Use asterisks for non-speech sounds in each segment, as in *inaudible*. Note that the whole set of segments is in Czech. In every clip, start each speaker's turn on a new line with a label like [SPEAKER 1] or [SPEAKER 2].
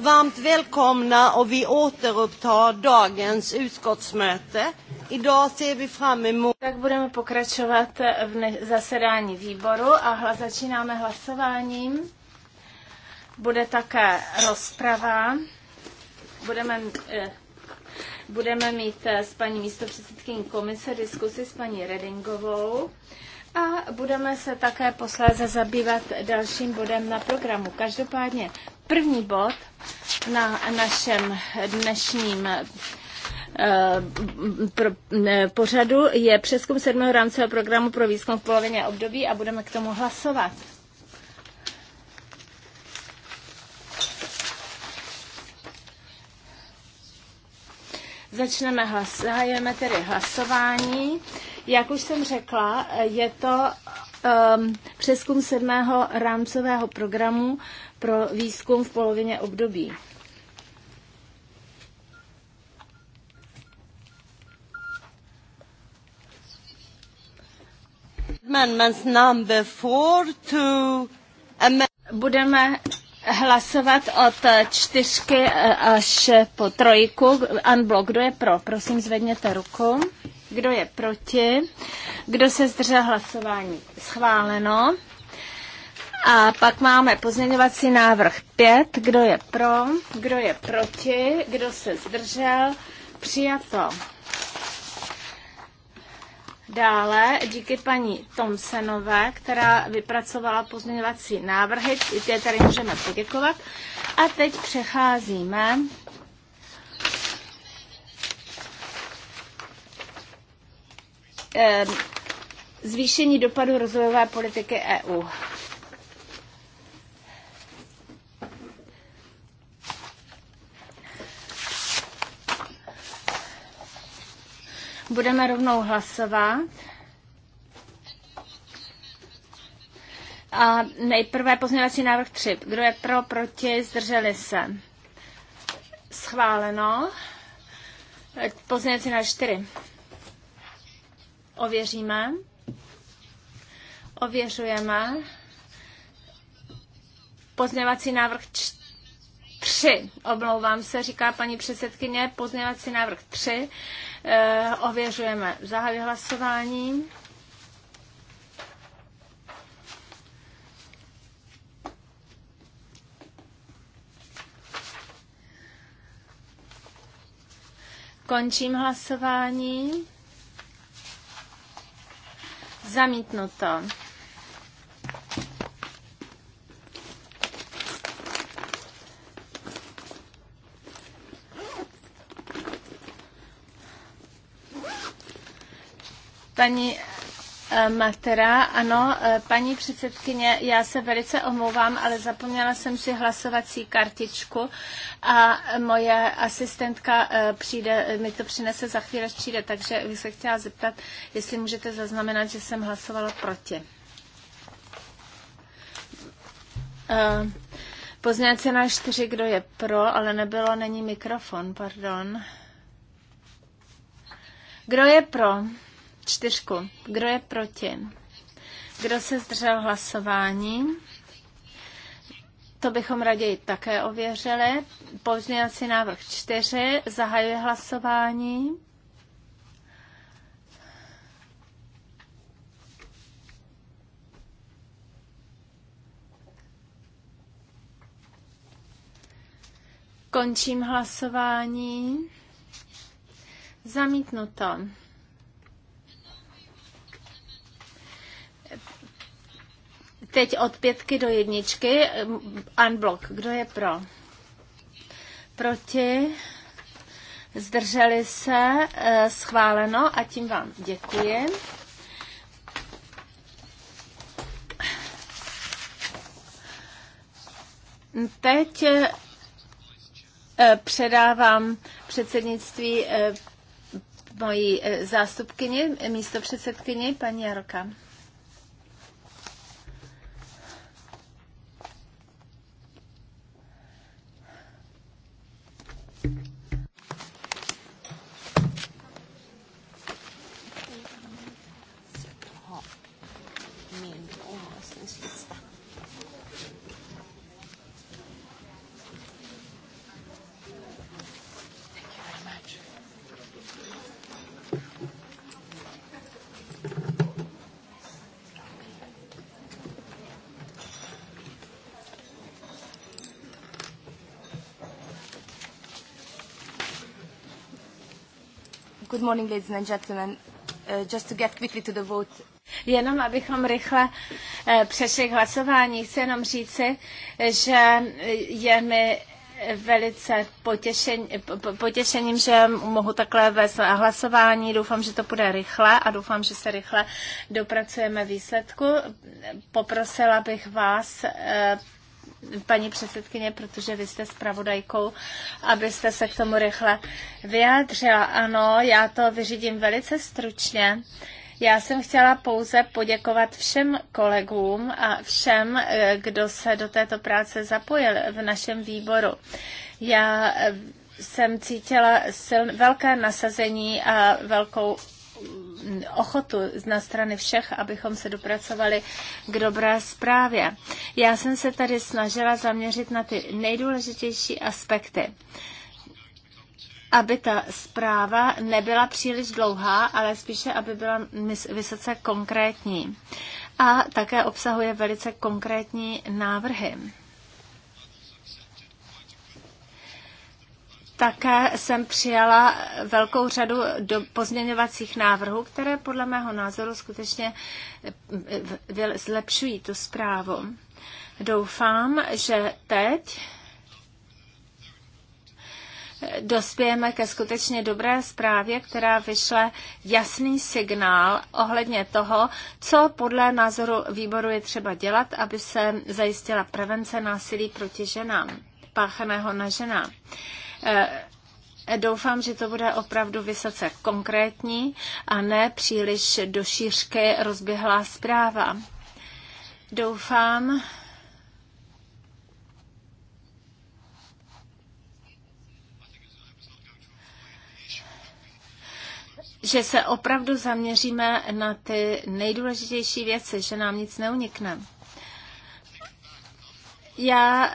[SPEAKER 1] Varmt välkomna
[SPEAKER 2] och vi återupptar dagens utskottsmöte. Idag ser vi fram emot... Tak budeme pokračovat v zasedání výboru a hla, začínáme hlasováním. Bude také rozprava. Budeme, eh, budeme mít eh, s paní místopředsedkyní komise diskusi s paní Redingovou. A budeme se také posléze zabývat dalším bodem na programu. Každopádně první bod na našem dnešním eh, eh, pořadu je přeskum sedmého rámcového programu pro výzkum v polovině období a budeme k tomu hlasovat. Začneme hlasovat, zahajujeme tedy hlasování. Jak už jsem řekla, je to um, přeskum sedmého rámcového programu pro výzkum v polovině období. Budeme hlasovat od čtyřky eh, až po trojku. Unblock, kdo je pro? Prosím, zvedněte ruku. Kdo je proti? Kdo se zdržel hlasování? Schváleno. A pak máme pozměňovací návrh 5. Kdo je pro? Kdo je proti? Kdo se zdržel? Přijato. Dále díky paní Tomsenové, která vypracovala pozměňovací návrhy, ty tady můžeme poděkovat. A teď přecházíme eh, zvýšení dopadu rozvojové politiky EU. Budeme rovnou hlasovat. A nejprve pozměňovací návrh 3. Kdo je pro, proti, zdrželi se. Schváleno. Pozměňovací návrh 4. Ověříme. Ověřujeme. Pozměňovací návrh 3. Omlouvám se, říká paní předsedkyně. Pozměňovací návrh 3. Eh, ověřujeme. Zahajuji hlasování. Končím hlasování. Zamítnuto. Paní eh, Matera, ano, eh, paní předsedkyně, já se velice omlouvám, ale zapomněla jsem si hlasovací kartičku a moje asistentka eh, přijde, mi to přinese za chvíli, až přijde, takže bych se chtěla zeptat, jestli můžete zaznamenat, že jsem hlasovala proti. Pozněce na čtyři, kdo je pro, ale nebylo, není mikrofon, pardon. Kdo je pro? čtyřku. Kdo je proti? Kdo se zdržel hlasování? To bychom raději také ověřili. Pozměňovací návrh čtyři Zahajuje hlasování. Končím hlasování. Zamítnuto. teď od pětky do jedničky. Unblock. Kdo je pro? Proti? Zdrželi se? Eh, schváleno a tím vám děkuji. Teď eh, předávám předsednictví eh, mojí zástupkyni, místo předsedkyni, paní Jaroka. Good morning, ladies and gentlemen. Uh, just to get quickly to the vote. Jenom abychom rychle eh, přešli k hlasování, chci jenom říci, že je mi velice potěšen, potěšením, že mohu takhle vést hlasování. Doufám, že to bude rychle a doufám, že se rychle dopracujeme výsledku. Poprosila bych vás eh, paní předsedkyně, protože vy jste zpravodajkou, abyste se k tomu rychle vyjádřila. Ano, já to vyřídím velice stručně. Já jsem chtěla pouze poděkovat všem kolegům a všem, eh, kdo se do této práce zapojil v našem výboru. Já eh, jsem cítila siln, velké nasazení a velkou ochotu na strany všech, abychom se dopracovali k dobré zprávě. Já jsem se tady snažila zaměřit na ty nejdůležitější aspekty aby ta zpráva nebyla příliš dlouhá, ale spíše, aby byla vysoce konkrétní. A také obsahuje velice konkrétní návrhy. Také jsem přijala velkou řadu do pozměňovacích návrhů, které podle mého názoru skutečně eh, zlepšují tu zprávu. Doufám, že teď dospějeme ke skutečně dobré zprávě, která vyšle jasný signál ohledně toho, co podle názoru výboru je třeba dělat, aby se zajistila prevence násilí proti ženám, páchaného na ženách. Eh, doufám, že to bude opravdu vysoce konkrétní a ne příliš do šířky rozběhlá zpráva. Doufám, že se opravdu zaměříme na ty nejdůležitější věci, že nám nic neunikne. Já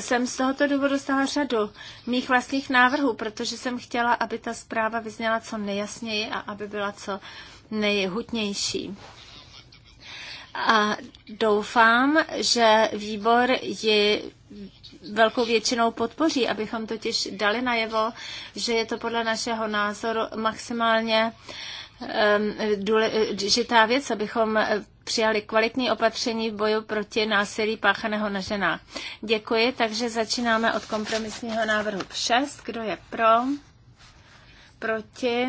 [SPEAKER 2] jsem z tohoto důvodu dostala řadu mých vlastních návrhů, protože jsem chtěla, aby ta zpráva vyzněla co nejjasněji a aby byla co nejhutnější. A doufám, že výbor ji velkou většinou podpoří, abychom totiž dali najevo, že je to podle našeho názoru maximálně uh, důležitá věc, abychom přijali kvalitní opatření v boju proti násilí páchaného na ženách. Děkuji, takže začínáme od kompromisního návrhu 6. Kdo je pro? Proti?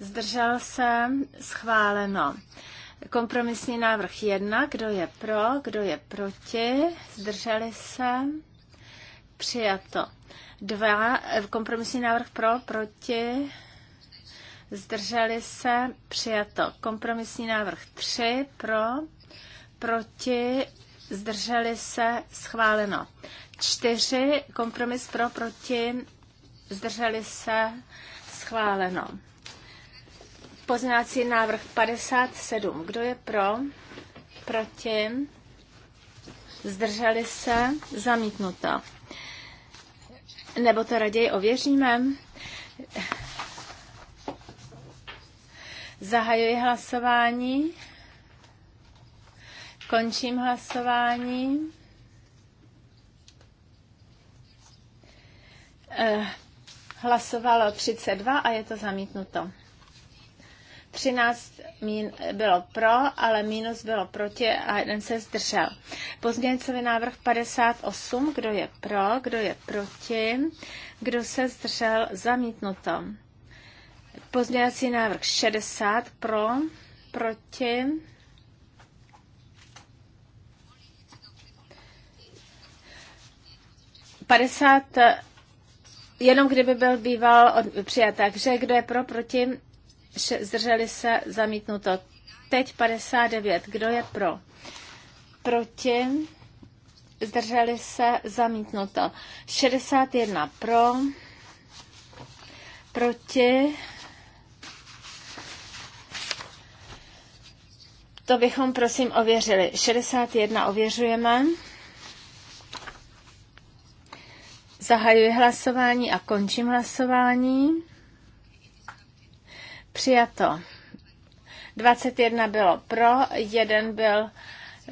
[SPEAKER 2] Zdržel se? Schváleno. Kompromisní návrh 1. Kdo je pro? Kdo je proti? Zdrželi se? Přijato. Dva, kompromisní návrh pro, proti, zdrželi se, přijato. Kompromisní návrh 3 pro, proti, zdrželi se, schváleno. 4, kompromis pro, proti, zdrželi se, schváleno. Pozměňovací návrh 57. Kdo je pro? Proti? Zdrželi se? Zamítnuto. Nebo to raději ověříme? Zahajuji hlasování. Končím hlasování. Eh, hlasovalo 32 a je to zamítnuto. 13 mín bylo pro, ale minus bylo proti a jeden se zdržel. Pozměňcový návrh 58, kdo je pro, kdo je proti, kdo se zdržel, zamítnuto. Pozměňovací návrh 60 pro, proti. Padesát, jenom kdyby byl býval od, přijat. Takže kdo je pro, proti, zdrželi se, zamítnuto. Teď 59. Kdo je pro? Proti, zdrželi se, zamítnuto. 61 pro, proti, To bychom prosím ověřili. 61 ověřujeme. Zahajuji hlasování a končím hlasování. Přijato. 21 bylo pro, 1 byl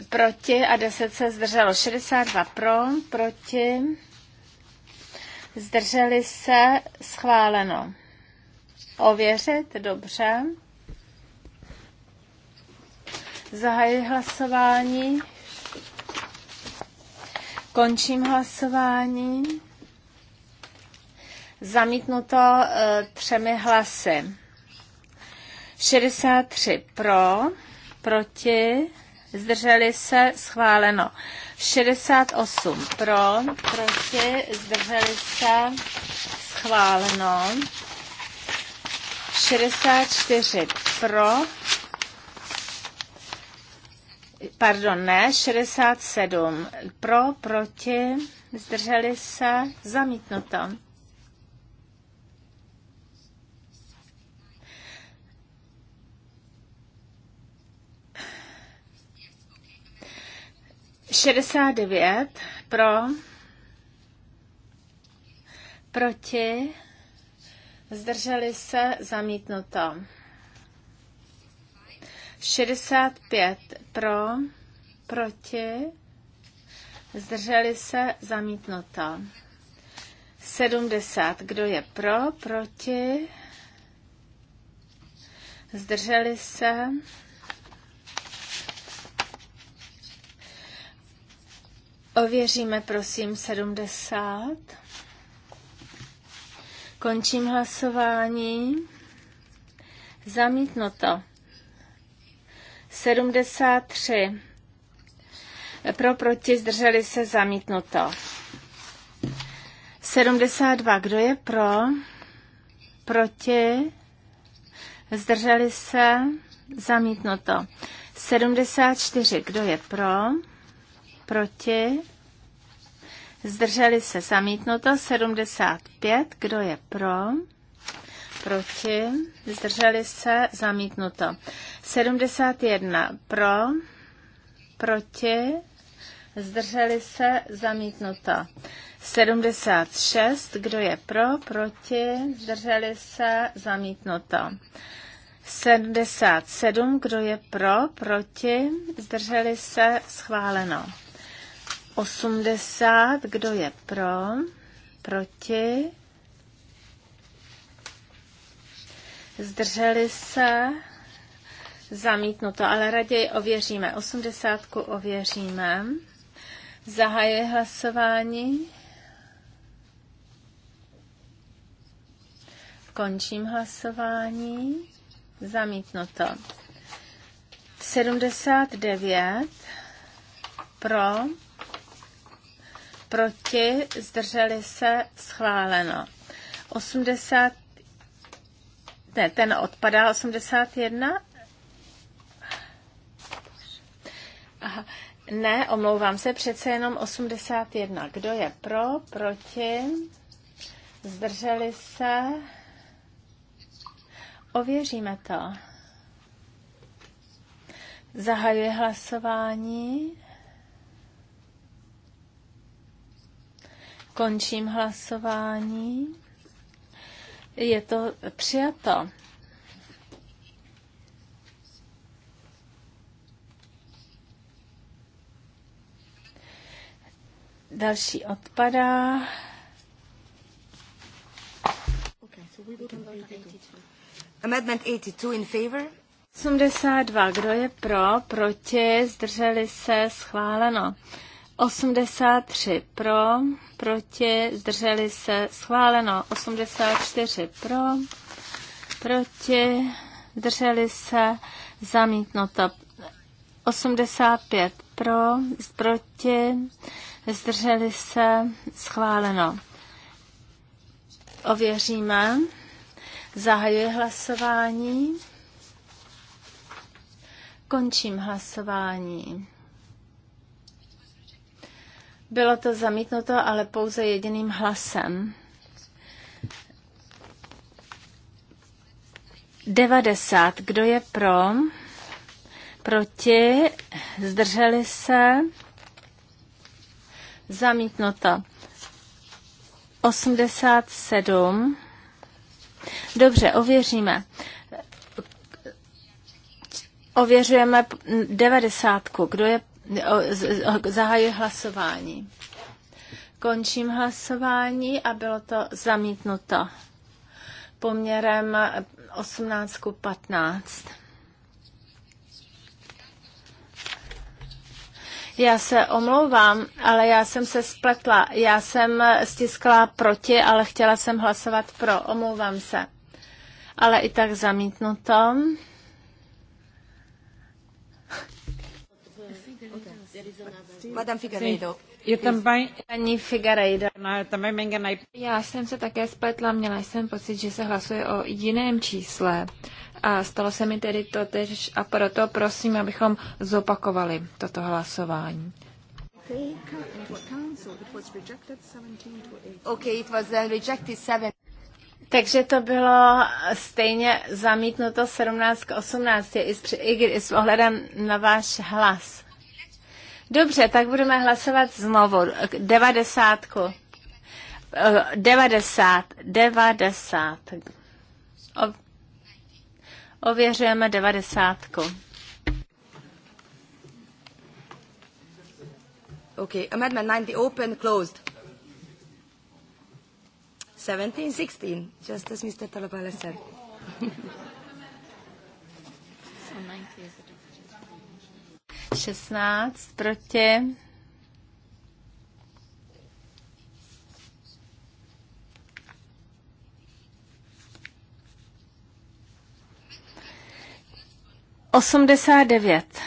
[SPEAKER 2] proti a 10 se zdrželo. 62 pro, proti, zdrželi se, schváleno. Ověřit, dobře. Zahajuji hlasování. Končím hlasování. Zamítnuto e, třemi hlasy. 63 pro, proti, zdrželi se, schváleno. 68 pro, proti, zdrželi se, schváleno. 64 pro, pardon, ne, 67 pro, proti, zdrželi se, zamítnuto. Šedesát devět pro, proti, zdrželi se, zamítnuto. 65 pro, proti, zdrželi se, zamítnuto. 70, kdo je pro, proti, zdrželi se. Ověříme, prosím, 70. Končím hlasování. Zamítnuto. 73. Pro, proti, zdrželi se, zamítnuto. 72. Kdo je pro? Proti? Zdrželi se? Zamítnuto. 74. Kdo je pro? Proti? Zdrželi se? Zamítnuto. 75. Kdo je pro? proti, zdrželi se, zamítnuto. 71 pro, proti, zdrželi se, zamítnuto. 76, kdo je pro, proti, zdrželi se, zamítnuto. 77, kdo je pro, proti, zdrželi se, schváleno. 80, kdo je pro, proti, zdrželi se, zamítnuto, ale raději ověříme. Osmdesátku ověříme. Zahajuje hlasování. Končím hlasování. Zamítnuto. 79 pro, proti, zdrželi se, schváleno. 80 ne, ten odpadá 81. Aha. Ne, omlouvám se, přece jenom 81. Kdo je pro, proti? Zdrželi se? Ověříme to. Zahajuje hlasování. Končím hlasování je to přijato. Další odpadá. Amendment 82 in favor. 82. Kdo je pro? Proti? Zdrželi se? Schváleno. 83 pro, proti, zdrželi se, schváleno. 84 pro, proti, zdrželi se, zamítnuto. 85 pro, proti, zdrželi se, schváleno. Ověříme. Zahajuji hlasování. Končím hlasování. Bylo to zamítnuto, ale pouze jediným hlasem. 90. Kdo je pro? Proti? Zdrželi se? Zamítnuto. 87. Dobře, ověříme. Ověřujeme devadesátku. Kdo je zahajuji hlasování. Končím hlasování a bylo to zamítnuto poměrem 18 ku 15. Já se omlouvám, ale já jsem se spletla. Já jsem stiskla proti, ale chtěla jsem hlasovat pro. Omlouvám se. Ale i tak zamítnuto. Madame Figueiredo. Paní Figueiredo.
[SPEAKER 3] No, no
[SPEAKER 4] Já jsem se také spletla, měla jsem pocit, že se hlasuje o jiném čísle. A stalo se mi tedy to tež a proto prosím, abychom zopakovali
[SPEAKER 2] toto hlasování. Okay, it was uh, rejected seven. Takže to bylo stejně zamítnuto 17 k 18, i s, i s ohledem na váš hlas. Dobře, tak budeme hlasovat znovu. Devadesátku. Eh, devadesát. Devadesát. ověřujeme devadesátku. OK, amendment 90 open, closed.
[SPEAKER 1] 17, 16, just as Mr. Talabala said.
[SPEAKER 2] *laughs* 16 proti. Osmdesát devět.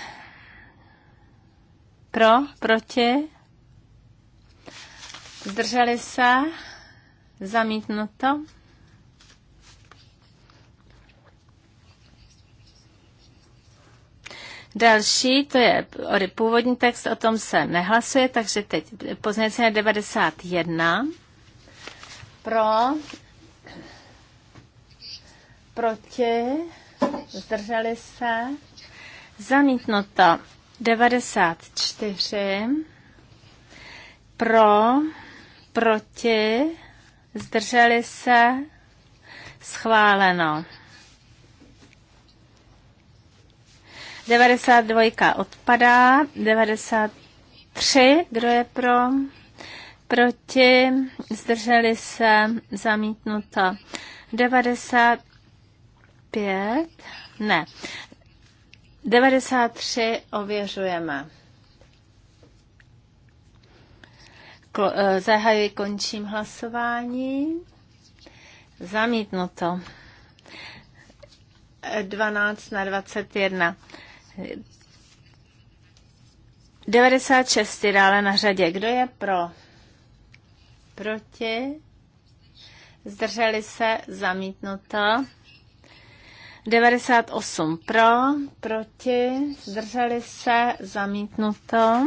[SPEAKER 2] Pro, proti. Zdrželi se. Zamítnuto. Další, to je původní text, o tom se nehlasuje, takže teď pozměnice 91. Pro, proti, zdrželi se, zamítnuto 94, pro, proti, zdrželi se, schváleno. 92 odpadá. 93, kdo je pro? Proti, zdrželi se, zamítnuto. 95, ne. 93 ověřujeme. Eh, zahajuji, končím hlasování. Zamítnuto. 12 na 21. 96 je dále na řadě. Kdo je pro? Proti? Zdrželi se? Zamítnuto. 98 pro, proti, zdrželi se, zamítnuto.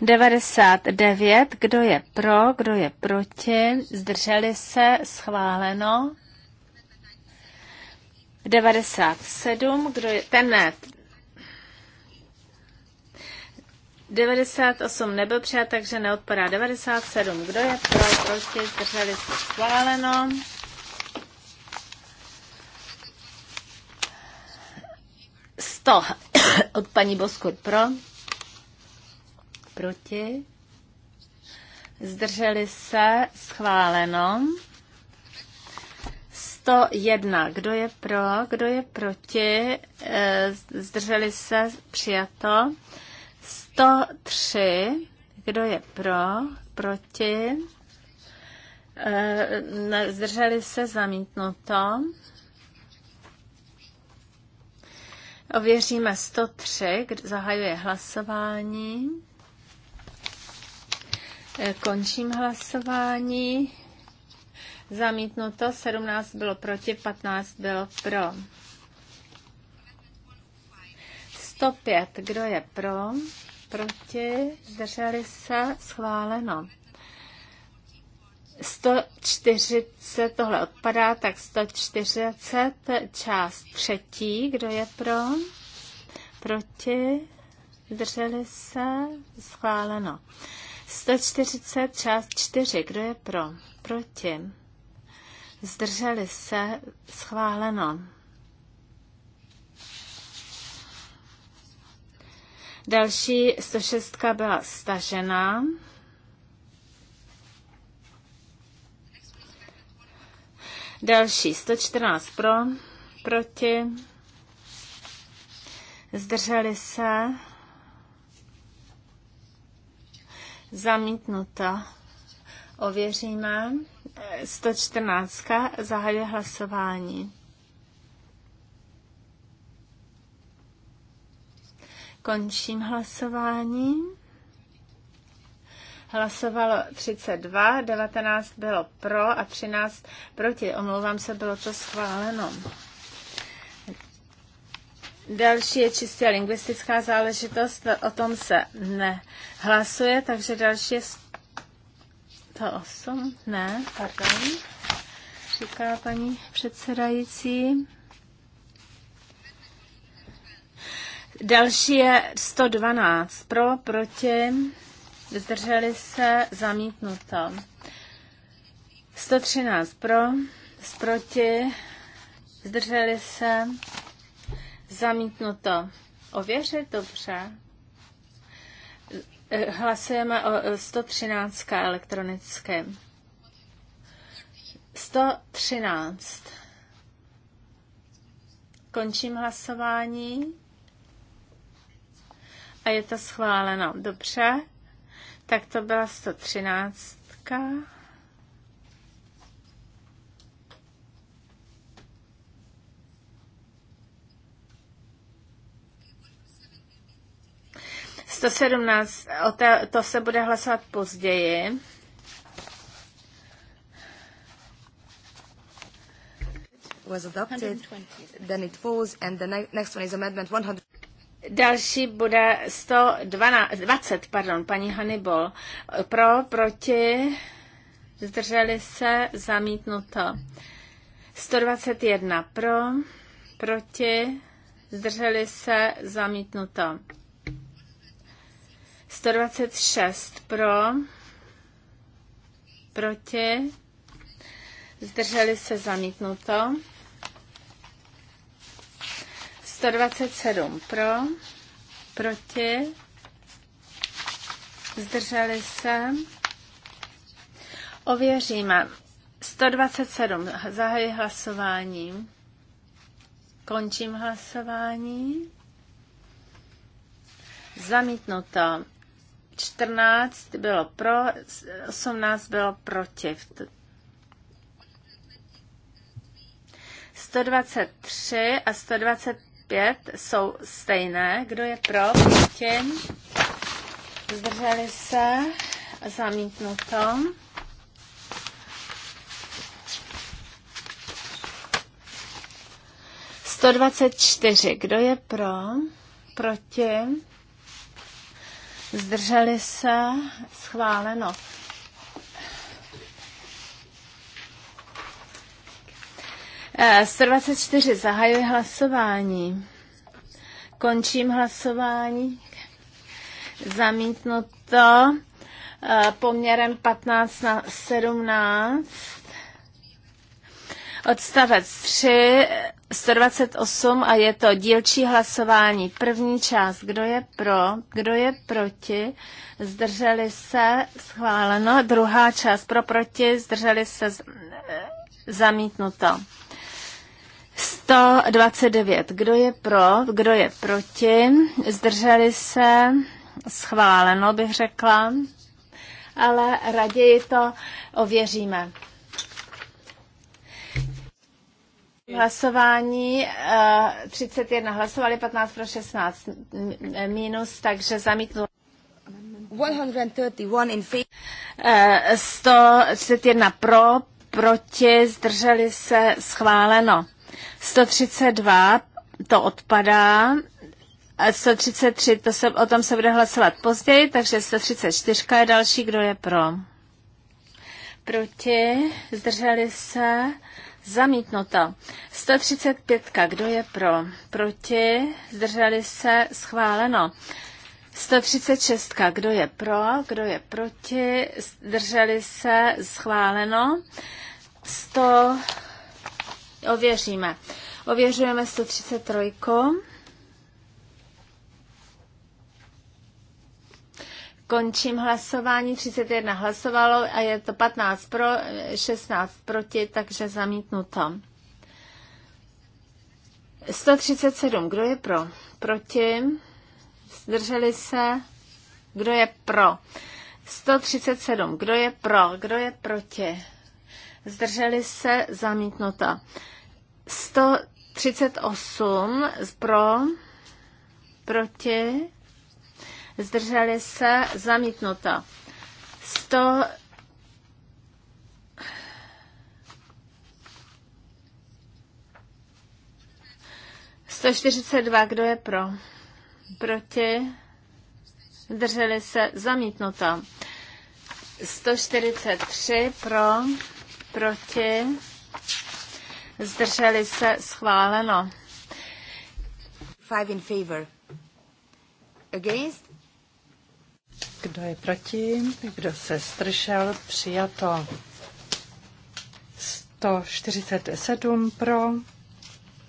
[SPEAKER 2] 99, kdo je pro, kdo je proti, zdrželi se, schváleno. 97, kdo je ten ne. 98 nebyl přijat, takže neodpadá 97. Kdo je pro, Prostě zdrželi se schváleno. To od paní Boskur pro, proti, zdrželi se schváleno. *coughs* 101. Kdo je pro, kdo je proti? Eh, zdrželi se, přijato. 103. Kdo je pro, proti? Eh, zdrželi se, zamítnuto. Ověříme 103, zahajuje hlasování. Eh, končím hlasování. Zamítnuto 17 bylo proti, 15 bylo pro. 105. Kdo je pro? Proti? Zdrželi se? Schváleno. 140, tohle odpadá, tak 140, část třetí, kdo je pro? Proti? Zdrželi se? Schváleno. 140, část čtyři, kdo je pro? Proti? zdrželi se, schváleno. Další 106 byla stažena. Další 114 pro, proti, zdrželi se, zamítnuta. Ověříme. 114. Zahajuje hlasování. Končím hlasování. Hlasovalo 32, 19 bylo pro a 13 proti. Omlouvám se, bylo to schváleno. Další je čistě lingvistická záležitost, o tom se nehlasuje, takže další je 108? Ne, pardon, říká paní předsedající. Další je 112. Pro, proti, zdrželi se, zamítnuto. 113 pro, proti, zdrželi se, zamítnuto. Ověřit dobře. Hlasujeme o 113 elektronické. 113. Končím hlasování. A je to schváleno. Dobře. Tak to byla 113. 117, o te, to se bude hlasovat později. Was adopted, then it falls, and the next one is amendment 100. Další bude 112, 20, pardon, paní Hannibal. Pro, proti, zdrželi se, zamítnuto. 121 pro, proti, zdrželi se, zamítnuto. 126 pro, proti, zdrželi se zamítnuto. 127 pro, proti, zdrželi se. Ověříme. 127. zahají hlasování. Končím hlasování. Zamítnuto. 14 bylo pro, 18 bylo proti. 123 a 125 jsou stejné. Kdo je pro, proti? Zdrželi se. Zamítnuto. Sto dvacet čtyři. Kdo je pro? Proti? zdrželi se, schváleno. E, eh, 124, zahajuji hlasování. Končím hlasování. Zamítnuto e, poměrem 15 na 17. Odstavec 3, 128 a je to dílčí hlasování. První část, kdo je pro, kdo je proti, zdrželi se, schváleno. Druhá část, pro, proti, zdrželi se, zamítnuto. 129, kdo je pro, kdo je proti, zdrželi se, schváleno bych řekla, ale raději to ověříme. Hlasování 31 eh, hlasovali, 15 pro 16 minus, takže zamítnul. 131 in 131 eh, pro, proti, zdrželi se, schváleno. 132 to odpadá, 133 to se, o tom se bude hlasovat později, takže 134 je další, kdo je pro. Proti, zdrželi se, Zamítnuto. 135. Kdo je pro? Proti? Zdrželi se? Schváleno. 136. Kdo je pro? Kdo je proti? Zdrželi se? Schváleno. 100. Ověříme. Ověřujeme 133. Končím hlasování. 31 hlasovalo a je to 15 pro, 16 proti, takže zamítnuto. 137. Kdo je pro? Proti? Zdrželi se? Kdo je pro? 137. Kdo je pro? Kdo je proti? Zdrželi se? Zamítnuto. 138. Pro? Proti? zdrželi se, zamítnuto. 100 142, kdo je pro? Proti? Zdrželi se, zamítnuto. 143 pro, proti, zdrželi se, schváleno. Five in favor. Against?
[SPEAKER 1] Kdo je proti? Kdo se zdržel? Přijato. 147 pro,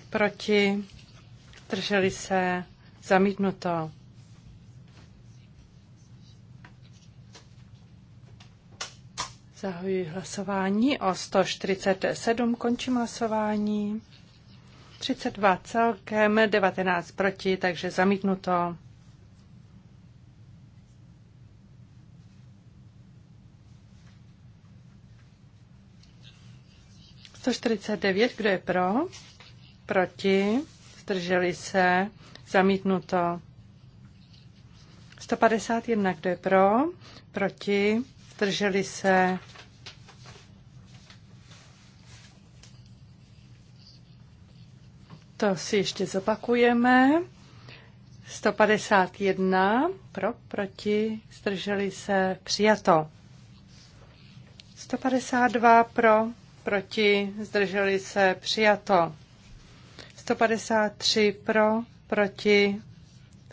[SPEAKER 1] proti, zdrželi se, zamítnuto. Zahajuji hlasování o 147, končím hlasování. 32 celkem, 19 proti, takže zamítnuto. 149, kdo je pro? Proti? Zdrželi se? Zamítnuto. 151, kdo je pro? Proti? Zdrželi se? To si ještě zopakujeme. 151 pro, proti, zdrželi se, přijato. 152 pro, proti, zdrželi se, přijato. 153 pro, proti,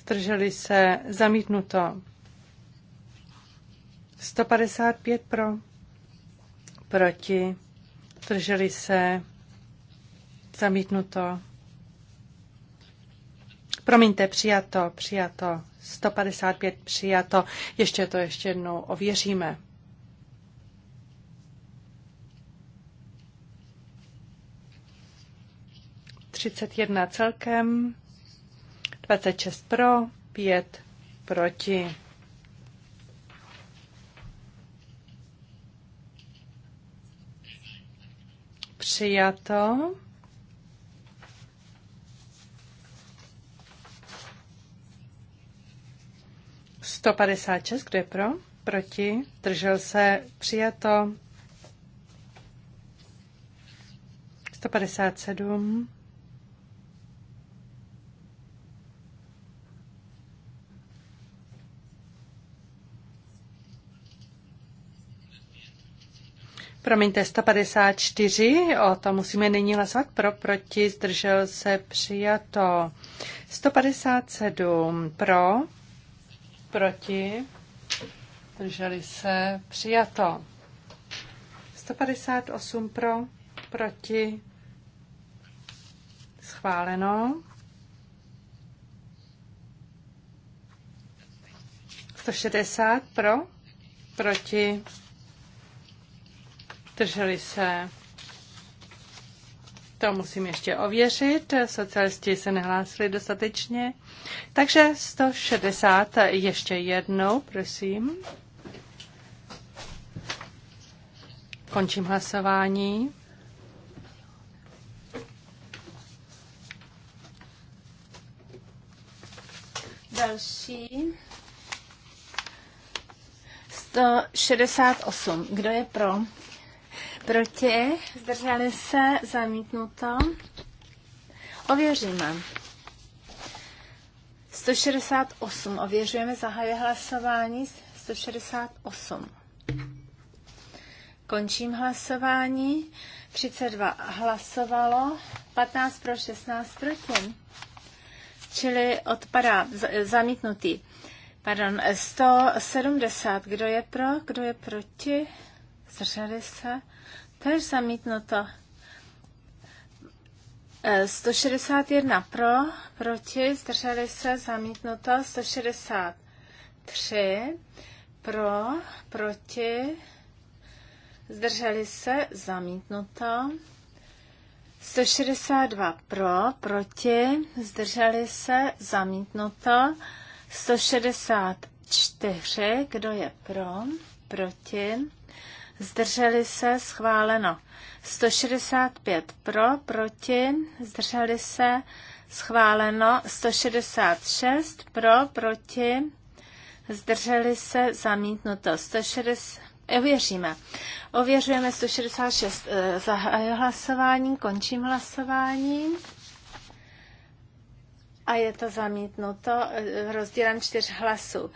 [SPEAKER 1] zdrželi se, zamítnuto. 155 pro, proti, zdrželi se, zamítnuto. Promiňte, přijato, přijato, 155 přijato. Ještě to ještě jednou ověříme. 31 celkem, 26 pro, 5 proti. Přijato. Sto padesát šest, kdo je pro? Proti? Držel se? Přijato. 157 Promiňte, 154, o tom musíme nyní hlasovat pro, proti, zdržel se, přijato. 157 pro, proti, zdrželi se, přijato. 158 pro, proti, schváleno. 160 pro, proti, Zdrželi se. To musím ještě ověřit. Socialisti se nehlásili dostatečně. Takže 160 ještě jednou, prosím. Končím hlasování.
[SPEAKER 2] Další. 168. Kdo je pro? Proti? Zdrželi se? Zamítnuto. Ověříme. 168. Ověřujeme, zahajuje hlasování. 168. Končím hlasování. 32 hlasovalo, 15 pro, 16 proti. Čili odpadá zamítnutý. Pardon, 170. Kdo je pro, kdo je proti? Zdrželi se? Tež zamítnuto. 161 e, pro, proti, zdrželi se, zamítnuto. 163 pro, proti, zdrželi se, zamítnuto. 162 pro, proti, zdrželi se, zamítnuto. 164, kdo je pro, proti, zdrželi se, schváleno. 165 pro, proti, zdrželi se, schváleno. 166 pro, proti, zdrželi se, zamítnuto. 160, ověříme. Ověřujeme 166 eh, zahájil hlasování, končím hlasování. A je to zamítnuto eh, rozdílem čtyř hlasů.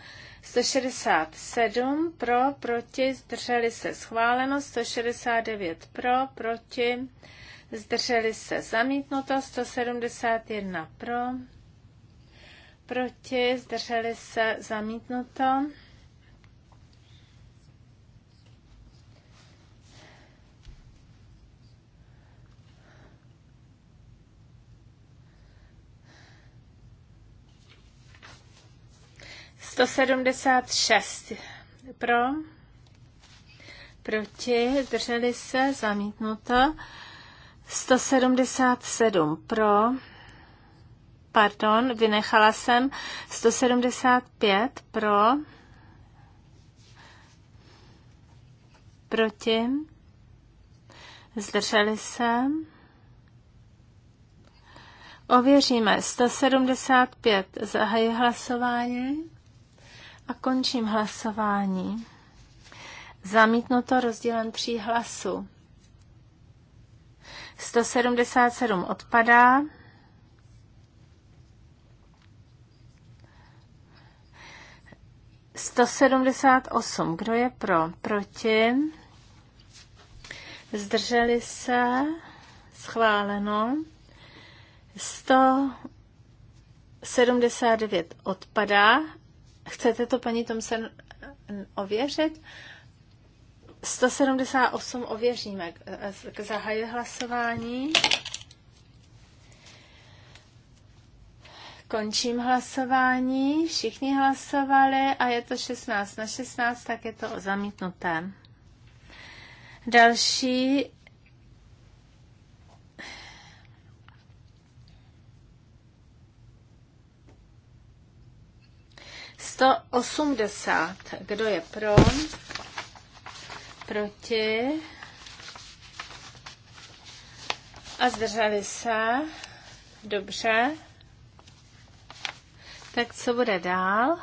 [SPEAKER 2] 167 pro, proti, zdrželi se schváleno, 169 pro, proti, zdrželi se zamítnuto, 171 pro, proti, zdrželi se zamítnuto. 176 pro, proti, zdrželi se, zamítnuto. 177 pro, pardon, vynechala jsem 175 pro, proti, zdrželi se. Ověříme 175, zahají hlasování. A končím hlasování. Zamítnuto rozdělen tří hlasů. 177 odpadá. 178 Kdo je pro? Proti? Zdrželi se? Schváleno. 179 odpadá Chcete to, paní Tomsen, ověřit? 178 ověříme. Zahajuji hlasování. Končím hlasování. Všichni hlasovali a je to 16 na 16, tak je to zamítnuté. Další 180. Kdo je pro? Proti? A zdrželi se? Dobře. Tak co bude dál?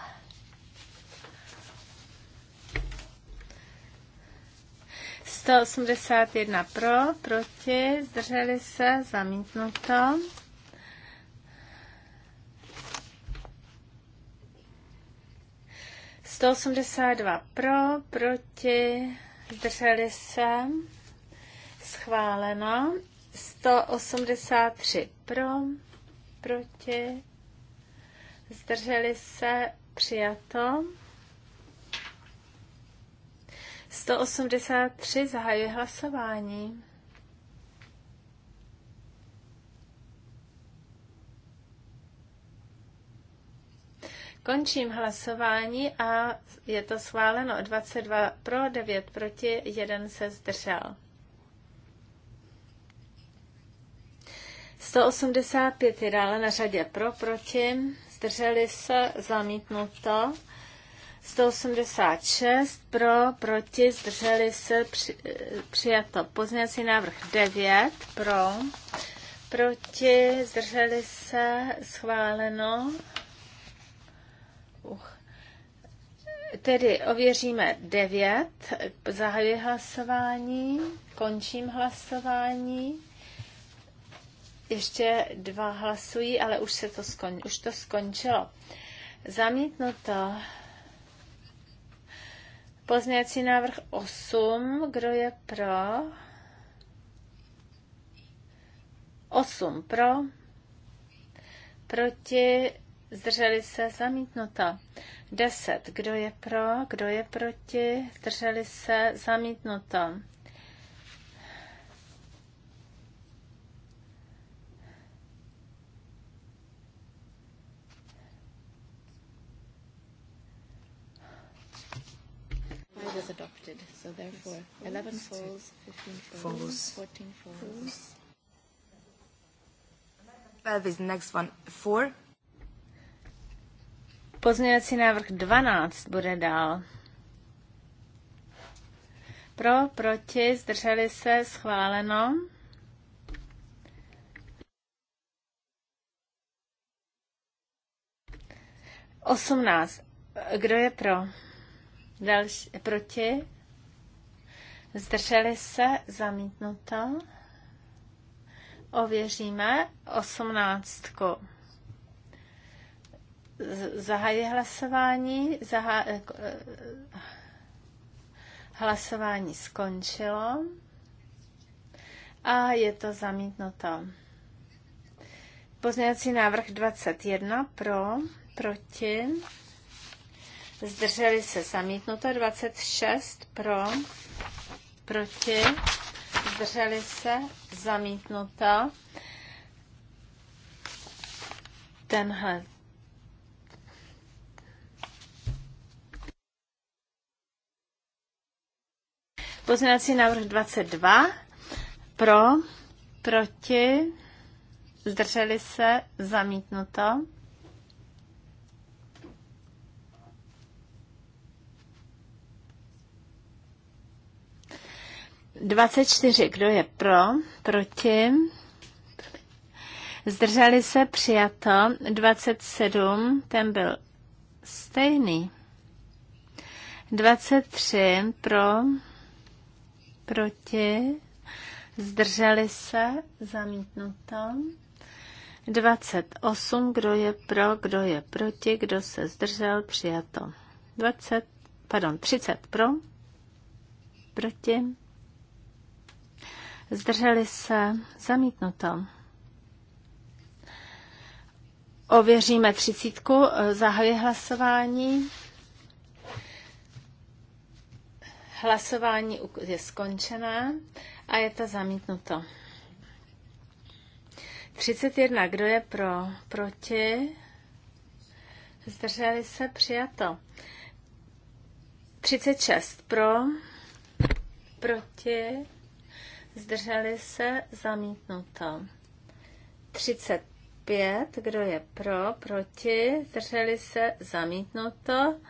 [SPEAKER 2] Sto osmdesát jedna pro, proti, zdrželi se, zamítnuto. 182 pro, proti, zdrželi se, schváleno. 183 pro, proti, zdrželi se, přijato. 183 zahajuje hlasování. Končím hlasování a je to schváleno 22 pro, 9 proti, 1 se zdržel. 185 je dále na řadě pro, proti, zdrželi se, zamítnuto. 186 pro, proti, zdrželi se, při, přijato. Pozměňovací návrh 9 pro, proti, zdrželi se, schváleno. Uch. Tedy ověříme 9, zahajuji hlasování, končím hlasování. Ještě dva hlasují, ale už, se to, skon, už to skončilo. Zamítnuto. Pozměňovací návrh 8. Kdo je pro? 8 pro. Proti zdrželi se, zamítnuto. 10. Kdo je pro, kdo je proti, zdrželi se, zamítnuto. twelve 12 is next one, 4. Pozměňovací návrh 12 bude dál. Pro, proti, zdrželi se, schváleno. Osmnáct. Kdo je pro? Další, proti? Zdrželi se, zamítnuto. Ověříme osmnáctku. Zahajuji hlasování. Zaha... Eh, eh, hlasování skončilo a je to zamítnuto. Pozměňovací návrh 21 pro, proti, zdrželi se zamítnuto, 26 pro, proti, zdrželi se zamítnuto. Tenhle Pozměňovací návrh 22 pro, proti, zdrželi se, zamítnuto. Dvacet čtyři, kdo je pro, proti, zdrželi se, přijato. Dvacet sedm, ten byl stejný. Dvacet tři, pro, proti, zdrželi se, zamítnuto. 28, kdo je pro, kdo je proti, kdo se zdržel, přijato. 20, pardon, 30 pro, proti, zdrželi se, zamítnuto. Ověříme třicítku, zahajuje hlasování. Hlasování je skončené a je to zamítnuto. 31. Kdo je pro? Proti? Zdrželi se? Přijato. 36. Pro? Proti? Zdrželi se? Zamítnuto. 35. Kdo je pro? Proti? Zdrželi se? Zamítnuto.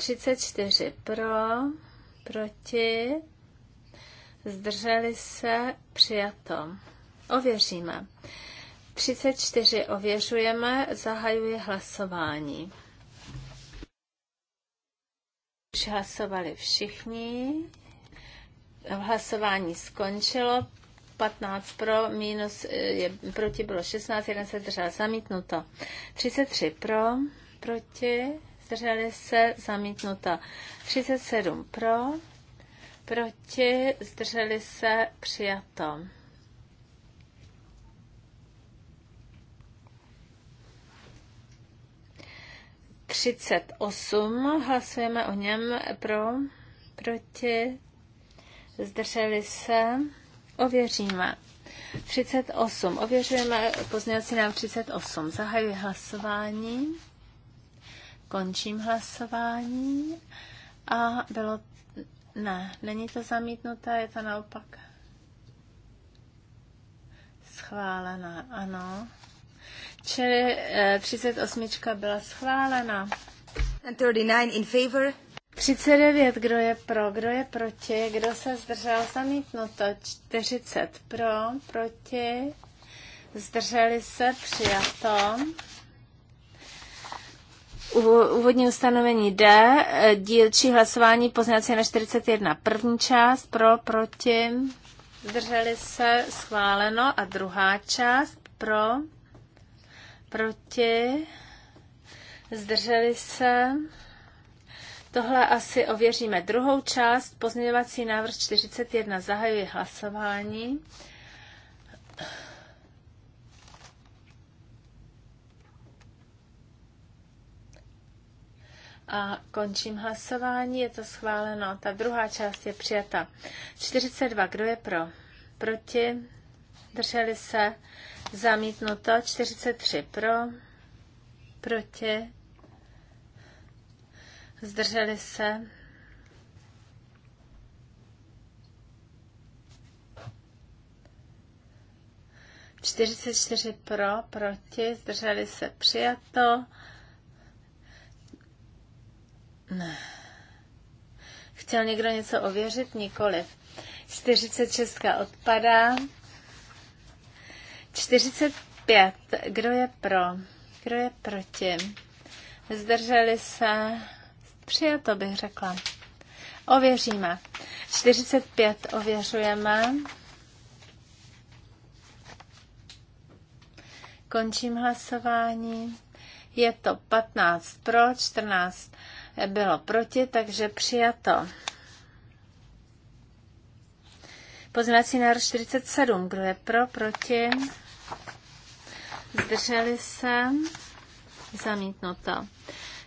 [SPEAKER 2] 34 pro, proti, zdrželi se, přijato. Ověříme. 34 ověřujeme, zahajuje hlasování. Už hlasovali všichni. Hlasování skončilo. 15 pro, minus, je, proti bylo 16, jeden se držel zamítnuto. 33 pro, proti, zdrželi se, zamítnuto. 37 pro, proti, zdrželi se, přijato. Třicet osm, hlasujeme o něm pro, proti, zdrželi se, ověříme. 38. Ověřujeme pozměňovací třicet 38. Zahajuji hlasování. Končím hlasování a bylo... Ne, není to zamítnuté, je to naopak schválena, ano. Čili eh, 38 byla schválena. 39 in favor. 39, kdo je pro, kdo je proti, kdo se zdržel zamítnuto, 40 pro, proti, zdrželi se, přijato. Úvodní ustanovení D, eh, dílčí hlasování poznací na 41. První část pro, proti, zdrželi se, schváleno. A druhá část pro, proti, zdrželi se. Tohle asi ověříme. Druhou část, pozměňovací návrh 41, zahajuji hlasování. A končím hlasování, je to schváleno. Ta druhá část je přijata. 42, kdo je pro? Proti? Drželi se? Zamítnuto. 43 pro? Proti? Zdrželi se? Čtyřicet čtyři pro, proti, zdrželi se přijato. Ne. Chtěl někdo něco ověřit? Nikoliv. 46 odpadá. 45. Kdo je pro? Kdo je proti? Zdrželi se. Přijato bych řekla. Ověříme. 45 ověřujeme. Končím hlasování. Je to 15 pro, 14 bylo proti, takže přijato. Pozměňovací návrh 47. Kdo je pro, proti? Zdrželi se? Zamítnuto.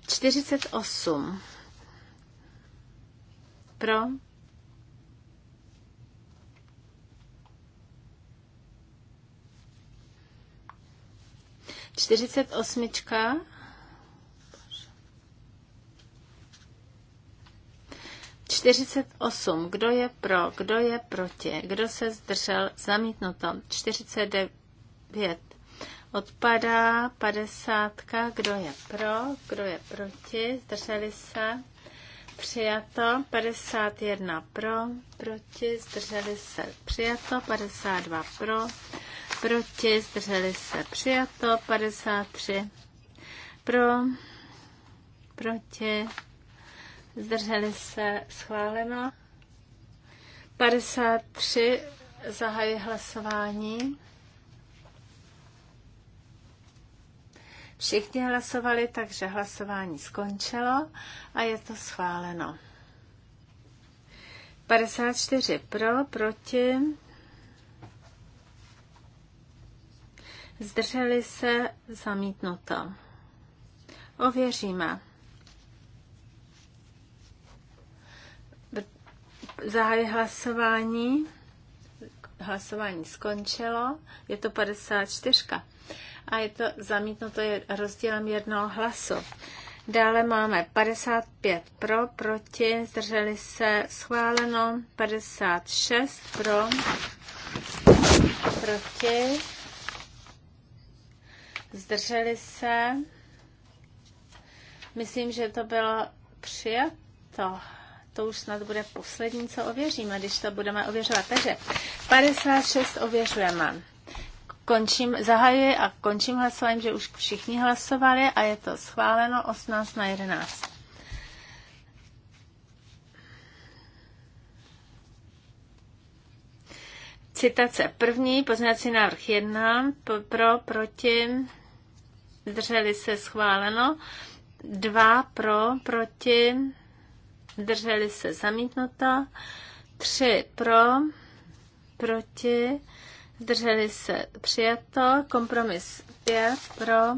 [SPEAKER 2] 48. Pro? Čtyřicet osmička. 48. Kdo je pro? Kdo je proti? Kdo se zdržel? Zamítnuto. 49. Odpadá 50. Kdo je pro? Kdo je proti? Zdrželi se? Přijato 51 pro, proti, zdrželi se přijato 52 pro, proti, zdrželi se přijato 53 pro, proti, zdrželi se schváleno. 53 zahají hlasování. Všichni hlasovali, takže hlasování skončilo a je to schváleno. 54 pro, proti. Zdrželi se zamítnuto. Ověříme. Zahájí hlasování. Hlasování skončilo. Je to 54. A je to zamítnuto je rozdílem jednoho hlasu. Dále máme 55 pro, proti, zdrželi se schváleno, 56 pro, proti, zdrželi se. Myslím, že to bylo přijato to už snad bude poslední, co ověříme, když to budeme ověřovat. Takže 56 ověřujeme. Končím, zahajuji a končím hlasováním, že už všichni hlasovali a je to schváleno 18 na 11. Citace první, pozměňovací návrh jedna, pro, proti, zdrželi se schváleno, dva pro, proti, zdrželi se zamítnuto, 3 pro, proti, zdrželi se přijato, kompromis 5 pro,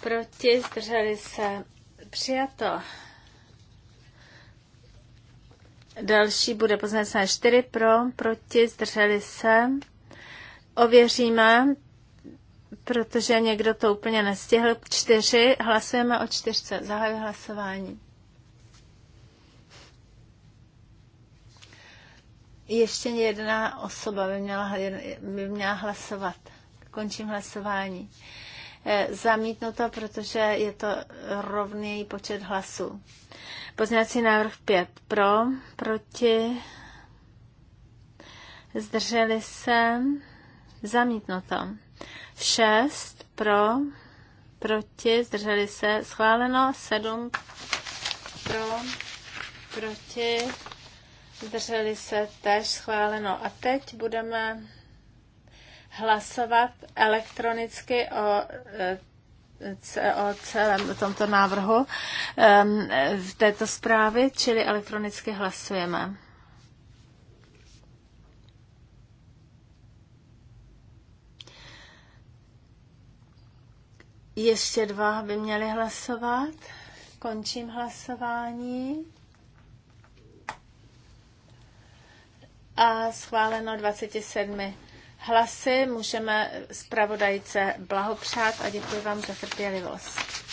[SPEAKER 2] proti, zdrželi se přijato. Další bude poznačená 4 pro, proti, zdrželi se. Ověříme, protože někdo to úplně nestihl. 4, hlasujeme o čtyřce, zahajuji hlasování. Ještě jedna osoba by měla, by měla hlasovat. Končím hlasování. E, zamítnuto, protože je to rovný počet hlasů. Pozměňovací návrh 5 pro, proti, zdrželi se, zamítnuto. 6 pro, proti, zdrželi se, schváleno, 7 pro, proti, zdrželi se též schváleno. A teď budeme hlasovat elektronicky o, e, o celém tomto návrhu v této zprávě, čili elektronicky hlasujeme. Ještě dva by měli hlasovat. Končím hlasování. a schváleno 27 hlasy. Můžeme zpravodajce blahopřát a děkuji vám za trpělivost.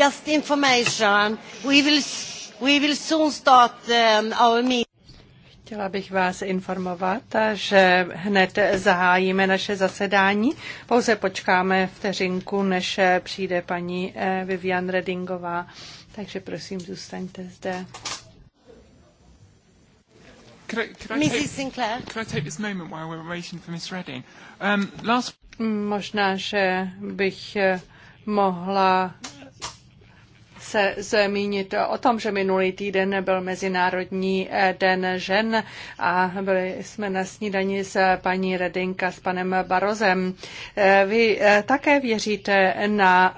[SPEAKER 2] Just information. We will,
[SPEAKER 1] we will soon start um, our meeting. Chtěla bych vás informovat, že hned zahájíme naše zasedání. Pouze počkáme vteřinku, než přijde paní eh, Vivian Redingová. Takže prosím, zůstaňte zde. Možná, že bych eh, mohla se zmínit o tom, že minulý týden byl Mezinárodní eh, den žen a byli jsme na snídani s paní Redinka s panem Barozem. Eh, vy eh, také věříte na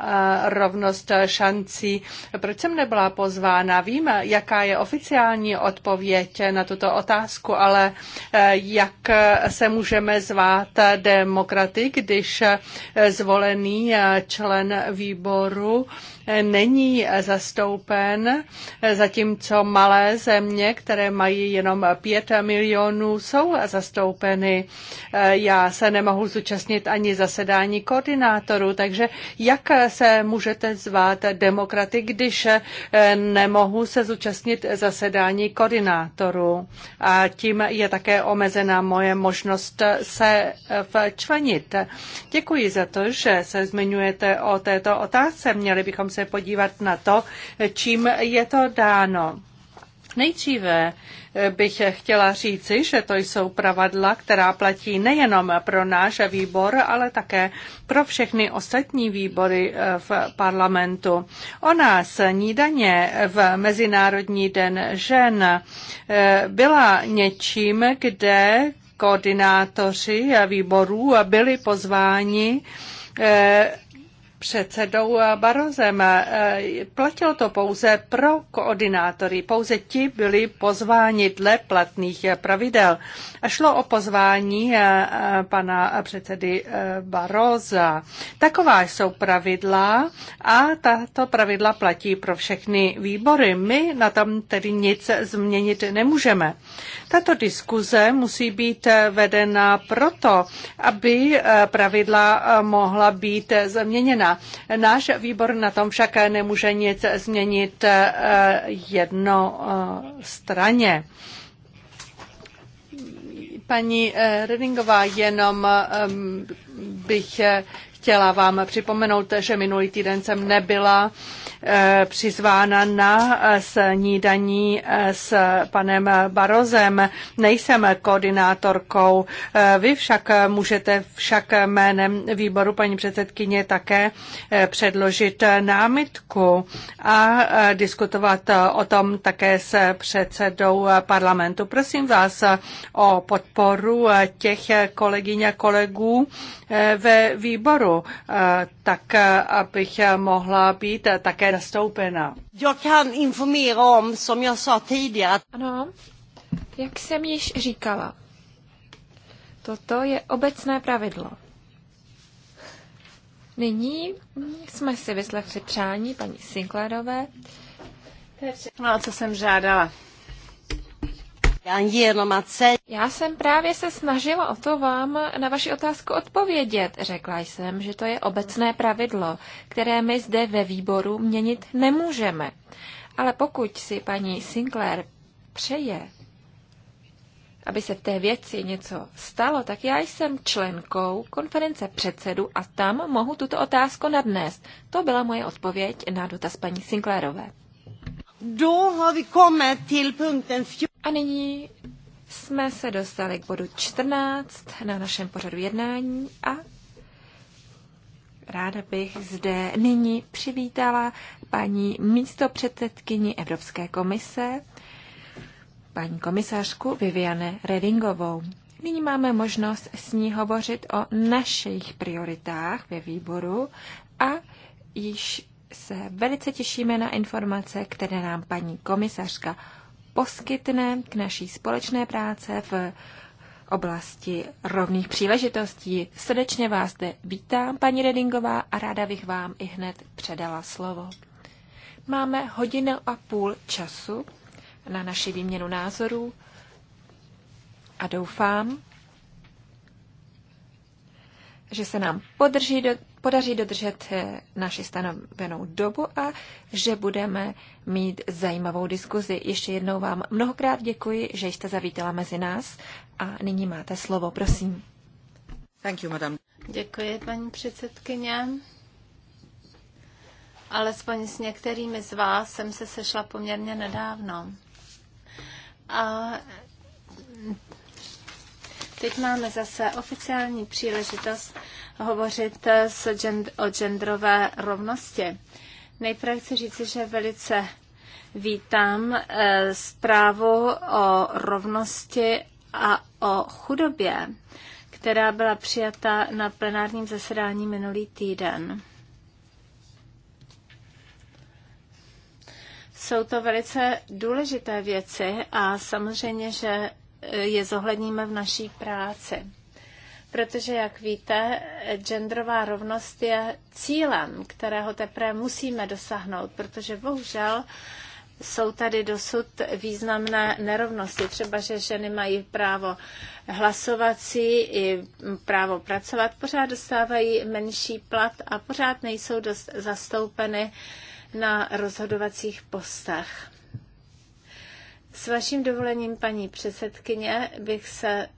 [SPEAKER 1] rovnost šancí. Proč jsem nebyla pozvána? Vím, jaká je oficiální odpověď na tuto otázku, ale jak se můžeme zvát demokraty, když zvolený člen výboru není zastoupen, zatímco malé země, které mají jenom 5 milionů, jsou zastoupeny. Já se nemohu zúčastnit ani zasedání koordinátorů, takže jak se můžete zvát demokraty, když nemohu se zúčastnit zasedání koordinátorů? A tím je také omezená moje možnost se včlenit. Děkuji za to, že se zmiňujete o této otázce. Měli bychom se podívat na to, čím je to dáno. Nejdříve eh, bych chtěla říci, že to jsou pravidla, která platí nejenom pro náš výbor, ale také pro všechny ostatní výbory eh, v parlamentu. O nás nídaně v Mezinárodní den žen eh, byla něčím, kde koordinátoři výborů byli pozváni předsedou Barozem. E, platilo to pouze pro koordinátory, pouze ti byli pozváni dle platných pravidel. A šlo o pozvání e, e, pana předsedy Baroza. Taková jsou pravidla a tato pravidla platí pro všechny výbory. My na tom tedy nic změnit nemůžeme. Tato diskuze musí být eh, vedena proto, aby eh, pravidla eh, mohla být změněna. Náš výbor na tom však nemůže nic změnit jedno straně paní Redingová, jenom ehm, bych chtěla vám připomenout, že minulý týden jsem nebyla Eh, přizvána na snídaní eh, s panem Barozem. Nejsem koordinátorkou. Eh, vy však můžete však jménem výboru paní předsedkyně také předložit námitku a diskutovat o tom také s předsedou parlamentu. Prosím vás o podporu těch kolegyň a kolegů ve výboru, tak abych mohla být také je stolpena. Jag kan informera om, som jag sa tidigare. Ano, jak
[SPEAKER 4] jsem již říkala, toto je obecné pravidlo. Nyní jsme si vyslechli přání paní Sinclairové. No a co jsem žádala? Já jsem právě se snažila o to vám na vaši otázku odpovědět. Řekla jsem, že to je obecné pravidlo, které my zde ve výboru měnit nemůžeme. Ale pokud si paní Sinclair přeje, aby se v té věci něco stalo, tak já jsem členkou konference předsedu a tam mohu tuto otázku nadnést. To byla moje odpověď na dotaz paní Sinclairové. Do have vi kommit till punkten a nyní jsme se dostali k bodu 14 na našem pořadu jednání a ráda bych zde nyní přivítala paní místopředsedkyni Evropské komise, paní komisařku Viviane Redingovou. Nyní máme možnost s ní hovořit o našich prioritách ve výboru a již se velice těšíme na informace, které nám paní komisařka poskytne k naší společné práce v oblasti rovných příležitostí. Srdečně vás zde vítám, paní Redingová, a ráda bych vám i hned předala slovo. Máme hodinu a půl času na naši výměnu názorů a doufám, že se nám podrží do, podaří dodržet eh, naši stanovenou dobu a že budeme mít zajímavou diskuzi. Ještě jednou vám mnohokrát děkuji, že jste zavítala mezi nás a nyní máte slovo, prosím.
[SPEAKER 2] Thank you, madam. Děkuji, paní předsedkyně. Alespoň s některými z vás jsem se sešla poměrně nedávno. A teď máme zase oficiální příležitost hovořit o genderové rovnosti. Nejprve chci říct, že velice vítám eh, zprávu o rovnosti a o chudobě, která byla přijata na plenárním zasedání minulý týden. Jsou to velice důležité věci a samozřejmě, že eh, je zohledníme v naší práci protože, jak víte, genderová rovnost je cílem, kterého teprve musíme dosáhnout, protože bohužel jsou tady dosud významné nerovnosti. Třeba, že ženy mají právo hlasovací i právo pracovat, pořád dostávají menší plat a pořád nejsou dost zastoupeny na rozhodovacích postech. S vaším dovolením, paní předsedkyně, bych se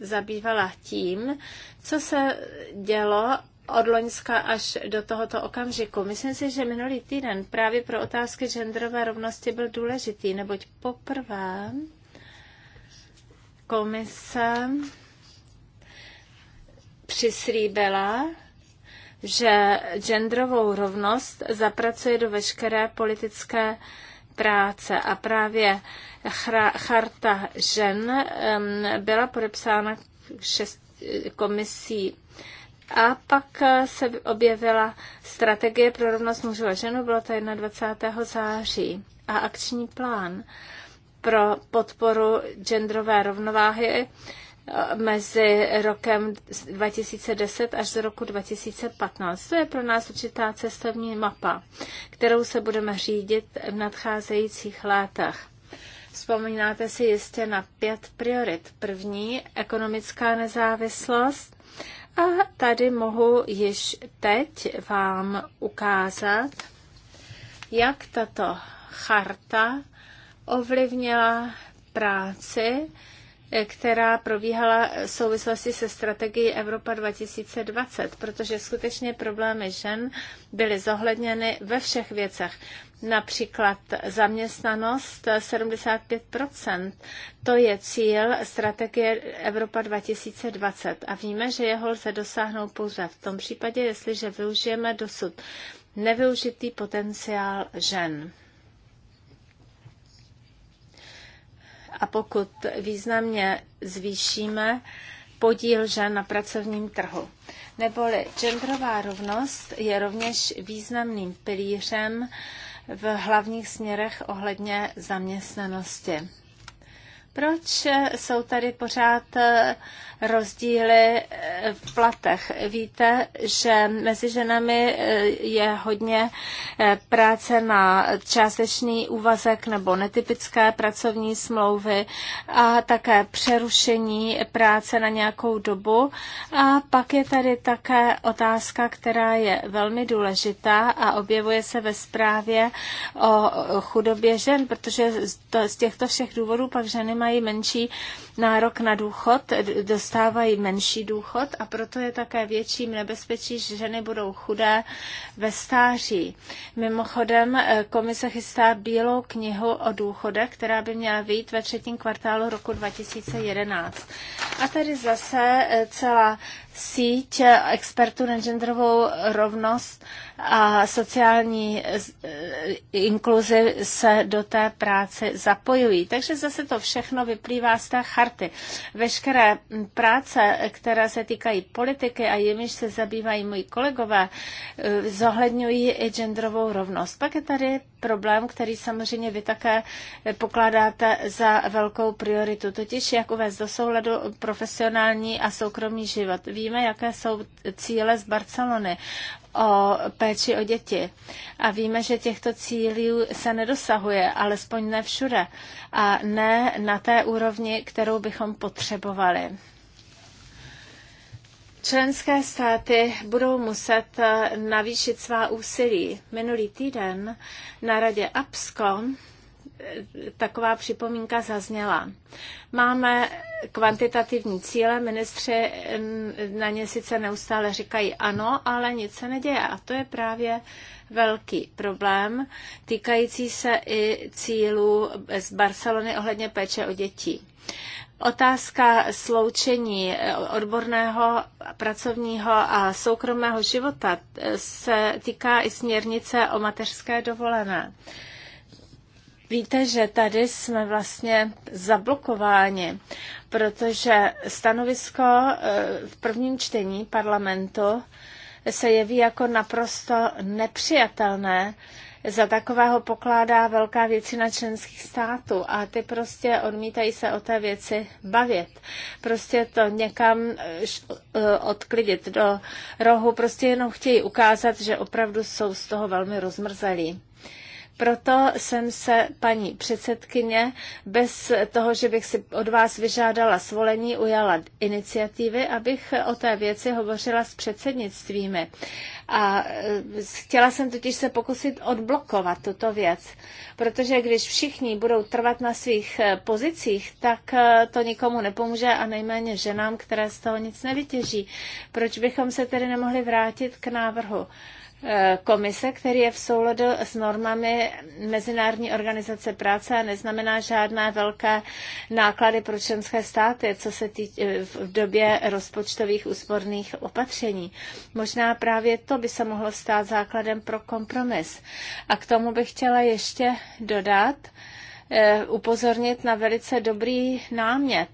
[SPEAKER 2] zabývala tím, co se dělo od Loňska až do tohoto okamžiku. Myslím si, že minulý týden právě pro otázky genderové rovnosti byl důležitý, neboť poprvé komise přislíbila, že genderovou rovnost zapracuje do veškeré politické práce a právě charta žen byla podepsána šest komisí a pak eh, se objevila strategie pro rovnost mužů a ženu, bylo to 21. září, a akční plán pro podporu genderové rovnováhy mezi rokem 2010 až do roku 2015. To je pro nás určitá cestovní mapa, kterou se budeme řídit v nadcházejících letech. Vzpomínáte si jistě na pět priorit. První, ekonomická nezávislost. A tady mohu již teď vám ukázat, jak tato charta ovlivnila práci která probíhala v souvislosti se strategií Evropa 2020, protože skutečně problémy žen byly zohledněny ve všech věcech. Například zaměstnanost 75 to je cíl strategie Evropa 2020 a víme, že jeho lze dosáhnout pouze v tom případě, jestliže využijeme dosud nevyužitý potenciál žen. a pokud významně zvýšíme podíl žen na pracovním trhu. Neboli genderová rovnost je rovněž významným pilířem v hlavních směrech ohledně zaměstnanosti. Proč jsou tady pořád rozdíly eh, v platech. Víte, že mezi ženami eh, je hodně eh, práce na částečný úvazek nebo netypické pracovní smlouvy a také přerušení práce na nějakou dobu. A pak je tady také otázka, která je velmi důležitá a objevuje se ve zprávě o chudobě žen, protože z těchto všech důvodů pak ženy mají menší nárok na důchod, dostávají menší důchod a proto je také větším nebezpečí, že ženy budou chudé ve stáří. Mimochodem, eh, komise chystá bílou knihu o důchodech, která by měla vyjít ve třetím kvartálu roku 2011. A tady zase eh, celá síť expertů na genderovou rovnost a sociální eh, inkluzi se do té práce zapojují. Takže zase to všechno vyplývá z té charty. Veškeré práce, které se týkají politiky a jimiž se zabývají moji kolegové, eh, zohledňují i genderovou rovnost. Pak je tady problém, který samozřejmě vy také pokládáte za velkou prioritu, totiž jak uvést do souladu profesionální a soukromý život. Ví víme, jaké jsou cíle z Barcelony o péči o děti. A víme, že těchto cílů se nedosahuje, alespoň ne všude a ne na té úrovni, kterou bychom potřebovali. Členské státy budou muset eh, navýšit svá úsilí. Minulý týden na radě APSCO taková připomínka zazněla. Máme kvantitativní cíle, ministři mm, na ně sice neustále říkají ano, ale nic se neděje. A to je právě velký problém týkající se i cílů z Barcelony ohledně péče o dětí. Otázka sloučení odborného, pracovního a soukromého života se týká i směrnice o mateřské dovolené. Víte, že tady jsme vlastně zablokováni, protože stanovisko eh, v prvním čtení parlamentu se jeví jako naprosto nepřijatelné. Za takového pokládá velká většina členských států a ty prostě odmítají se o té věci bavit. Prostě to někam eh, eh, odklidit do rohu, prostě jenom chtějí ukázat, že opravdu jsou z toho velmi rozmrzelí. Proto jsem se, paní předsedkyně, bez toho, že bych si od vás vyžádala svolení, ujala iniciativy, abych o té věci hovořila s předsednictvími. A e, chtěla jsem totiž se pokusit odblokovat tuto věc, protože když všichni budou trvat na svých e, pozicích, tak e, to nikomu nepomůže a nejméně ženám, které z toho nic nevytěží. Proč bychom se tedy nemohli vrátit k návrhu? komise, který je v souladu s normami Mezinárodní organizace práce a neznamená žádné velké náklady pro členské státy, co se týče v době rozpočtových úsporných opatření. Možná právě to by se mohlo stát základem pro kompromis. A k tomu bych chtěla ještě dodat, Eh, upozornit na velice dobrý námět,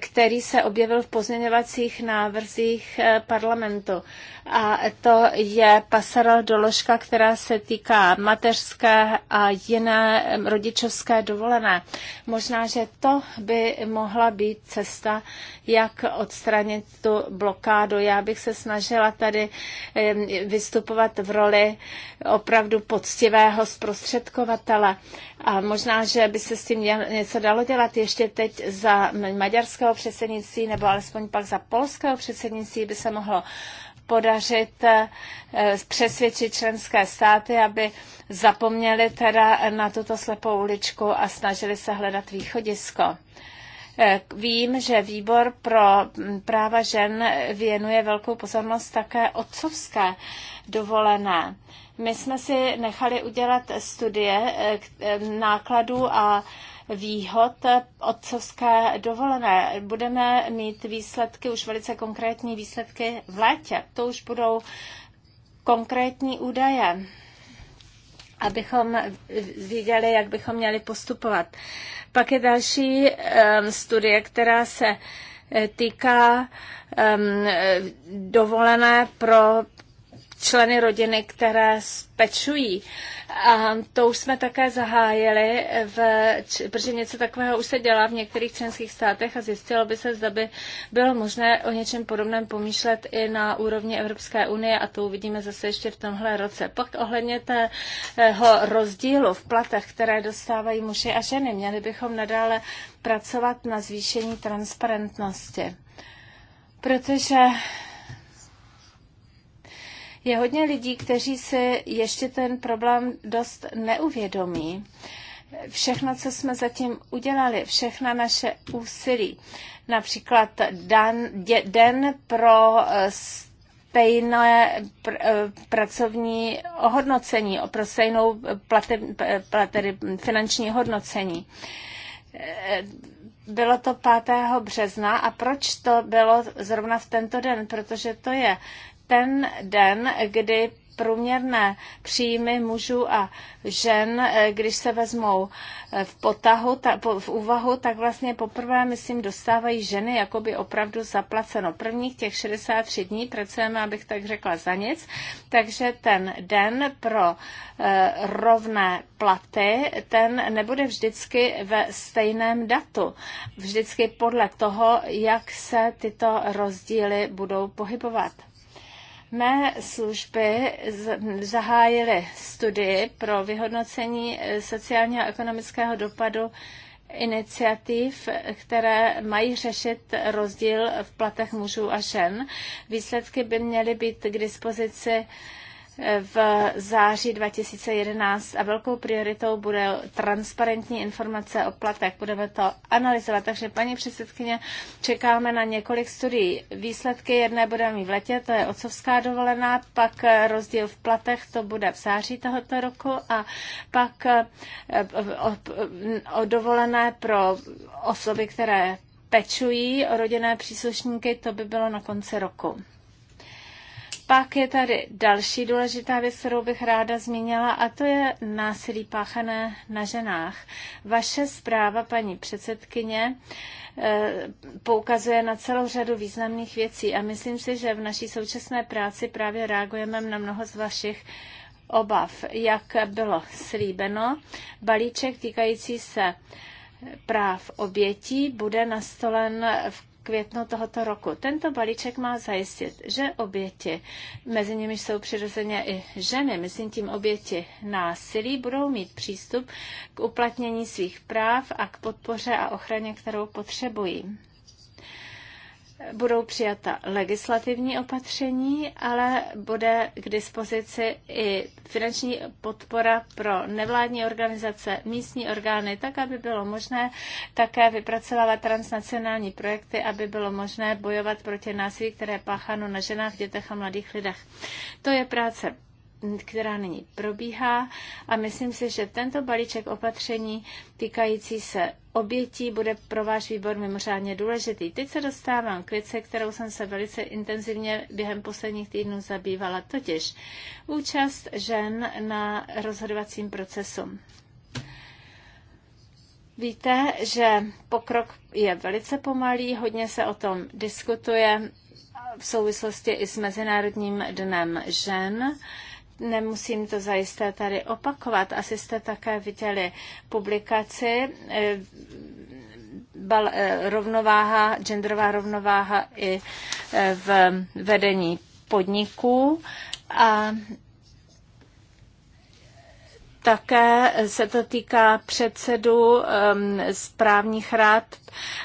[SPEAKER 2] který se objevil v pozměňovacích návrzích eh, parlamentu. A to je pasarel doložka, která se týká mateřské a jiné eh, rodičovské dovolené. Možná, že to by mohla být cesta, jak odstranit tu blokádu. Já bych se snažila tady vystupovat v roli opravdu poctivého zprostředkovatele. A možná, že že by se s tím něco dalo dělat ještě teď za maďarského předsednictví nebo alespoň pak za polského předsednictví by se mohlo podařit eh, přesvědčit členské státy, aby zapomněli teda na tuto slepou uličku a snažili se hledat východisko. Eh, vím, že výbor pro mm, práva žen věnuje velkou pozornost také otcovské dovolené. My jsme si nechali udělat studie eh, eh, nákladů a výhod eh, otcovské dovolené. Budeme mít výsledky, už velice konkrétní výsledky v létě. To už budou konkrétní údaje, abychom viděli, jak bychom měli postupovat. Pak je další ehm, studie, která se týká ehm, dovolené pro členy rodiny, které pečují. A to už jsme také zahájili, v, protože něco takového už se dělá v některých členských státech a zjistilo by se, zda by bylo možné o něčem podobném pomýšlet i na úrovni Evropské unie a to uvidíme zase ještě v tomhle roce. Pak ohledně tého rozdílu v platech, které dostávají muži a ženy, měli bychom nadále pracovat na zvýšení transparentnosti. Protože je hodně lidí, kteří si ještě ten problém dost neuvědomí. Všechno, co jsme zatím udělali, všechna naše úsilí, například dan, dě, den pro eh, stejné pr, eh, pracovní ohodnocení, pro stejnou plate, plate, finanční hodnocení eh, bylo to 5. března a proč to bylo zrovna v tento den? Protože to je ten den, kdy průměrné příjmy mužů a žen, eh, když se vezmou eh, v, potahu, ta, po, v úvahu, tak vlastně poprvé, myslím, dostávají ženy jakoby opravdu zaplaceno. Prvních těch 63 dní pracujeme, abych tak řekla, za nic, takže ten den pro eh, rovné platy, ten nebude vždycky ve stejném datu. Vždycky podle toho, jak se tyto rozdíly budou pohybovat. Mé služby zahájily studii pro vyhodnocení eh, sociálního a ekonomického dopadu iniciativ, které mají řešit rozdíl v platech mužů a žen. Výsledky by měly být k dispozici v září 2011 a velkou prioritou bude transparentní informace o platech. Budeme to analyzovat. Takže paní předsedkyně, čekáme na několik studií. Výsledky jedné budeme mít v letě, to je otcovská dovolená, pak rozdíl v platech, to bude v září tohoto roku a pak eh, o, dovolené pro osoby, které pečují o rodinné příslušníky, to by bylo na konci roku. Pak je tady další důležitá věc, kterou bych ráda zmínila, a to je násilí páchané na ženách. Vaše zpráva, paní předsedkyně, eh, poukazuje na celou řadu významných věcí a myslím si, že v naší současné práci právě reagujeme na mnoho z vašich obav. Jak bylo slíbeno, balíček týkající se práv obětí bude nastolen v květnu tohoto roku. Tento balíček má zajistit, že oběti, mezi nimi jsou přirozeně i ženy, myslím tím oběti násilí, budou mít přístup k uplatnění svých práv a k podpoře a ochraně, kterou potřebují budou přijata legislativní opatření, ale bude k dispozici i finanční podpora pro nevládní organizace, místní orgány, tak, aby bylo možné také vypracovávat transnacionální projekty, aby bylo možné bojovat proti násilí, které pácháno na ženách, dětech a mladých lidech. To je práce která nyní probíhá a myslím si, že tento balíček opatření týkající se obětí bude pro váš výbor mimořádně důležitý. Teď se dostávám k věci, kterou jsem se velice intenzivně během posledních týdnů zabývala, totiž účast žen na rozhodovacím procesu. Víte, že pokrok je velice pomalý, hodně se o tom diskutuje v souvislosti i s Mezinárodním dnem žen Nemusím to zajisté tady opakovat. Asi jste také viděli publikaci eh, eh, rovnováha, genderová rovnováha i eh, v vedení podniků. A také se to týká předsedů um, správních rád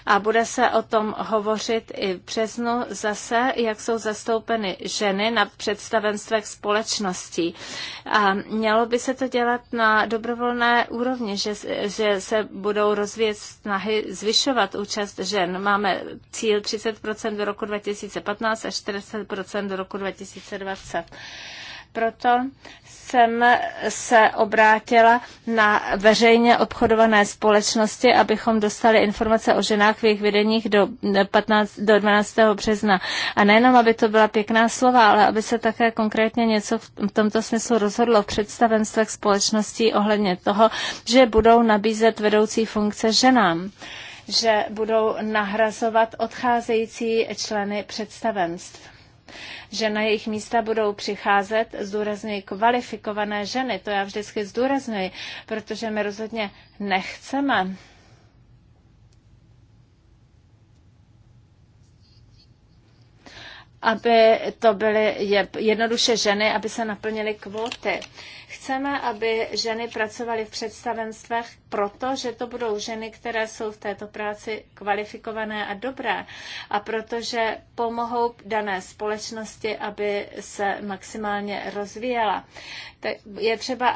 [SPEAKER 2] a bude se o tom hovořit i v březnu zase, jak jsou zastoupeny ženy na představenstvech společností. A mělo by se to dělat na dobrovolné úrovni, že, že se budou rozvíjet snahy zvyšovat účast žen. Máme cíl 30% do roku 2015 a 40% do roku 2020. Proto jsem se obrátila na veřejně obchodované společnosti, abychom dostali informace o ženách v jejich vedeních do, 15, do 12. března. A nejenom, aby to byla pěkná slova, ale aby se také konkrétně něco v tomto smyslu rozhodlo v představenstvech společností ohledně toho, že budou nabízet vedoucí funkce ženám že budou nahrazovat odcházející členy představenstv že na jejich místa budou přicházet, zdůrazňuji, kvalifikované ženy. To já vždycky zdůrazňuji, protože my rozhodně nechceme aby to byly jednoduše ženy, aby se naplnily kvóty. Chceme, aby ženy pracovaly v představenstvech proto, že to budou ženy, které jsou v této práci kvalifikované a dobré a protože pomohou dané společnosti, aby se maximálně rozvíjela. Tak je třeba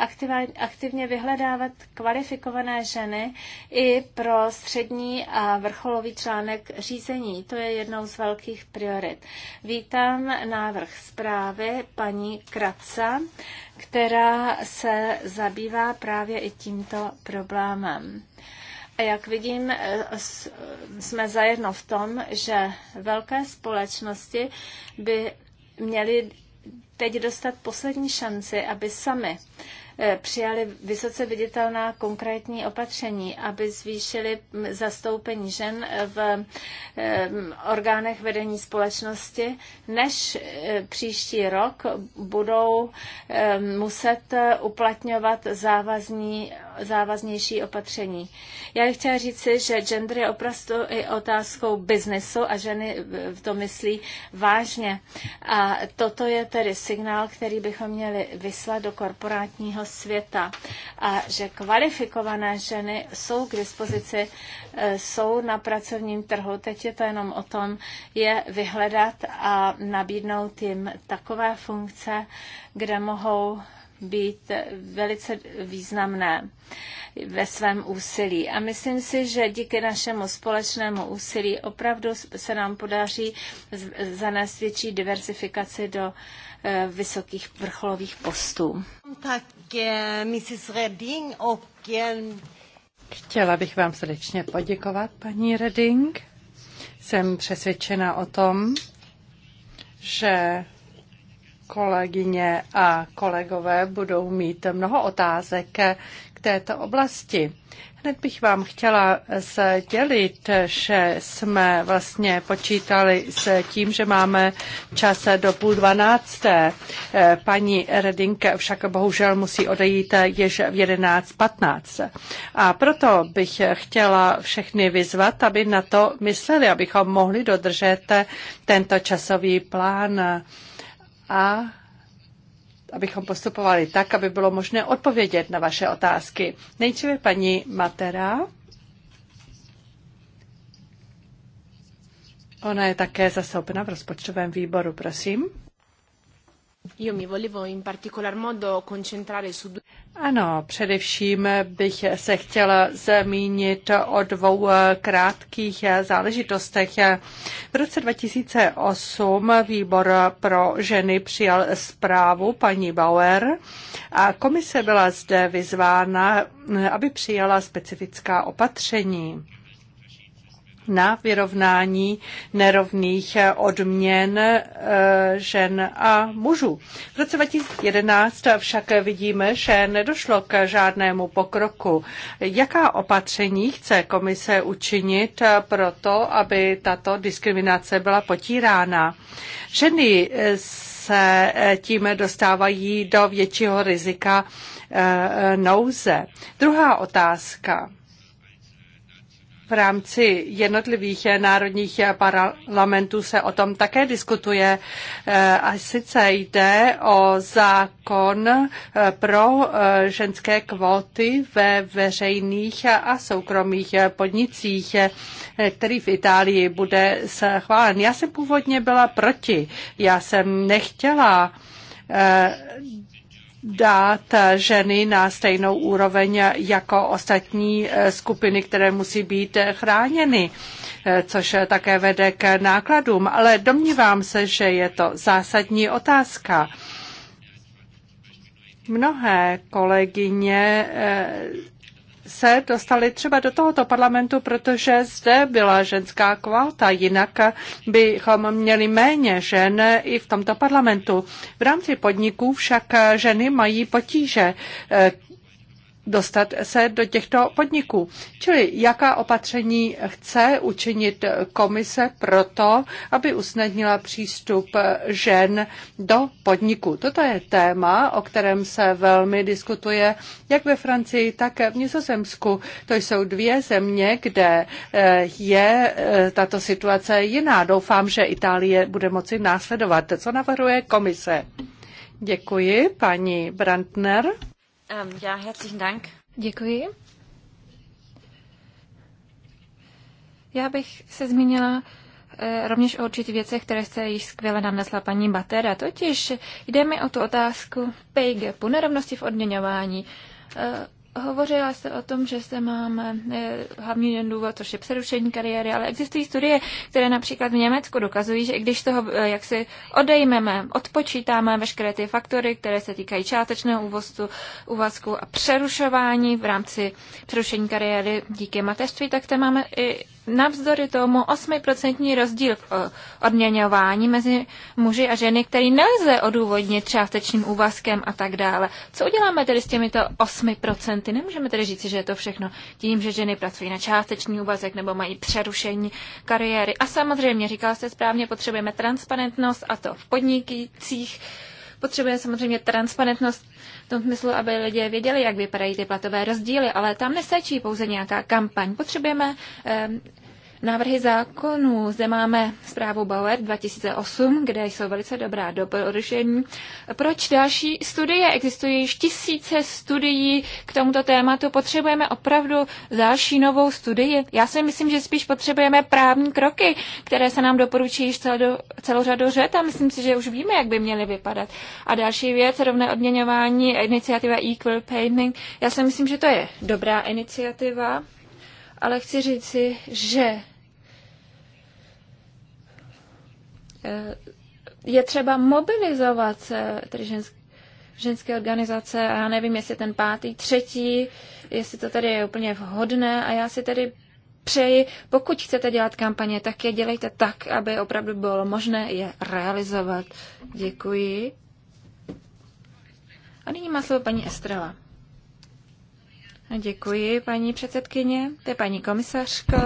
[SPEAKER 2] aktivně vyhledávat kvalifikované ženy i pro střední a vrcholový článek řízení. To je jednou z velkých priorit. Vítám návrh zprávy paní Kraca, která se zabývá právě i tímto problémem chrámem. A jak vidím, eh, jsme zajedno v tom, že velké společnosti by měly teď dostat poslední šanci, aby sami eh, přijali vysoce viditelná konkrétní opatření, aby zvýšili mm, zastoupení žen v eh, orgánech vedení společnosti, než příští rok budou muset uplatňovat závazní závaznější opatření. Já bych chtěla říci, že gender je opravdu i otázkou biznesu a ženy v to myslí vážně. A toto je tedy signál, který bychom měli vyslat do korporátního světa. A že kvalifikované ženy jsou k dispozici, e, jsou na pracovním trhu. Teď je to jenom o tom, je vyhledat a nabídnout jim takové funkce, kde mohou být velice významné ve svém úsilí. A myslím si, že díky našemu společnému úsilí opravdu se nám podaří zanést větší diversifikaci do eh, vysokých vrcholových postů. Tak, Mrs. Redding,
[SPEAKER 1] Chtěla bych vám srdečně poděkovat, paní Redding. Jsem přesvědčena o tom, že Kolegyně a kolegové budou mít mnoho otázek k této oblasti. Hned bych vám chtěla sdělit, že jsme vlastně počítali s tím, že máme čas do půl dvanácté. Paní Redink však bohužel musí odejít již v 11.15. A proto bych chtěla všechny vyzvat, aby na to mysleli, abychom mohli dodržet tento časový plán a abychom postupovali tak, aby bylo možné odpovědět na vaše otázky. Nejdříve paní Matera. Ona je také zasobna v rozpočtovém výboru, prosím.
[SPEAKER 3] Io mi volevo in particolar modo concentrare su
[SPEAKER 1] ano, především bych se chtěla zmínit o dvou eh, krátkých eh, záležitostech. V roce 2008 výbor pro ženy přijal zprávu paní Bauer a komise byla zde vyzvána, eh, aby přijala specifická opatření na vyrovnání nerovných eh, odměn eh, žen a mužů. V roce 2011 však vidíme, že nedošlo k žádnému pokroku. Jaká opatření chce komise učinit eh, pro to, aby tato diskriminace byla potírána? Ženy se tím dostávají do většího rizika nouze. Druhá otázka v rámci jednotlivých národních parlamentů se o tom také diskutuje. E, a sice jde o zákon e, pro e, ženské kvóty ve veřejných a soukromých podnicích, který v Itálii bude schválen. Já jsem původně byla proti. Já jsem nechtěla dát eh, ženy na stejnou úroveň jako ostatní eh, skupiny, které musí být eh, chráněny, což také vede k nákladům. Ale domnívám se, že je to zásadní otázka. Mnohé kolegyně se dostali třeba do tohoto parlamentu, protože zde byla ženská kvalta, jinak bychom měli méně žen i v tomto parlamentu. V rámci podniků však ženy mají potíže dostat se do těchto podniků. Čili jaká opatření chce učinit komise pro to, aby usnadnila přístup žen do podniků. Toto je téma, o kterém se velmi diskutuje jak ve Francii, tak v Nizozemsku. To jsou dvě země, kde eh, je eh, tato situace jiná. Doufám, že Itálie bude moci následovat. Co navrhuje komise? Děkuji, paní Brandner.
[SPEAKER 4] Um, ähm, já herzlichen Dank. Děkuji. Já bych se zmínila eh, rovněž o určitých věcech, které se již skvěle nanesla paní Batera. Totiž jde mi o tu otázku pay gapu, nerovnosti v odměňování. Eh, Hovořila se o tom, že se máme eh, hlavní den důvod, což je přerušení kariéry, ale existují studie, které například v Německu dokazují, že i když toho eh, jak si odejmeme, odpočítáme veškeré ty faktory, které se týkají částečného úvostu, úvazku a přerušování v rámci přerušení kariéry díky mateřství, tak tam máme i navzdory tomu 8% rozdíl v eh, odměňování mezi muži a ženy, který nelze odůvodnit částečným úvazkem a tak dále. Co uděláme tedy s těmito 8%? Nemůžeme tedy říci, že je to všechno tím, že ženy pracují na částečný úvazek nebo mají přerušení kariéry. A samozřejmě, říkala jste správně, potřebujeme transparentnost a to v podnikících. Potřebujeme samozřejmě transparentnost v tom smyslu, aby lidé věděli, jak vypadají ty platové rozdíly, ale tam nestačí pouze nějaká kampaň. Potřebujeme návrhy zákonů. Zde máme zprávu Bauer 2008, kde jsou velice dobrá doporučení. Proč další studie? Existují již tisíce studií k tomuto tématu. Potřebujeme opravdu další novou studii. Já si myslím, že spíš potřebujeme právní kroky, které se nám doporučí již celou, celou řadu řet a myslím si, že už víme, jak by měly vypadat. A další věc, rovné odměňování, iniciativa Equal Payment. Já si myslím, že to je dobrá iniciativa ale chci říci, že eh, je třeba mobilizovat eh, tedy ženské, ženské organizace a já nevím, jestli ten pátý, třetí, jestli to tady je úplně vhodné a já si tedy přeji, pokud chcete dělat kampaně, tak je dělejte tak, aby opravdu bylo možné je realizovat. Děkuji. A nyní má slovo paní Estrela. Děkuji, paní předsedkyně, to je paní komisařko.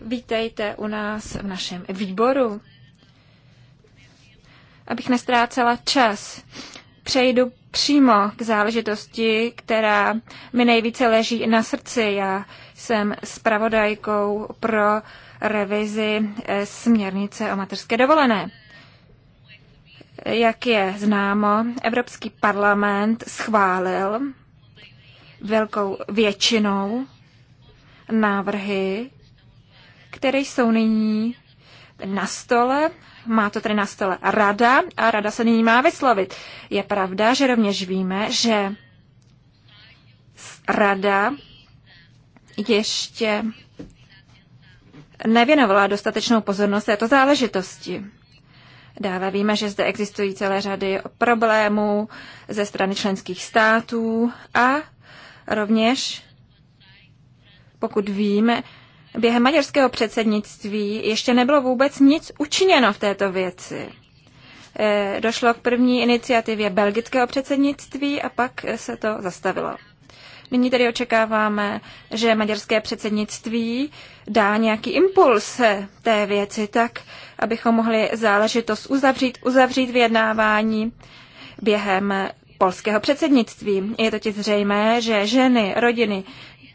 [SPEAKER 4] Vítejte u nás v našem výboru. Abych nestrácela čas, přejdu přímo k záležitosti, která mi nejvíce leží na srdci. Já jsem spravodajkou pro revizi eh, směrnice o mateřské dovolené. Jak je známo, Evropský parlament schválil velkou většinou návrhy, které jsou nyní na stole. Má to tedy na stole rada a rada se nyní má vyslovit. Je pravda, že rovněž víme, že rada ještě nevěnovala dostatečnou pozornost této záležitosti. Dále víme, že zde existují celé řady problémů ze strany členských států a Rovněž, pokud víme, během maďarského předsednictví ještě nebylo vůbec nic učiněno v této věci. Eh, došlo k první iniciativě belgického předsednictví a pak se to zastavilo. Nyní tedy očekáváme, že maďarské předsednictví dá nějaký impuls té věci tak, abychom mohli záležitost uzavřít, uzavřít vyjednávání během polského předsednictví. Je totiž zřejmé, že ženy, rodiny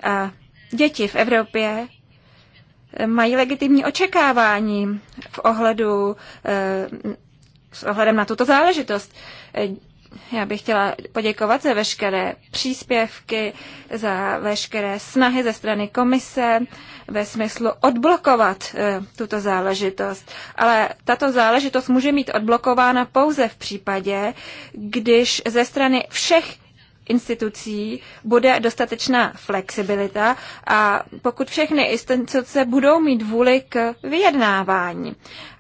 [SPEAKER 4] a děti v Evropě eh, mají legitimní očekávání v ohledu eh, s ohledem na tuto záležitost. Eh, já bych chtěla poděkovat za veškeré příspěvky, za veškeré snahy ze strany komise ve smyslu odblokovat e, tuto záležitost. Ale tato záležitost může mít odblokována pouze v případě, když ze strany všech institucí bude dostatečná flexibilita a pokud všechny instituce budou mít vůli k vyjednávání.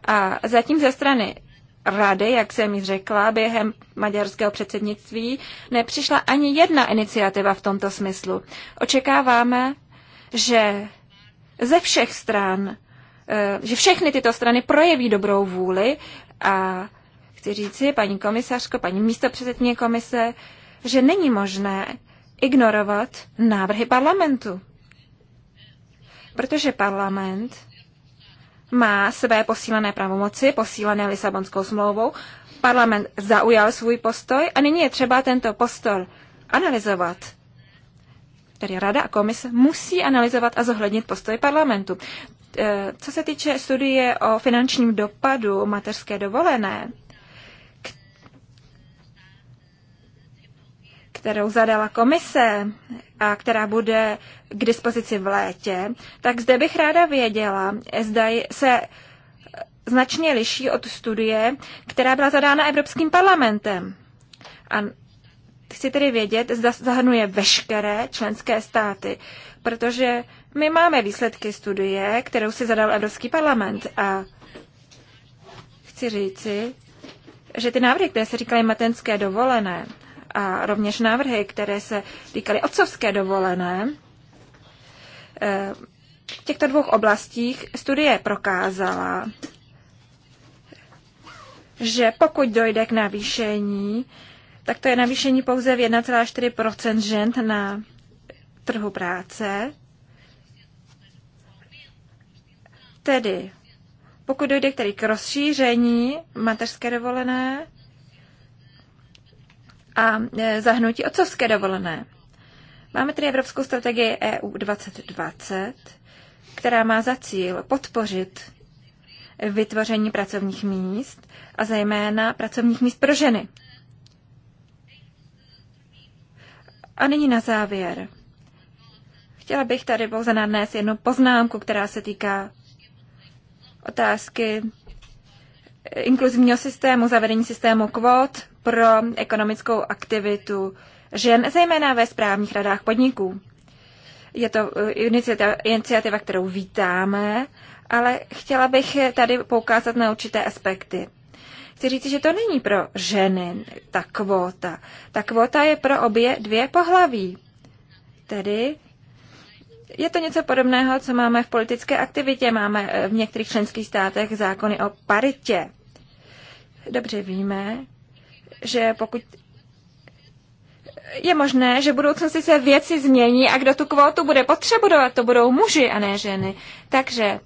[SPEAKER 4] A zatím ze strany rady, jak jsem ji řekla, během maďarského předsednictví nepřišla ani jedna iniciativa v tomto smyslu. Očekáváme, že ze všech stran, eh, že všechny tyto strany projeví dobrou vůli a chci říci, paní komisařko, paní místopředsedkyně komise, že není možné ignorovat návrhy parlamentu. Protože parlament má své posílené pravomoci, posílené Lisabonskou smlouvou. Parlament zaujal svůj postoj a nyní je třeba tento postoj analyzovat. Tedy Rada a komise musí analyzovat a zohlednit postoj parlamentu. E, co se týče studie o finančním dopadu mateřské dovolené, kterou zadala komise a která bude k dispozici v létě, tak zde bych ráda věděla, zda se značně liší od studie, která byla zadána Evropským parlamentem. A chci tedy vědět, zda zahrnuje veškeré členské státy, protože my máme výsledky studie, kterou si zadal Evropský parlament a chci říci, že ty návrhy, které se říkají matenské dovolené, a rovněž návrhy, které se týkaly otcovské dovolené, eh, v těchto dvou oblastích studie prokázala, že pokud dojde k navýšení, tak to je navýšení pouze v 1,4 žen na trhu práce. Tedy, pokud dojde k, k rozšíření mateřské dovolené, a e, zahnutí otcovské dovolené. Máme tedy Evropskou strategii EU 2020, která má za cíl podpořit vytvoření pracovních míst a zejména pracovních míst pro ženy. A nyní na závěr. Chtěla bych tady pouze nadnést jednu poznámku, která se týká otázky inkluzivního systému, zavedení systému kvót pro ekonomickou aktivitu žen, zejména ve správních radách podniků. Je to eh, iniciativa, kterou vítáme, ale chtěla bych tady poukázat na určité aspekty. Chci říct, že to není pro ženy ta kvóta. Ta kvóta je pro obě dvě pohlaví. Tedy je to něco podobného, co máme v politické aktivitě. Máme eh, v některých členských státech zákony o paritě. Dobře víme, že pokud je možné, že v budoucnosti se věci změní a kdo tu kvótu bude potřebovat, to budou muži a ne ženy. Takže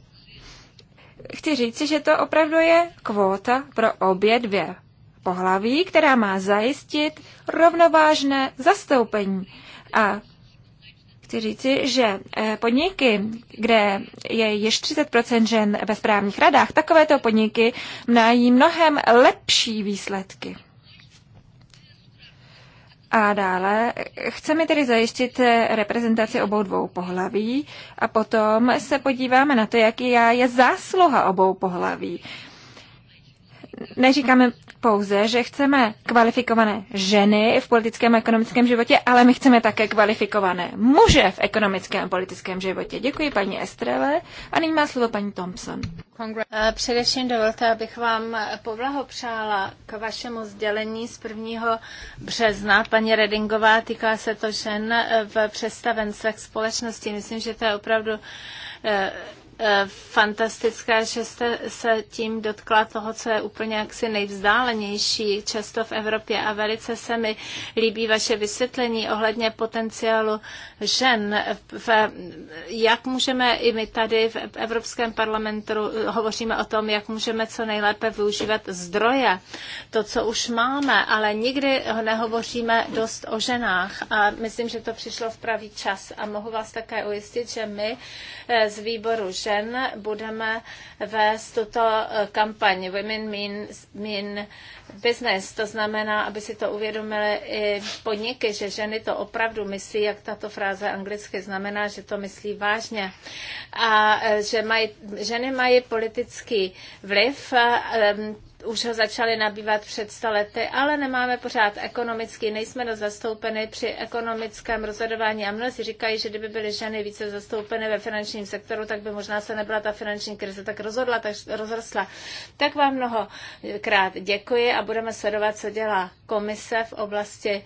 [SPEAKER 4] chci říci, že to opravdu je kvóta pro obě dvě pohlaví, která má zajistit rovnovážné zastoupení. A chci říci, že eh, podniky, kde je již 30 žen ve správních radách, takovéto podniky mají mnohem lepší výsledky. A dále chceme tedy zajistit reprezentaci obou dvou pohlaví a potom se podíváme na to, jaký je zásluha obou pohlaví neříkáme pouze, že chceme kvalifikované ženy v politickém a ekonomickém životě, ale my chceme také kvalifikované muže v ekonomickém a politickém životě. Děkuji paní Estrele a nyní má slovo paní Thompson.
[SPEAKER 2] Eh, především dovolte, abych vám poblahopřála k vašemu sdělení z 1. března. Paní Redingová, týká se to žen eh, v představenstvech společnosti. Myslím, že to je opravdu eh, Eh, fantastická, že jste se tím dotkla toho, co je úplně jaksi nejvzdálenější často v Evropě a velice se mi líbí vaše vysvětlení ohledně potenciálu žen. V, jak můžeme i my tady v Evropském parlamentu eh, hovoříme o tom, jak můžeme co nejlépe využívat zdroje, to, co už máme, ale nikdy nehovoříme dost o ženách a myslím, že to přišlo v pravý čas a mohu vás také ujistit, že my eh, z výboru žen žen budeme vést tuto eh, kampaň Women Mean, mean Business. To znamená, aby si to uvědomili i podniky, že ženy to opravdu myslí, jak tato fráze anglicky znamená, že to myslí vážně. A eh, že maj, ženy mají politický vliv eh, už ho začali nabývat před stolety, ale nemáme pořád ekonomicky, nejsme dost zastoupeny při ekonomickém rozhodování a mnozí říkají, že kdyby byly ženy více zastoupeny ve finančním sektoru, tak by možná se nebyla ta finanční krize tak rozhodla, tak rozrostla. Tak vám mnohokrát děkuji a budeme sledovat, co dělá komise v oblasti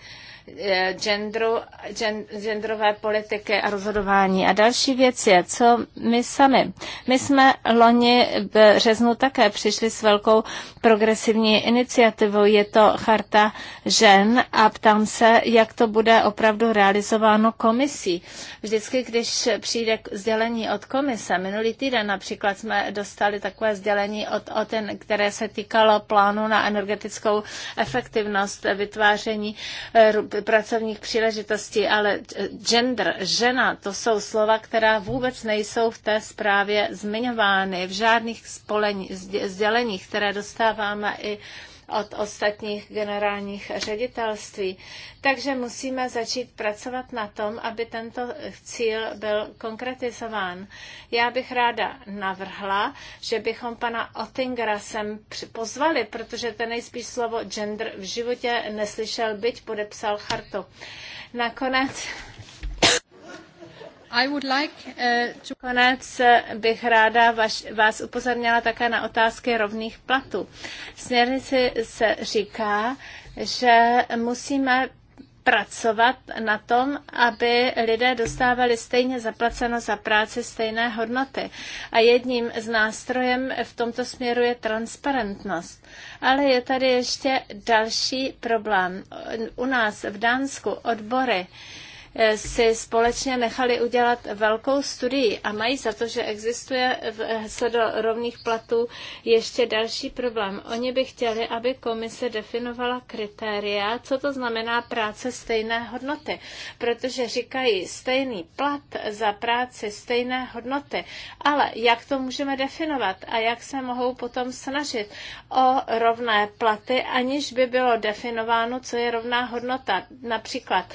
[SPEAKER 2] Eh, genderu, gen, genderové politiky a rozhodování. A další věc je, co my sami. My jsme loni v březnu také přišli s velkou progresivní iniciativou. Je to charta žen a ptám se, jak to bude opravdu realizováno komisí. Vždycky, když přijde sdělení od komise, minulý týden například jsme dostali takové sdělení od OTEN, které se týkalo plánu na energetickou efektivnost vytváření eh, pracovních příležitostí, ale gender, žena, to jsou slova, která vůbec nejsou v té zprávě zmiňovány v žádných spolení, sděleních, které dostáváme i od ostatních generálních ředitelství. Takže musíme začít pracovat na tom, aby tento cíl byl konkretizován. Já bych ráda navrhla, že bychom pana Ottingera sem pozvali, protože ten nejspíš slovo gender v životě neslyšel, byť podepsal chartu. Nakonec i uh, Konec bych ráda vaš, vás upozornila také na otázky rovných platů. V směrnici se říká, že musíme pracovat na tom, aby lidé dostávali stejně zaplaceno za práci stejné hodnoty. A jedním z nástrojem v tomto směru je transparentnost. Ale je tady ještě další problém. U nás v Dánsku odbory uh, Eh, si společně nechali udělat velkou studii a mají za to, že existuje se eh, do rovných platů ještě další problém. Oni by chtěli, aby komise definovala kritéria, co to znamená práce stejné hodnoty, protože říkají stejný plat za práci stejné hodnoty, ale jak to můžeme definovat a jak se mohou potom snažit o rovné platy, aniž by bylo definováno, co je rovná hodnota. Například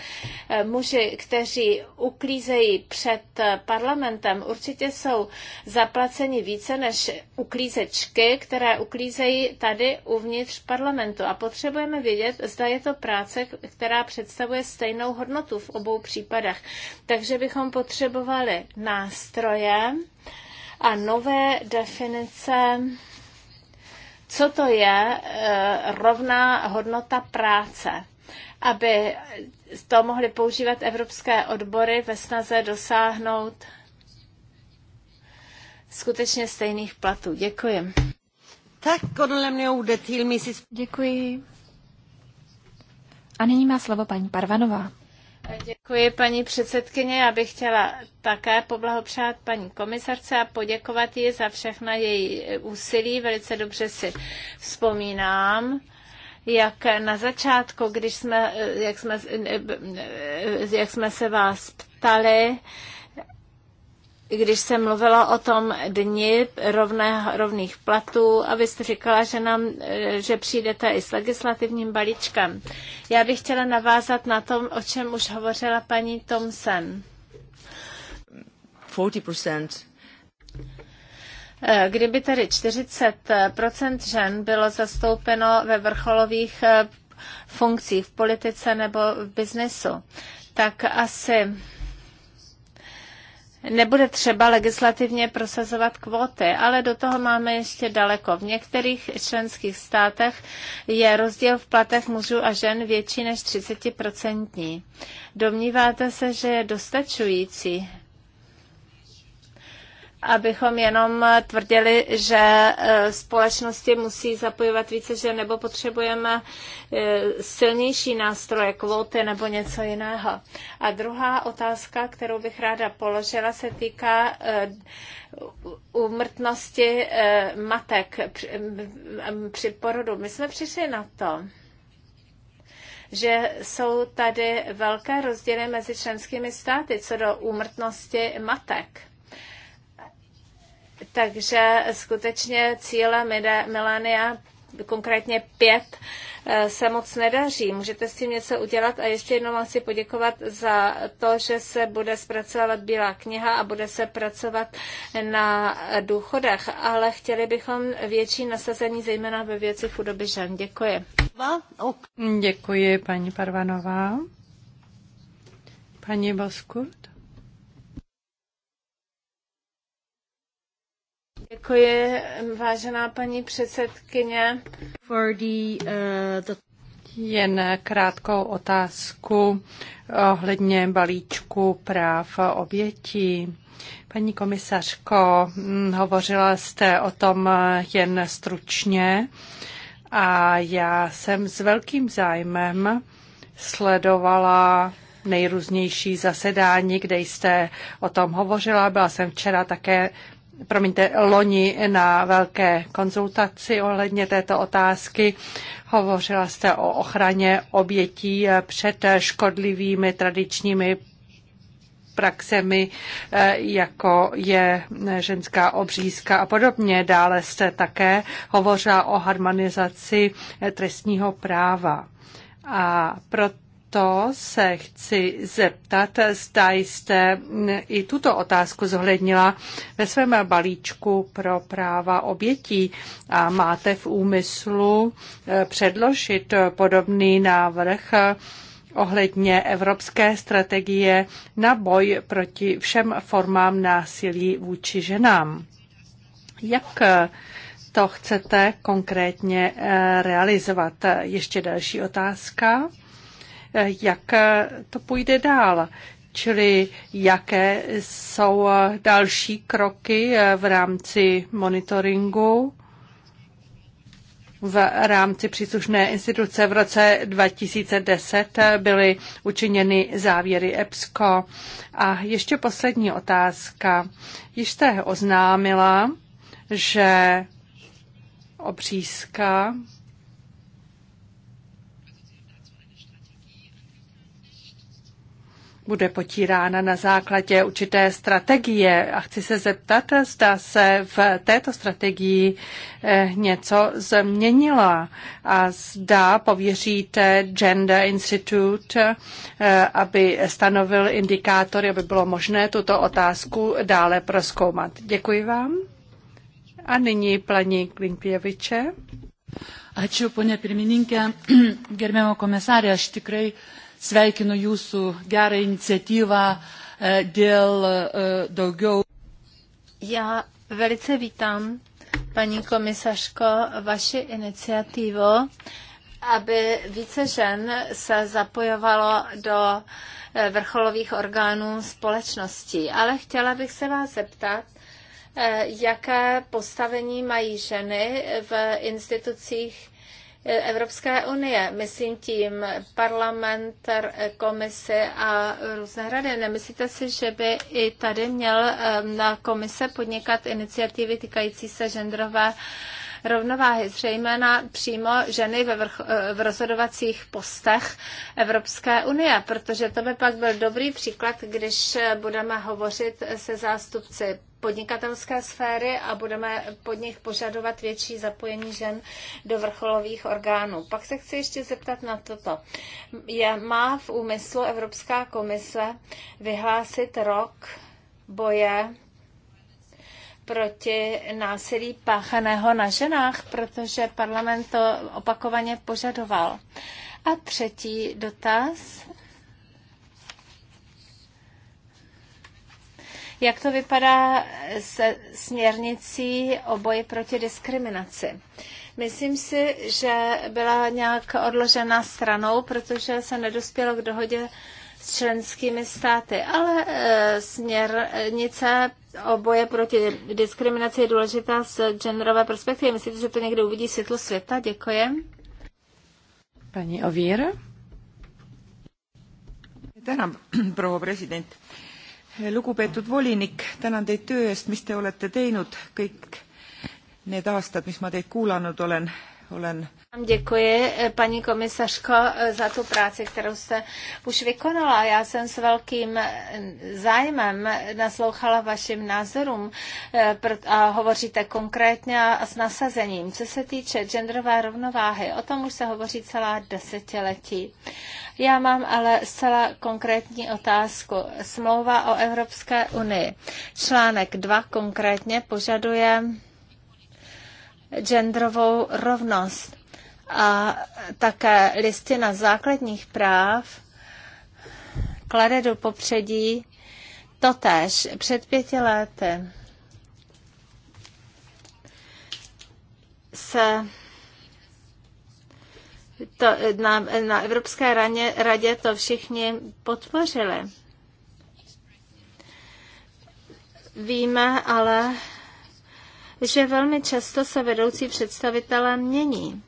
[SPEAKER 2] eh, muži kteří uklízejí před parlamentem, určitě jsou zaplaceni více než uklízečky, které uklízejí tady uvnitř parlamentu. A potřebujeme vědět, zda je to práce, která představuje stejnou hodnotu v obou případech. Takže bychom potřebovali nástroje a nové definice co to je eh, rovná hodnota práce, aby to mohly používat evropské odbory ve snaze dosáhnout skutečně stejných platů. Děkuji. Tak, Děkuji.
[SPEAKER 4] A nyní má slovo paní Parvanová.
[SPEAKER 2] Děkuji, paní předsedkyně. Já bych chtěla také poblahopřát paní komisarce a poděkovat jí za všechna její úsilí. Velice dobře si vzpomínám jak na začátku, když jsme, jak jsme, jak jsme se vás ptali, když se mluvila o tom dni rovné, rovných platů a vy jste říkala, že, nám, že přijdete i s legislativním balíčkem. Já bych chtěla navázat na tom, o čem už hovořila paní Thompson. Eh, kdyby tedy 40 žen bylo zastoupeno ve vrcholových eh, funkcích v politice nebo v biznesu, tak asi nebude třeba legislativně prosazovat kvóty, ale do toho máme ještě daleko. V některých členských státech je rozdíl v platech mužů a žen větší než 30%. Domníváte se, že je dostačující abychom jenom tvrdili, že e, společnosti musí zapojovat více žen, nebo potřebujeme e, silnější nástroje, kvóty nebo něco jiného. A druhá otázka, kterou bych ráda položila, se týká e, úmrtnosti matek při porodu. My jsme přišli na to, že jsou tady velké rozdíly mezi členskými státy co do úmrtnosti matek takže skutečně cíle milénia konkrétně pět eh, se moc nedaří. Můžete s tím něco udělat a ještě jednou vám si poděkovat za to, že se bude zpracovat Bílá kniha a bude se pracovat na důchodech, ale chtěli bychom větší nasazení zejména ve věci chudoby žen. Děkuji.
[SPEAKER 1] Děkuji, paní Parvanová. Paní Boskurt.
[SPEAKER 2] Děkuji, vážená paní předsedkyně. For the, uh, the... Jen
[SPEAKER 1] krátkou otázku ohledně balíčku práv obětí. Paní komisařko, hm, hovořila jste o tom jen stručně a já jsem s velkým zájmem sledovala nejrůznější zasedání, kde jste o tom hovořila. Byla jsem včera také promiňte, loni na velké konzultaci ohledně této otázky. Hovořila jste o ochraně obětí před škodlivými tradičními praxemi, eh, jako je ženská obřízka a podobně. Dále jste také hovořila o harmonizaci eh, trestního práva. A proto proto se chci zeptat, zda jste i tuto otázku zohlednila ve svém balíčku pro práva obětí a máte v úmyslu eh, předložit podobný návrh ohledně evropské strategie na boj proti všem formám násilí vůči ženám. Jak to chcete konkrétně eh, realizovat? Ještě další otázka jak to půjde dál. Čili jaké jsou další kroky v rámci monitoringu? V rámci příslušné instituce v roce 2010 byly učiněny závěry EPSCO. A ještě poslední otázka. Již jste oznámila, že obřízka bude potírána na základě určité strategie. A chci se zeptat, zda se v této strategii eh, něco změnila a zda pověříte Gender Institute, eh, aby stanovil indikátory, aby bylo možné tuto otázku dále proskoumat. Děkuji vám. A nyní paní Klimpěviče. Ačiū, ponia pirmininkė, *clears throat* gerbiamo komisarė, aš tikrai Sveikinu jūsų gerą iniciatyvą e, dėl e, daugiau.
[SPEAKER 2] Já velice vítám, paní komisařko, vaši iniciativu, aby více žen se zapojovalo do e, vrcholových orgánů společnosti. Ale chtěla bych se vás zeptat, jaké postavení mají ženy v institucích Evropské unie. Myslím tím parlament, komisi a různé rady. Nemyslíte si, že by i tady měl na komise podnikat iniciativy týkající se genderové rovnováhy, zřejmě přímo ženy ve vrch, e, v rozhodovacích postech Evropské unie, protože to by pak byl dobrý příklad, když e, budeme hovořit se zástupci podnikatelské sféry a budeme pod nich požadovat větší zapojení žen do vrcholových orgánů. Pak se chci ještě zeptat na toto. Je, má v úmyslu Evropská komise vyhlásit rok boje proti násilí páchaného na ženách, protože parlament to opakovaně požadoval. A třetí dotaz Jak to vypadá se směrnicí o boji proti diskriminaci? Myslím si, že byla nějak odložena stranou, protože se nedospělo k dohodě s členskými státy, ale e, směrnice o boje proti diskriminaci je důležitá z genderové perspektivy. Myslíte, že to někdo uvidí světlo světa? Děkuji.
[SPEAKER 1] Paní Ovír.
[SPEAKER 3] Děkuji, proua president lugupeetud volinik tänan teid töö eest mis te olete teinud kõik need aastad
[SPEAKER 1] mis ma teid kuulanud olen olen...
[SPEAKER 2] Děkuji, eh, paní komisařko, eh, za tu práci, kterou jste už vykonala. Já jsem s velkým eh, zájmem naslouchala vašim názorům a hovoříte konkrétně a s nasazením. Co se týče genderové rovnováhy, o tom už se hovoří celá desetiletí. Já mám ale zcela konkrétní otázku. Smlouva o Evropské unii. Článek 2 konkrétně požaduje genderovou rovnost. A také listina základních práv klade do popředí totéž před pěti lety se to, na, na Evropské radě, radě to všichni podpořili. Víme ale, že velmi často se vedoucí představitelé mění.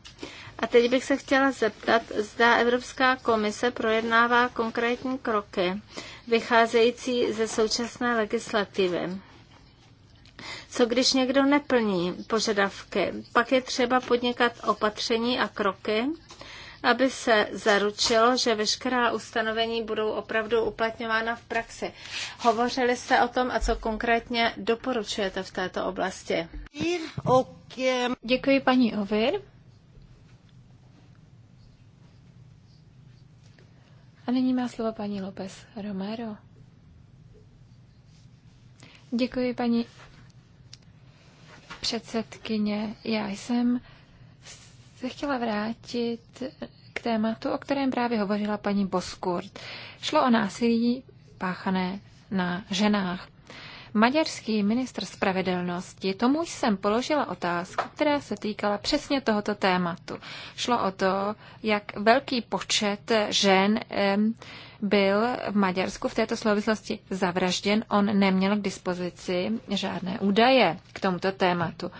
[SPEAKER 2] A teď bych se chtěla zeptat, zda Evropská komise projednává konkrétní kroky vycházející ze současné legislativy. Co když někdo neplní požadavky? Pak je třeba podnikat opatření a kroky, aby se zaručilo, že veškerá ustanovení budou opravdu uplatňována v praxi. Hovořili jste o tom a co konkrétně doporučujete v této oblasti? Děkuji paní Ovir.
[SPEAKER 4] A nyní má slovo paní López Romero. Děkuji, paní předsedkyně. Já jsem se chtěla vrátit k tématu, o kterém právě hovořila paní Boskurt. Šlo o násilí páchané na ženách. Maďarský ministr spravedlnosti, tomu jsem položila otázku, která se týkala přesně tohoto tématu. Šlo o to, jak velký počet žen byl v Maďarsku v této souvislosti zavražděn. On neměl k dispozici žádné údaje k tomuto tématu.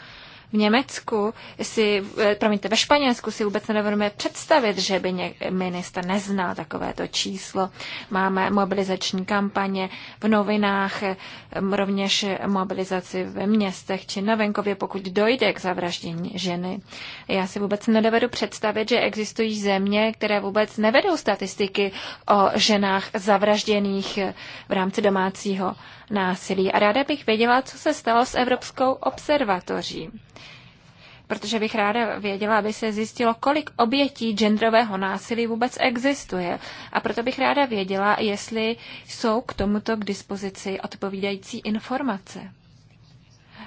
[SPEAKER 4] V Německu si, eh, promiňte, ve Španělsku si vůbec nedovedeme představit, že by něk- minister neznal takovéto číslo. Máme mobilizační kampaně v novinách, eh, rovněž eh, mobilizaci ve městech či na venkově, pokud dojde k zavraždění ženy. Já si vůbec nedovedu představit, že existují země, které vůbec nevedou statistiky o ženách zavražděných v rámci domácího násilí. A ráda bych věděla, co se stalo s Evropskou observatoří protože bych ráda věděla, aby se zjistilo, kolik obětí genderového násilí vůbec existuje. A proto bych ráda věděla, jestli jsou k tomuto k dispozici odpovídající informace.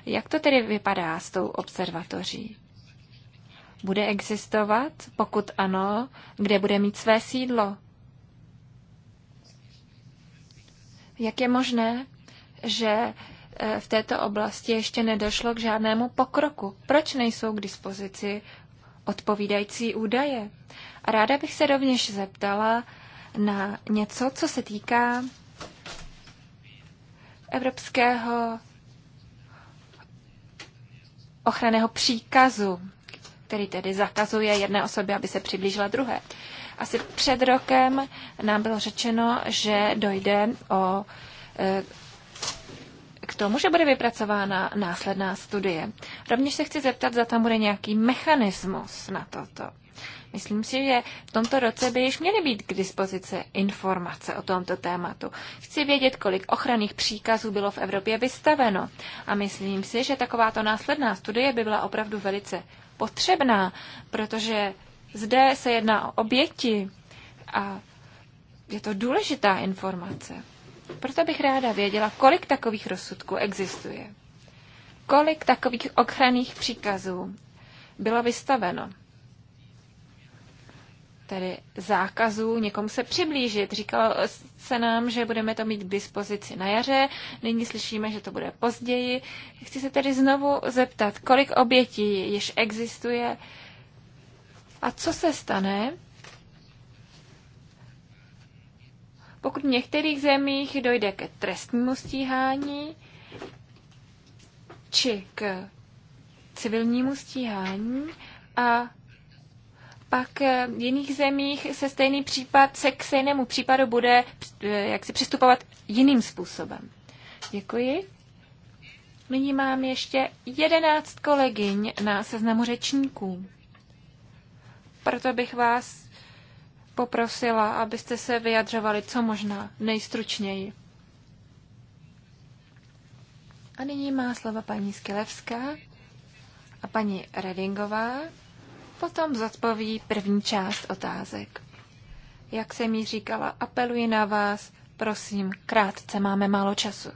[SPEAKER 4] Jak to tedy vypadá s tou observatoří? Bude existovat? Pokud ano, kde bude mít své sídlo? Jak je možné, že Eh, v této oblasti ještě nedošlo k žádnému pokroku. Proč nejsou k dispozici odpovídající údaje? A ráda bych se rovněž zeptala na něco, co se týká evropského ochranného příkazu, který tedy zakazuje jedné osobě, aby se přiblížila druhé. Asi před rokem nám bylo řečeno, že dojde o eh, k tomu, že bude vypracována následná studie. Rovněž se chci zeptat, zda tam bude nějaký mechanismus na toto. Myslím si, že v tomto roce by již měly být k dispozici informace o tomto tématu. Chci vědět, kolik ochranných příkazů bylo v Evropě vystaveno. A myslím si, že takováto následná studie by byla opravdu velice potřebná, protože zde se jedná o oběti a je to důležitá informace. Proto bych ráda věděla, kolik takových rozsudků existuje. Kolik takových ochranných příkazů bylo vystaveno. Tedy zákazů někomu se přiblížit. Říkalo se nám, že budeme to mít k dispozici na jaře, nyní slyšíme, že to bude později. Chci se tedy znovu zeptat, kolik obětí již existuje a co se stane, Pokud v některých zemích dojde ke trestnímu stíhání či k civilnímu stíhání a pak v jiných zemích se stejný případ, se k stejnému případu bude eh, jak si přistupovat jiným způsobem. Děkuji. Nyní mám ještě jedenáct kolegyň na seznamu řečníků. Proto bych vás poprosila, abyste se vyjadřovali co možná nejstručněji. A nyní má slova paní Skilevská a paní Redingová. Potom zodpoví první část otázek. Jak jsem mi říkala, apeluji na vás, prosím, krátce, máme málo času.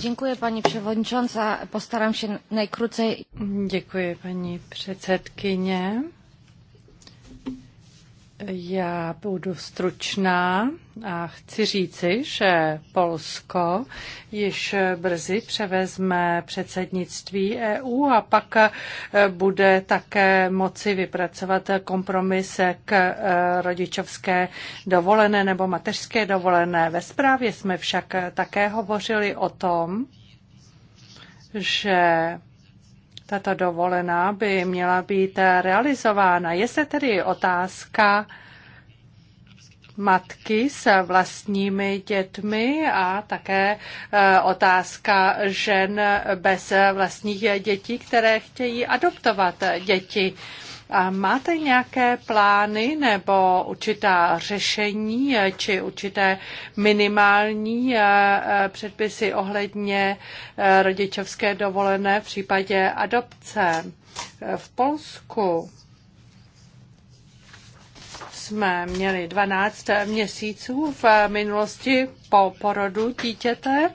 [SPEAKER 1] Děkuji, paní převodničance, Postaram se nejkrucej. Děkuji, paní předsedkyně. Já budu stručná a chci říci, že Polsko již brzy převezme předsednictví EU a pak bude také moci vypracovat kompromis k e, rodičovské dovolené nebo mateřské dovolené. Ve zprávě jsme však také hovořili o tom, že tato dovolená by měla být realizována. Je se tedy otázka matky s vlastními dětmi a také eh, otázka žen bez vlastních dětí, které chtějí adoptovat děti. A máte nějaké plány nebo určitá řešení eh, či určité minimální eh, eh, předpisy ohledně rodičovské dovolené v případě adopce? V Polsku jsme měli 12 měsíců v minulosti po porodu dítěte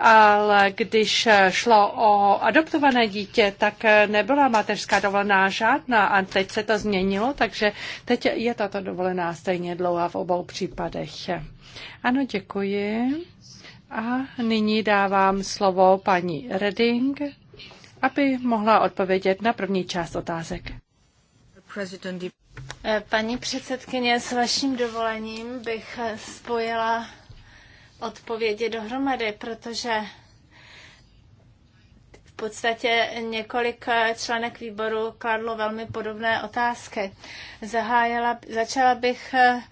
[SPEAKER 1] ale když šlo o adoptované dítě, tak nebyla mateřská dovolená žádná a teď se to změnilo, takže teď je tato dovolená stejně dlouhá v obou případech. Ano, děkuji. A nyní dávám slovo paní Reding, aby mohla odpovědět na první část otázek.
[SPEAKER 2] Paní předsedkyně, s vaším dovolením bych spojila odpovědi dohromady, protože v podstatě několik členek výboru kladlo velmi podobné otázky. Zahájela, začala bych eh,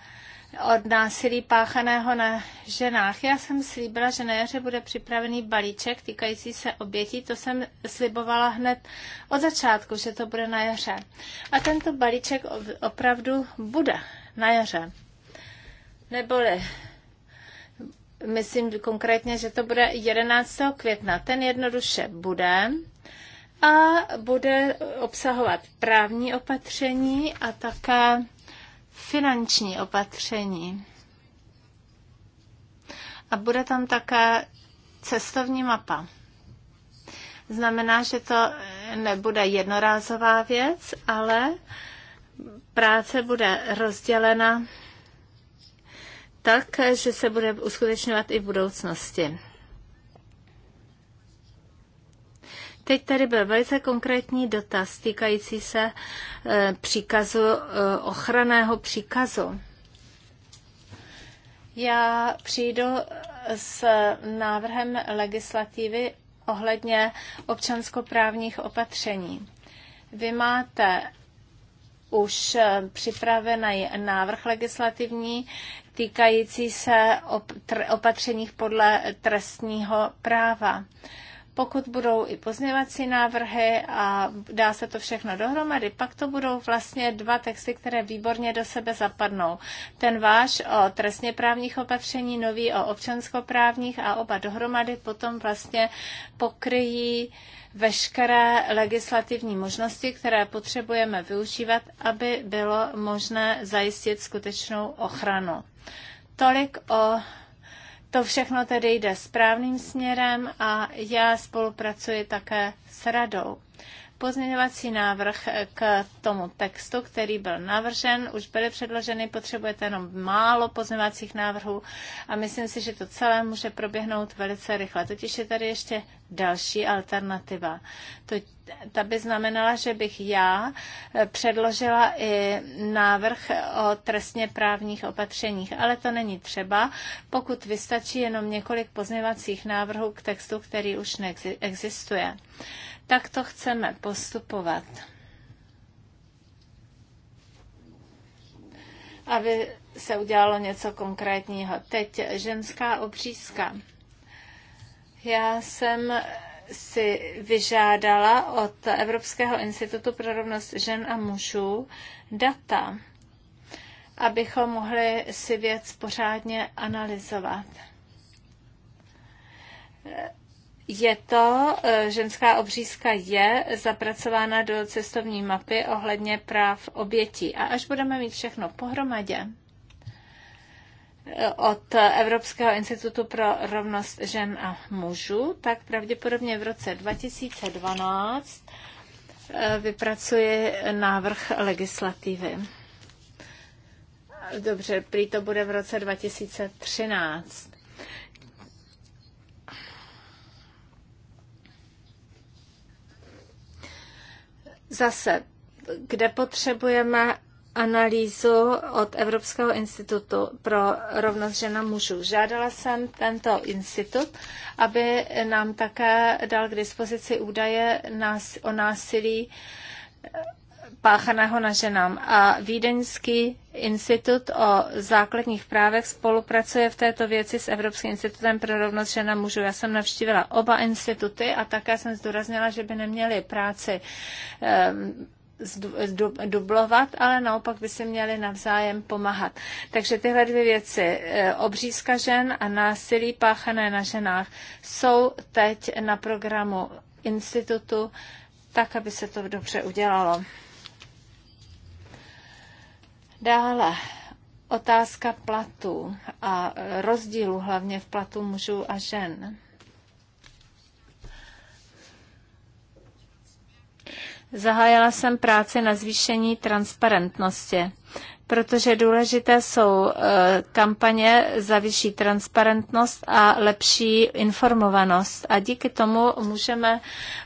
[SPEAKER 2] od násilí páchaného na ženách. Já jsem slíbila, že na jaře bude připravený balíček týkající se obětí. To jsem slibovala hned od začátku, že to bude na jaře. A tento balíček opravdu bude na jaře. Neboli myslím konkrétně, že to bude 11. května. Ten jednoduše bude a bude obsahovat právní opatření a také finanční opatření. A bude tam také cestovní mapa. Znamená, že to nebude jednorázová věc, ale práce bude rozdělena tak, že se bude uskutečňovat i v budoucnosti. Teď tady byl velice konkrétní dotaz týkající se e, příkazu, e, ochranného příkazu. Já přijdu s návrhem legislativy ohledně občanskoprávních opatření. Vy máte už eh, připravený návrh legislativní týkající se opatřeních podle trestního práva. Pokud budou i pozměvací návrhy a dá se to všechno dohromady, pak to budou vlastně dva texty, které výborně do sebe zapadnou. Ten váš o trestně právních opatření, nový o občanskoprávních a oba dohromady potom vlastně pokryjí uh, veškeré legislativní možnosti, které potřebujeme využívat, aby bylo možné zajistit skutečnou ochranu. Tolik o to všechno tedy jde správným směrem a já spolupracuji také s radou. Pozměňovací návrh k tomu textu, který byl navržen, už byly předloženy, potřebujete jenom málo pozměňovacích návrhů a myslím si, že to celé může proběhnout velice rychle. Totiž je tady ještě další alternativa. To, ta by znamenala, že bych já eh, předložila i návrh o trestně právních opatřeních, ale to není třeba, pokud vystačí jenom několik pozměvacích návrhů k textu, který už neexistuje tak to chceme postupovat. Aby se udělalo něco konkrétního. Teď ženská obřízka. Já jsem si vyžádala od Evropského institutu pro rovnost žen a mužů data, abychom mohli si věc pořádně analyzovat je to, e, ženská obřízka je zapracována do cestovní mapy ohledně práv obětí. A až budeme mít všechno pohromadě e, od Evropského institutu pro rovnost žen a mužů, tak pravděpodobně v roce 2012 e, vypracuje návrh legislativy. Dobře, prý to bude v roce 2013. Zase, kde potřebujeme analýzu od Evropského institutu pro rovnost žena mužů. Žádala jsem tento institut, aby nám také dal k dispozici údaje o násilí páchaného na ženám. A Vídeňský institut o základních právech spolupracuje v této věci s Evropským institutem pro rovnost žena mužů. Já jsem navštívila oba instituty a také jsem zdůraznila, že by neměli práci um, dublovat, ale naopak by si měli navzájem pomáhat. Takže tyhle dvě věci, eh, obřízka žen a násilí páchané na ženách, jsou teď na programu institutu, tak, aby se to dobře udělalo. Dále otázka platů a rozdílu hlavně v platu mužů a žen. Zahájila jsem práci na zvýšení transparentnosti, protože důležité jsou eh, kampaně za vyšší transparentnost a lepší informovanost. A díky tomu můžeme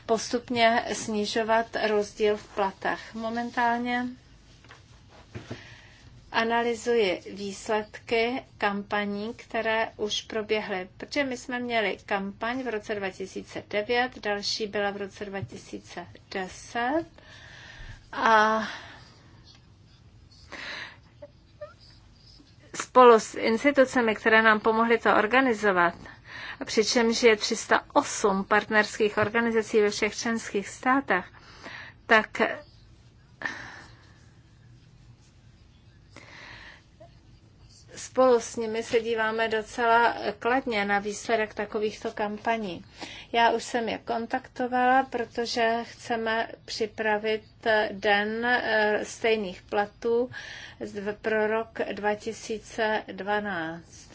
[SPEAKER 2] postupně snižovat rozdíl v platech. Momentálně analyzuji výsledky kampaní, které už proběhly. Protože my jsme měli kampaň v roce 2009, další byla v roce 2010 a spolu s institucemi, které nám pomohly to organizovat, přičemž je 308 partnerských organizací ve všech členských státech, tak spolu s nimi se díváme docela kladně na výsledek takovýchto kampaní. Já už jsem je kontaktovala, protože chceme připravit den eh, stejných platů pro rok 2012.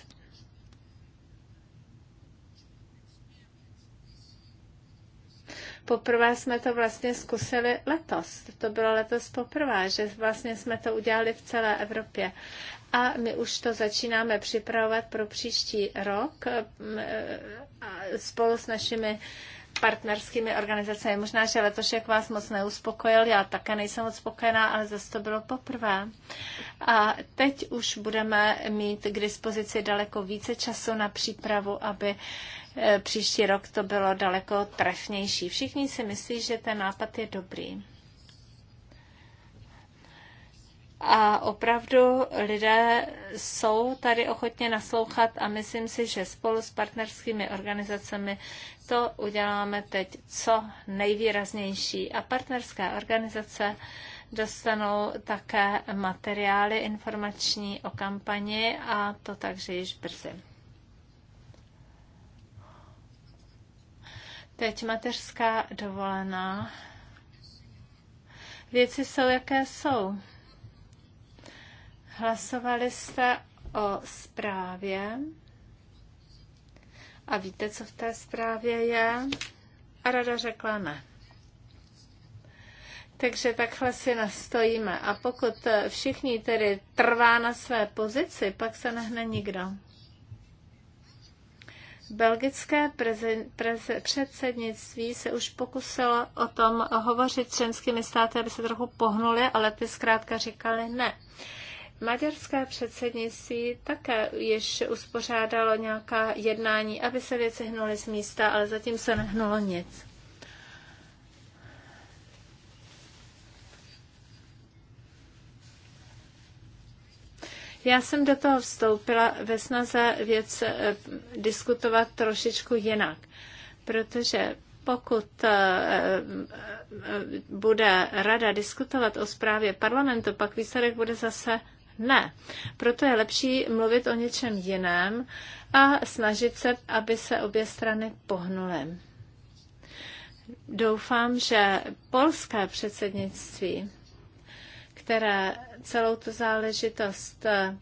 [SPEAKER 2] Poprvé jsme to vlastně zkusili letos. To bylo letos poprvé, že vlastně jsme to udělali v celé Evropě a my už to začínáme připravovat pro příští rok eh, spolu s našimi partnerskými organizacemi. Možná, že letošek vás moc neuspokojil, já také nejsem moc spokojená, ale zase to bylo poprvé. A teď už budeme mít k dispozici daleko více času na přípravu, aby eh, příští rok to bylo daleko trefnější. Všichni si myslí, že ten nápad je dobrý. A opravdu lidé jsou tady ochotně naslouchat a myslím si, že spolu s partnerskými organizacemi to uděláme teď co nejvýraznější. A partnerské organizace dostanou také materiály informační o kampani a to takže již brzy. Teď mateřská dovolená. Věci jsou, jaké jsou. Hlasovali jste o zprávě a víte, co v té zprávě je? A rada řekla ne. Takže takhle si nastojíme. A pokud všichni tedy trvá na své pozici, pak se nehne nikdo. Belgické preze, preze, předsednictví se už pokusilo o tom hovořit s členskými státy, aby se trochu pohnuli, ale ty zkrátka říkali ne. Maďarské předsednictví také ještě uspořádalo nějaká jednání, aby se věci hnuly z místa, ale zatím se nehnulo nic. Já jsem do toho vstoupila ve snaze věc eh, diskutovat trošičku jinak, protože pokud eh, eh, bude rada diskutovat o zprávě parlamentu, pak výsledek bude zase ne. Proto je lepší mluvit o něčem jiném a snažit se, aby se obě strany pohnuly. Doufám, že polské předsednictví, které celou tu záležitost eh,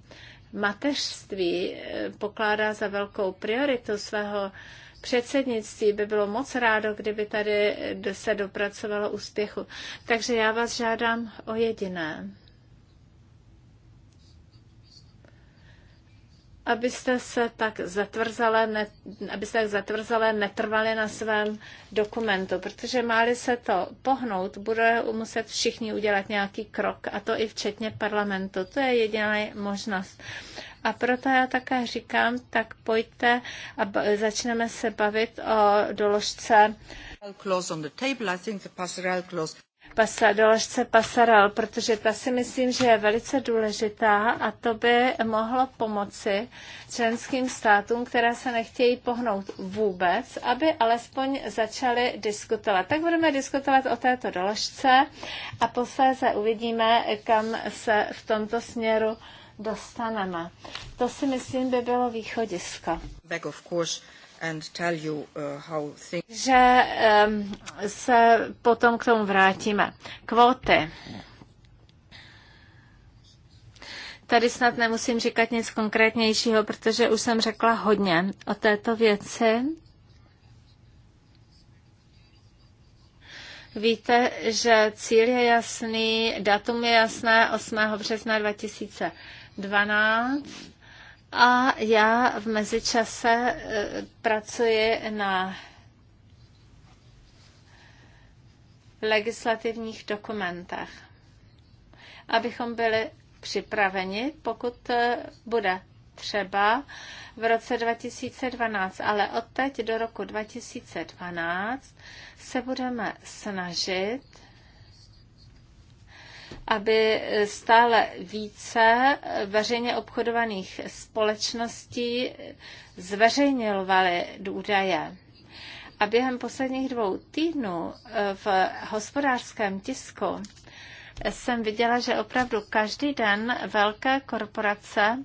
[SPEAKER 2] mateřství eh, pokládá za velkou prioritu svého předsednictví by bylo moc rádo, kdyby tady eh, se dopracovalo úspěchu. Takže já vás žádám o jediné. abyste se tak zatvrzele, ne, abyste tak zatvrzele netrvali na svém dokumentu, protože máli se to pohnout, bude muset všichni udělat nějaký krok, a to i včetně parlamentu. To je jediná možnost. A proto já také říkám, tak pojďte a začneme se bavit o doložce pasa, doložce Pasarel, protože ta si myslím, že je velice důležitá a to by mohlo pomoci členským státům, které se nechtějí pohnout vůbec, aby alespoň začaly diskutovat. Tak budeme diskutovat o této doložce a posléze uvidíme, kam se v tomto směru dostaneme. To si myslím by bylo východisko. Back of course. Uh, že um, se potom k tomu vrátíme. Kvóty. Tady snad nemusím říkat nic konkrétnějšího, protože už jsem řekla hodně o této věci. Víte, že cíl je jasný, datum je jasné, 8. března 2012. A já v mezičase e, pracuji na legislativních dokumentech, abychom byli připraveni, pokud e, bude třeba v roce 2012, ale od teď do roku 2012 se budeme snažit aby stále více veřejně obchodovaných společností zveřejňovaly údaje. A během posledních dvou týdnů eh, v hospodářském tisku jsem viděla, že opravdu každý den velké korporace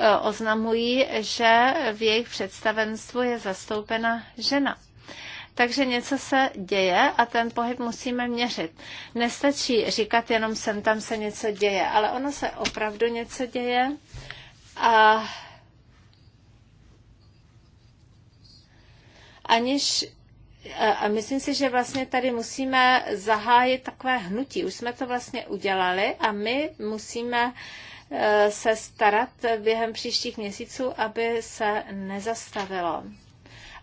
[SPEAKER 2] eh, oznamují, že v jejich představenstvu je zastoupena žena. Takže něco se děje a ten pohyb musíme měřit. Nestačí říkat jenom sem tam se něco děje, ale ono se opravdu něco děje a aniž a myslím si, že vlastně tady musíme zahájit takové hnutí. Už jsme to vlastně udělali a my musíme e, se starat během příštích měsíců, aby se nezastavilo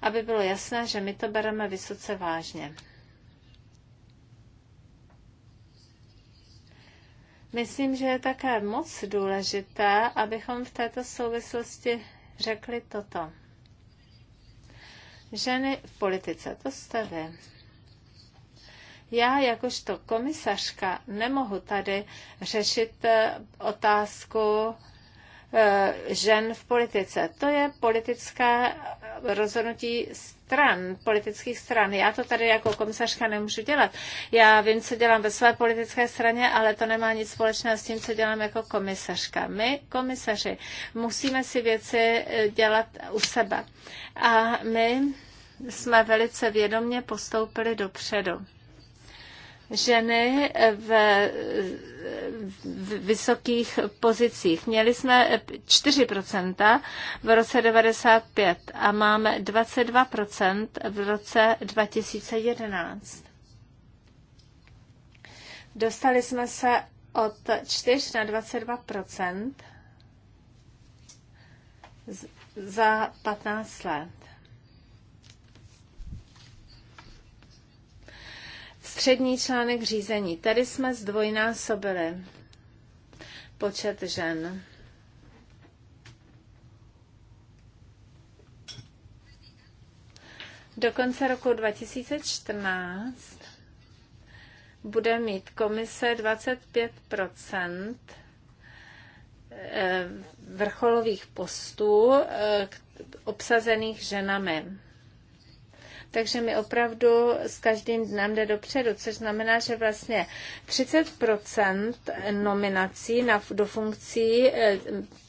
[SPEAKER 2] aby bylo jasné, že my to bereme vysoce vážně. Myslím, že je také moc důležité, abychom v této souvislosti řekli toto. Ženy v politice, to jste vy. Já jakožto komisařka nemohu tady řešit eh, otázku eh, žen v politice. To je politická rozhodnutí stran, politických stran. Já to tady jako komisařka nemůžu dělat. Já vím, co dělám ve své politické straně, ale to nemá nic společného s tím, co dělám jako komisařka. My, komisaři, musíme si věci eh, dělat u sebe. A my jsme velice vědomě postoupili dopředu ženy v vysokých pozicích. Měli jsme 4% v roce 95 a máme 22% v roce 2011. Dostali jsme se od 4 na 22% za 15 let. střední článek řízení. Tady jsme zdvojnásobili počet žen. Do konce roku 2014 bude mít komise 25 eh, vrcholových postů eh, obsazených ženami. Takže mi opravdu s každým dnem jde dopředu, což znamená, že vlastně 30% nominací na, do funkcí eh,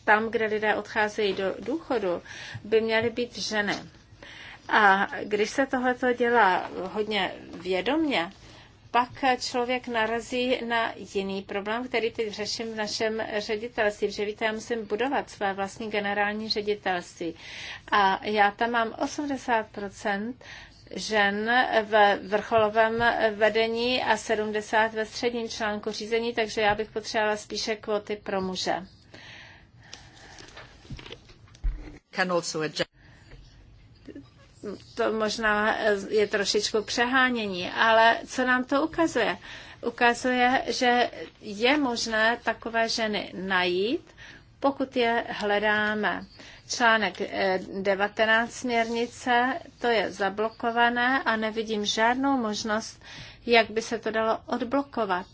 [SPEAKER 2] tam, kde lidé odcházejí do důchodu, by měly být ženy. A když se tohleto dělá hodně vědomně, pak člověk narazí na jiný problém, který teď řeším v našem ředitelství, protože víte, já musím budovat své vlastní generální ředitelství. A já tam mám 80 žen ve vrcholovém vedení a 70 ve středním článku řízení, takže já bych potřebovala spíše kvóty pro muže. To možná je trošičku přehánění, ale co nám to ukazuje? Ukazuje, že je možné takové ženy najít, pokud je hledáme článek 19 eh, směrnice, to je zablokované a nevidím žádnou možnost, jak by se to dalo odblokovat,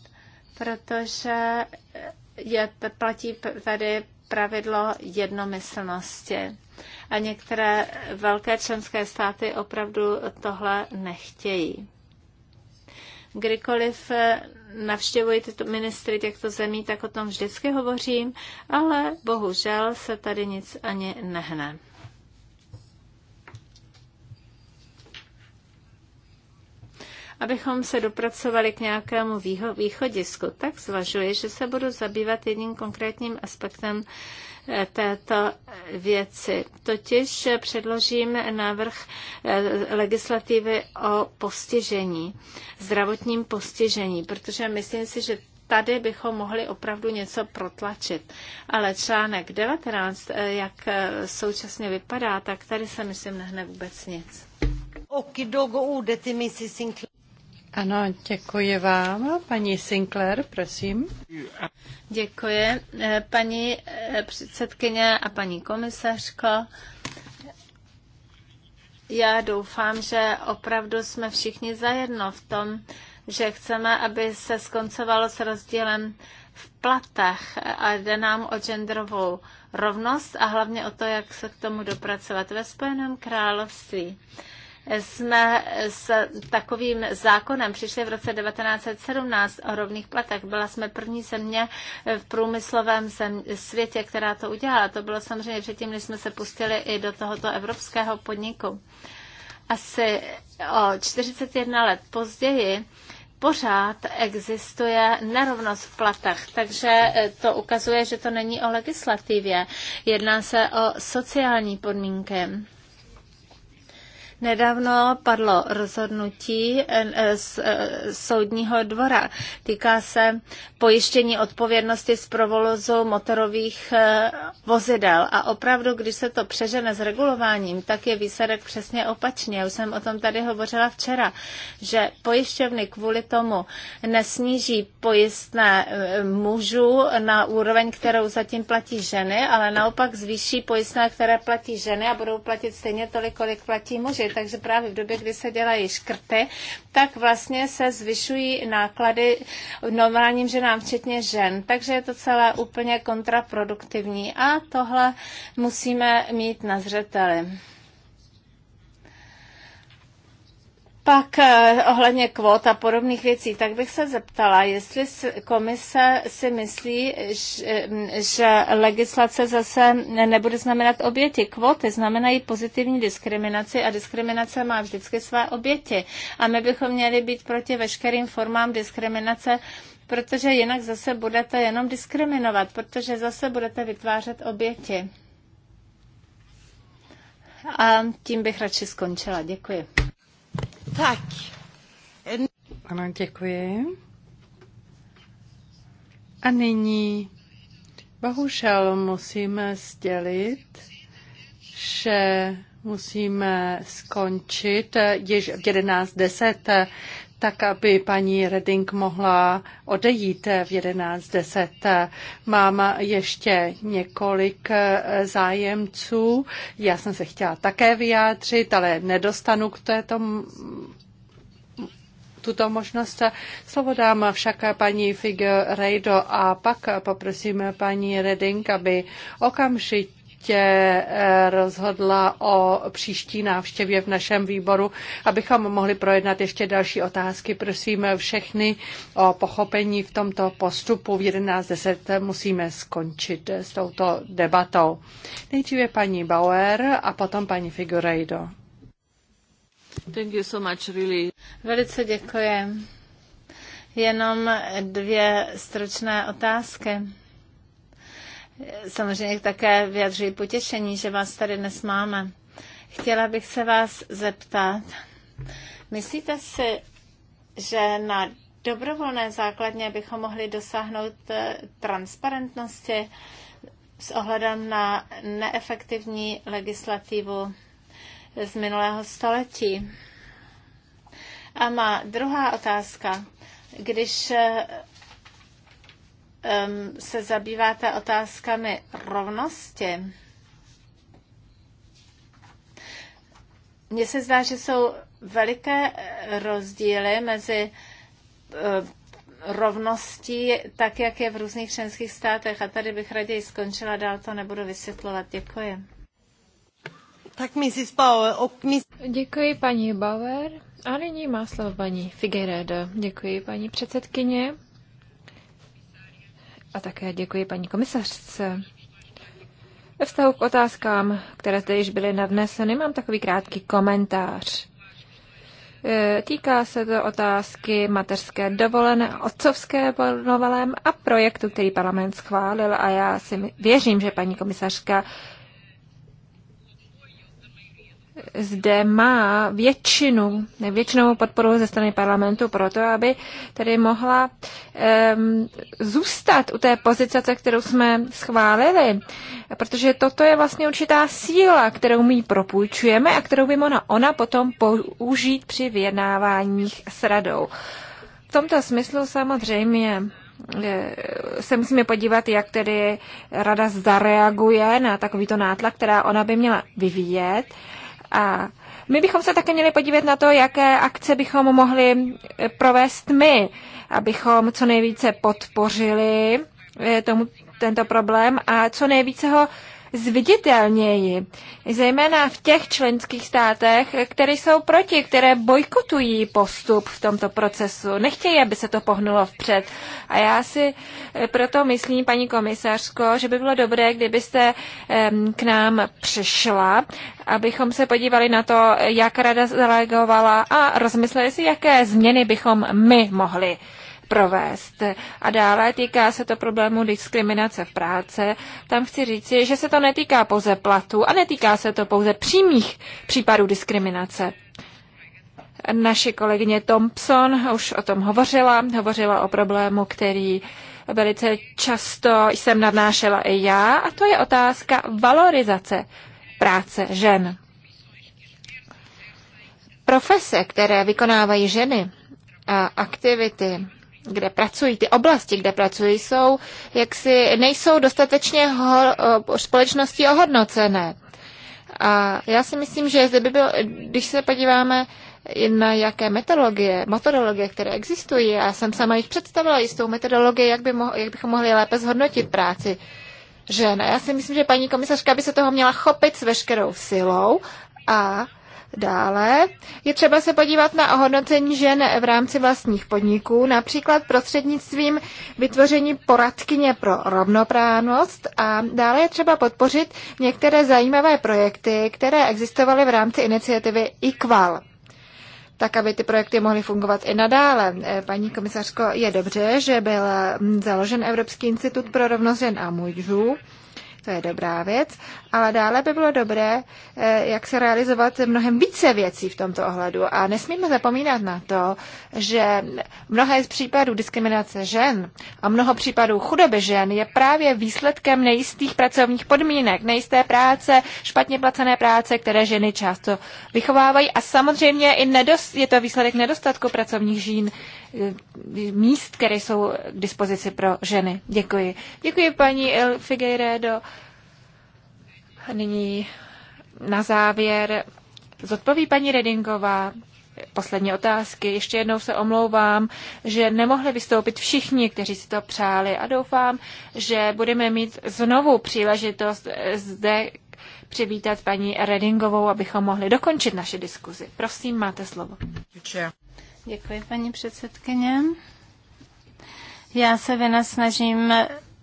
[SPEAKER 2] protože eh, je, platí tady pravidlo jednomyslnosti. A některé velké členské státy opravdu tohle nechtějí. Kdykoliv eh, navštěvuji tyto ministry těchto zemí, tak o tom vždycky hovořím, ale bohužel se tady nic ani nehne. abychom se dopracovali k nějakému východisku, tak zvažuji, že se budu zabývat jedním konkrétním aspektem této věci. Totiž předložím návrh eh, legislativy o postižení, zdravotním postižení, protože myslím si, že tady bychom mohli opravdu něco protlačit. Ale článek 19, eh, jak eh, současně vypadá, tak tady se myslím nehne vůbec nic.
[SPEAKER 1] Ano, děkuji vám.
[SPEAKER 2] Paní Sinclair, prosím. Děkuji. Eh, paní eh, předsedkyně a paní komisařko, já doufám, že opravdu jsme všichni zajedno v tom, že chceme, aby se skoncovalo s rozdílem v platech a jde nám o genderovou rovnost a hlavně o to, jak se k tomu dopracovat ve Spojeném království jsme s takovým zákonem přišli v roce 1917 o rovných platech. Byla jsme první země v průmyslovém světě, která to udělala. To bylo samozřejmě předtím, než jsme se pustili i do tohoto evropského podniku. Asi o 41 let později pořád existuje nerovnost v platech, takže eh, to ukazuje, že to není o legislativě. Jedná se o sociální podmínky. Nedávno padlo rozhodnutí eh, z eh, soudního dvora. Týká se pojištění odpovědnosti z provozu motorových eh, vozidel. A opravdu, když se to přežene s regulováním, tak je výsledek přesně opačný. Já už jsem o tom tady hovořila včera, že pojišťovny kvůli tomu nesníží pojistné mužů na úroveň, kterou zatím platí ženy, ale naopak zvýší pojistné, které platí ženy a budou platit stejně tolik, kolik platí muži takže právě v době, kdy se dělají škrty, tak vlastně se zvyšují náklady normálním ženám, včetně žen. Takže je to celé úplně kontraproduktivní a tohle musíme mít na zřeteli. pak eh, ohledně kvót a podobných věcí, tak bych se zeptala, jestli komise si myslí, eh, že legislace zase nebude znamenat oběti. Kvóty znamenají pozitivní diskriminaci a diskriminace má vždycky své oběti. A my bychom měli být proti veškerým formám diskriminace, protože jinak zase budete jenom diskriminovat, protože zase budete vytvářet oběti. A tím bych radši skončila. Děkuji. Tak. Ano, děkuji.
[SPEAKER 1] A nyní bohužel musíme sdělit, že musíme skončit již v 11.10 tak aby paní Redding mohla odejít v 11.10. Mám ještě několik eh, zájemců. Já jsem se chtěla také vyjádřit, ale nedostanu k této tuto možnost. Slovo dám však paní Figueiredo a pak poprosím paní Reding, aby okamžitě ještě eh, rozhodla o příští návštěvě v našem výboru, abychom mohli projednat ještě další otázky. Prosím všechny o pochopení v tomto postupu. V 11.10 musíme skončit s touto debatou. Nejdříve paní Bauer a potom paní Figueiredo.
[SPEAKER 2] Thank you so much, really. Velice děkuji. Jenom dvě stručné otázky samozřejmě také vyjadřuji potěšení, že vás tady dnes máme. Chtěla bych se vás zeptat, myslíte si, že na dobrovolné základně bychom mohli dosáhnout eh, transparentnosti s ohledem na neefektivní legislativu z minulého století? A má druhá otázka. Když eh, se zabýváte otázkami rovnosti, mně se zdá, že jsou veliké eh, rozdíly mezi eh, rovností, tak jak je v různých členských státech. A tady bych raději skončila, dál to nebudu vysvětlovat. Děkuji. Tak Mrs. Bauer, mis... Děkuji
[SPEAKER 4] paní Bauer. A nyní má slovo paní Figueredo. Děkuji paní předsedkyně. A také děkuji paní komisařce. Ve vztahu k otázkám, které zde již byly nadneseny, mám takový krátký komentář. E, týká se to otázky mateřské dovolené, otcovské novelem a projektu, který parlament schválil a já si věřím, že paní komisařka zde má většinu, většinou podporu ze strany parlamentu pro to, aby tedy mohla um, zůstat u té pozice, kterou jsme schválili. Protože toto je vlastně určitá síla, kterou my propůjčujeme a kterou by ona, ona potom použít při vyjednáváních s radou. V tomto smyslu samozřejmě e, se musíme podívat, jak tedy rada zareaguje na takovýto nátlak, která ona by měla vyvíjet. Uh, a my bychom se také měli podívat na to, jaké akce bychom mohli eh, provést my, abychom co nejvíce podpořili eh, tomu, tento problém a co nejvíce ho zviditelněji, zejména v těch členských státech, které jsou proti, které bojkotují postup v tomto procesu. Nechtějí, aby se to pohnulo vpřed. A já si eh, proto myslím, paní komisařko, že by bylo dobré, kdybyste k nám přišla, abychom se podívali na to, jak rada zareagovala a rozmysleli si, jaké změny bychom my mohli provést. A dále týká se to problému diskriminace v práce. Tam chci říci, že se to netýká pouze platů a netýká se to pouze přímých případů diskriminace. Naše kolegyně Thompson už o tom hovořila, hovořila o problému, který velice často jsem nadnášela i já, a to je otázka valorizace práce žen. Profese, které vykonávají ženy a aktivity, kde pracují, ty oblasti, kde pracují, jsou, jaksi nejsou dostatečně ho, eh, společnosti ohodnocené. A já si myslím, že zde by bylo, když se podíváme na jaké metodologie, metodologie, které existují, já jsem sama jich představila jistou metodologii, jak, by mo, jak bychom mohli lépe zhodnotit práci žen. A já si myslím, že paní komisařka by se toho měla chopit s veškerou silou a Dále je třeba se podívat na ohodnocení žen v rámci vlastních podniků, například prostřednictvím vytvoření poradkyně pro rovnoprávnost a dále je třeba podpořit některé zajímavé projekty, které existovaly v rámci iniciativy IQUAL tak aby ty projekty mohly fungovat i nadále. Eh, Paní komisařko, je dobře, že byl mm, založen Evropský institut pro rovnost žen a mužů. To je dobrá věc ale dále by bylo dobré, eh, jak se realizovat mnohem více věcí v tomto ohledu. A nesmíme zapomínat na to, že mnohé z případů diskriminace žen a mnoho případů chudoby žen je právě výsledkem nejistých pracovních podmínek, nejisté práce, špatně placené práce, které ženy často vychovávají. A samozřejmě i nedost, je to výsledek nedostatku pracovních žín, eh, míst, které jsou k dispozici pro ženy. Děkuji. Děkuji paní El Figueiredo. Nyní na závěr zodpoví paní Redingová poslední otázky. Ještě jednou se omlouvám, že nemohli vystoupit všichni, kteří si to přáli a doufám, že budeme mít znovu příležitost zde přivítat paní Redingovou, abychom mohli dokončit naše diskuzi. Prosím,
[SPEAKER 2] máte slovo. Děkuji, paní předsedkyně. Já se vynasnažím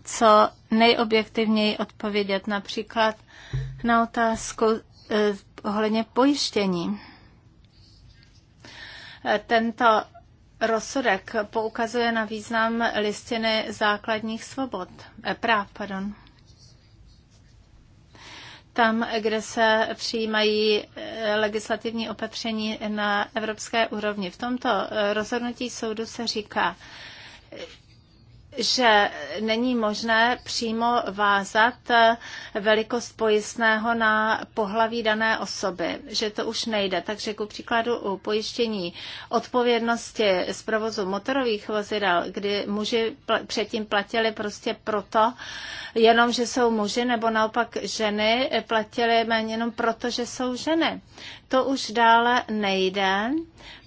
[SPEAKER 2] co nejobjektivněji odpovědět. Například na otázku eh, ohledně pojištění. Eh, tento rozsudek poukazuje na význam listiny základních svobod, eh, práv, pardon tam, kde se přijímají legislativní opatření na evropské úrovni. V tomto rozhodnutí soudu se říká, že není možné přímo vázat eh, velikost pojistného na pohlaví dané osoby, že to už nejde. Takže ku příkladu u pojištění odpovědnosti z provozu motorových vozidel, kdy muži předtím platili prostě proto, jenom že jsou muži, nebo naopak ženy platili méně jenom proto, že jsou ženy. To už dále nejde,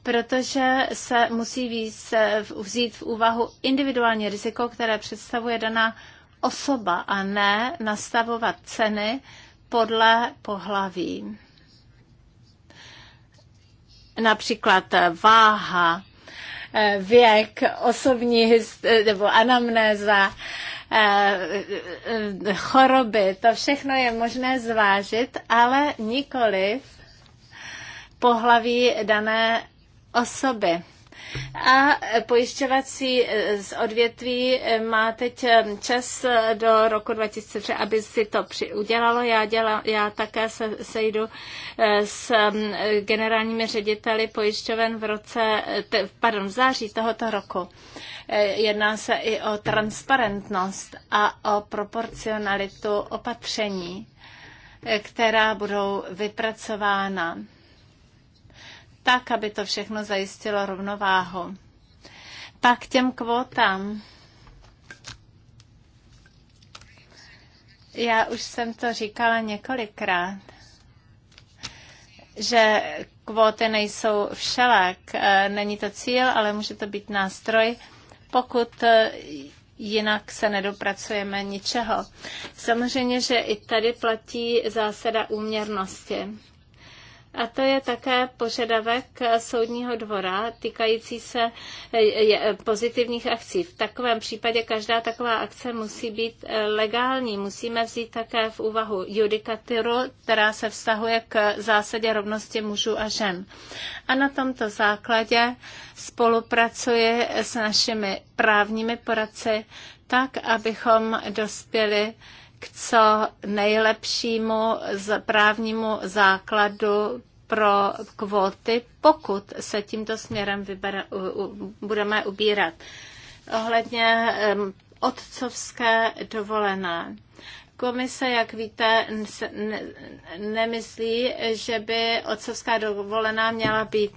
[SPEAKER 2] protože se musí víc eh, vzít v úvahu individuální riziko, které představuje daná osoba a ne nastavovat ceny podle pohlaví. Například eh, váha, eh, věk, osobní nebo anamnéza, choroby, to všechno je možné zvážit, ale nikoliv pohlaví dané osoby. A pojišťovací e, z odvětví e, má teď e, čas do roku 2003, aby si to při, udělalo. Já, děla, já také se, sejdu s generálními řediteli pojišťoven v roce, pardon, v září tohoto roku. Jedná se i o transparentnost a o proporcionalitu opatření, která budou vypracována tak, aby to všechno zajistilo rovnováhu. Pak těm kvótám. Já už jsem to říkala několikrát, že kvóty nejsou všelak. Eh, není to cíl, ale může to být nástroj, pokud eh, jinak se nedopracujeme ničeho. Samozřejmě, že i tady platí zásada úměrnosti. A to je také požadavek soudního dvora týkající se eh, eh, pozitivních akcí. V takovém případě každá taková akce musí být eh, legální. Musíme vzít také v úvahu judikaturu, která se vztahuje k zásadě rovnosti mužů a žen. A na tomto základě spolupracuji s našimi právními poradci tak, abychom dospěli k co nejlepšímu právnímu základu pro kvóty, pokud se tímto směrem vybere, budeme ubírat. Ohledně otcovské dovolené. Komise, jak víte, nemyslí, že by otcovská dovolená měla být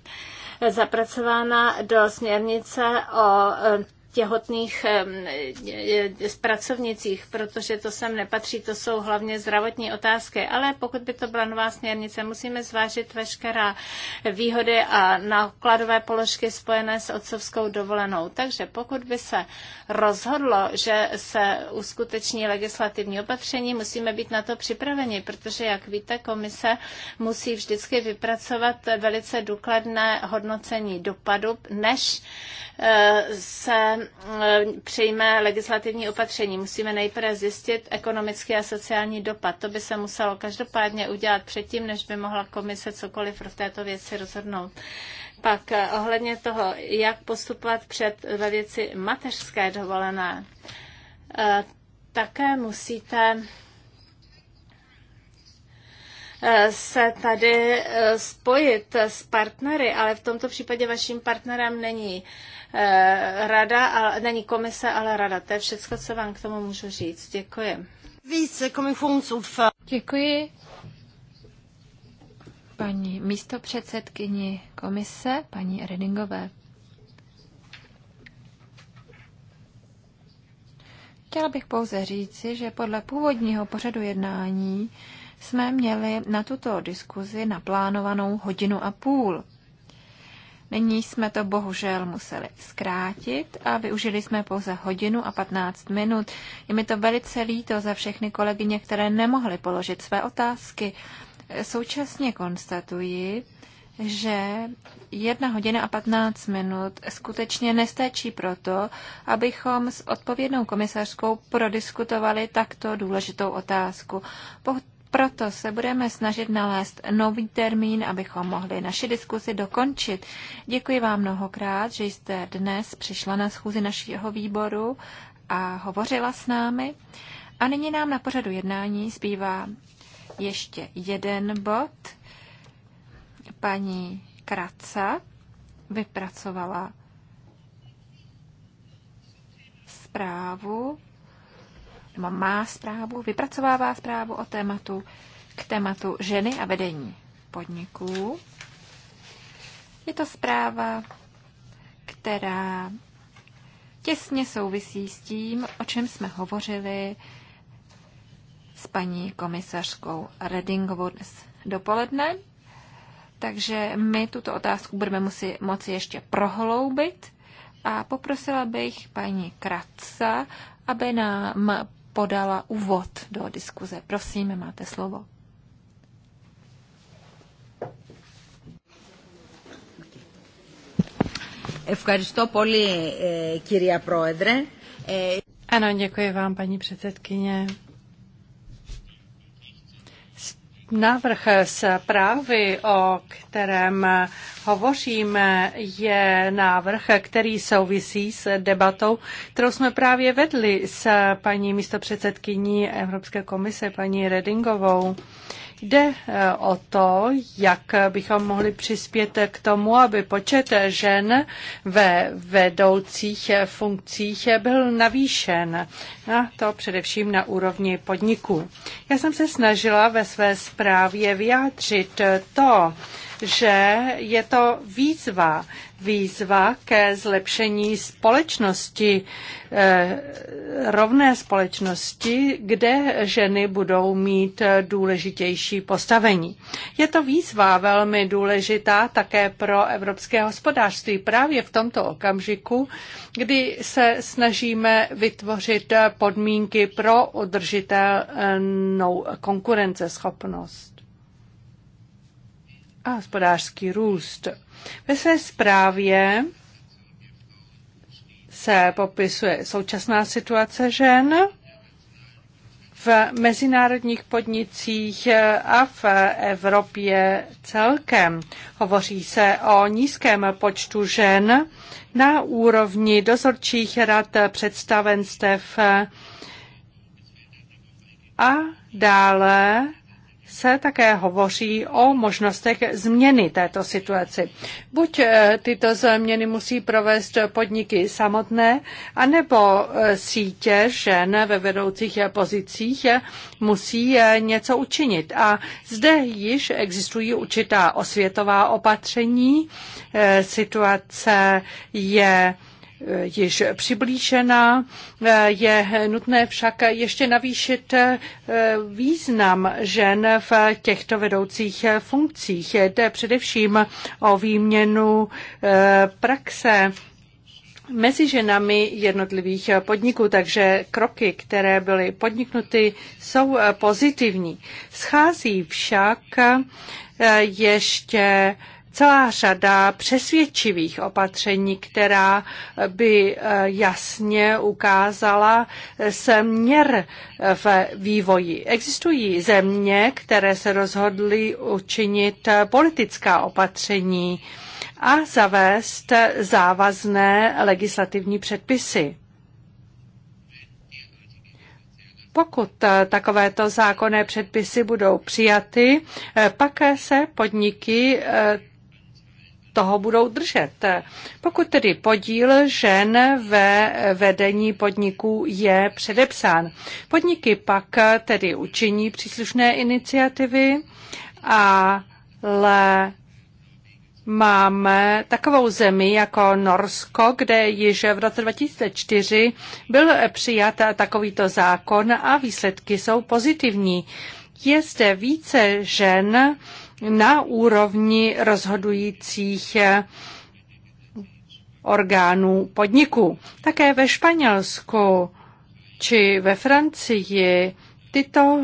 [SPEAKER 2] zapracována do směrnice o těhotných e, e, pracovnicích, protože to sem nepatří, to jsou hlavně zdravotní otázky. Ale pokud by to byla nová směrnice, musíme zvážit veškerá výhody a nákladové položky spojené s otcovskou dovolenou. Takže pokud by se rozhodlo, že se uskuteční legislativní opatření, musíme být na to připraveni, protože, jak víte, komise musí vždycky vypracovat velice důkladné hodnocení dopadu, než e, se Eh, přijme legislativní opatření. Musíme nejprve zjistit ekonomický a sociální dopad. To by se muselo každopádně udělat předtím, než by mohla komise cokoliv v této věci rozhodnout. Pak eh, ohledně toho, jak postupovat před ve věci mateřské dovolené, eh, také musíte se tady spojit s partnery, ale v tomto případě vaším partnerem není Eh, rada, ale není komise, ale rada. To je všechno, co vám k tomu můžu říct. Děkuji. Více komisionsordförande. Děkuji paní místopředsedkyni
[SPEAKER 4] komise, paní Redingové. Chtěla bych pouze říci, že podle původního pořadu jednání jsme měli na tuto diskuzi naplánovanou hodinu a půl. Nyní jsme to bohužel museli zkrátit a využili jsme pouze hodinu a 15 minut. Je mi to velice líto za všechny kolegyně, které nemohly položit své otázky. Současně konstatuji, že jedna hodina a 15 minut skutečně nestačí proto, abychom s odpovědnou komisařskou prodiskutovali takto důležitou otázku. Proto se budeme snažit nalézt nový termín, abychom mohli naši diskusi dokončit. Děkuji vám mnohokrát, že jste dnes přišla na schůzi našeho výboru a hovořila s námi. A nyní nám na pořadu jednání zbývá ještě jeden bod. Paní Kraca vypracovala zprávu nebo má zprávu, vypracovává zprávu o tématu k tématu ženy a vedení podniků. Je to zpráva, která těsně souvisí s tím, o čem jsme hovořili s paní komisařkou Redingovou dnes dopoledne. Takže my tuto otázku budeme musí moci ještě prohloubit a poprosila bych paní Kratsa, aby nám podala úvod do diskuze. Prosím, máte
[SPEAKER 3] slovo. Eh,
[SPEAKER 1] eh, ano, děkuji vám, paní předsedkyně. Návrh zprávy, o kterém hovoříme, je návrh, který souvisí s debatou, kterou jsme právě vedli s paní místopředsedkyní Evropské komise, paní Redingovou. Jde eh, o to, jak bychom mohli přispět k tomu, aby počet žen ve vedoucích funkcích byl navýšen, a to především na úrovni podniků. Já jsem se snažila ve své zprávě vyjádřit to, že je to výzva. Výzva ke zlepšení společnosti, eh, rovné společnosti, kde ženy budou mít důležitější postavení. Je to výzva velmi důležitá také pro evropské hospodářství právě v tomto okamžiku, kdy se snažíme vytvořit podmínky pro udržitelnou konkurenceschopnost a hospodářský růst. Ve své zprávě se popisuje současná situace žen v mezinárodních podnicích a v Evropě celkem. Hovoří se o nízkém počtu žen na úrovni dozorčích rad představenstev a dále se také hovoří o možnostech změny této situaci. Buď eh, tyto změny musí provést podniky samotné, anebo eh, sítě žen ve vedoucích pozicích musí eh, něco učinit. A zde již existují určitá osvětová opatření. Situace je již přiblížena. Je nutné však ještě navýšit eh, význam žen v těchto vedoucích funkcích. Jde především o výměnu eh, praxe mezi ženami jednotlivých podniků, takže kroky, které byly podniknuty, jsou pozitivní. Schází však eh, ještě celá řada přesvědčivých opatření, která by eh, jasně ukázala směr eh, v vývoji. Existují země, které se rozhodly učinit eh, politická opatření a zavést závazné legislativní předpisy. Pokud takovéto zákonné předpisy budou přijaty, pak se podniky toho budou držet. Pokud tedy podíl žen ve vedení podniků je předepsán, podniky pak tedy učiní příslušné iniciativy, ale Máme takovou zemi jako Norsko, kde již v roce 2004 byl přijat takovýto zákon a výsledky jsou pozitivní. Je zde více žen, na úrovni rozhodujících eh, orgánů podniku. Také ve Španělsku či ve Francii tyto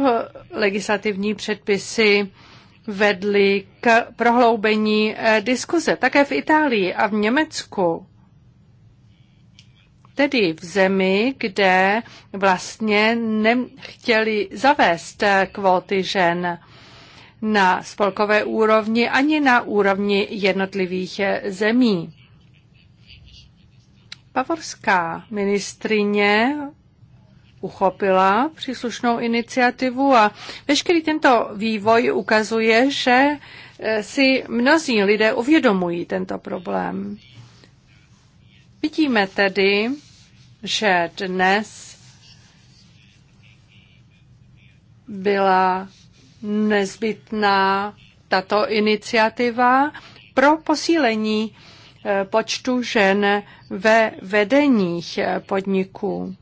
[SPEAKER 1] legislativní předpisy vedly k prohloubení eh, diskuze. Také v Itálii a v Německu. Tedy v zemi, kde vlastně nechtěli zavést eh, kvóty žen na spolkové úrovni ani na úrovni jednotlivých eh, zemí. Bavorská ministrině uchopila příslušnou iniciativu a veškerý tento vývoj ukazuje, že eh, si mnozí lidé uvědomují tento problém. Vidíme tedy, že dnes byla nezbytná tato iniciativa pro posílení eh, počtu žen ve vedeních eh, podniků.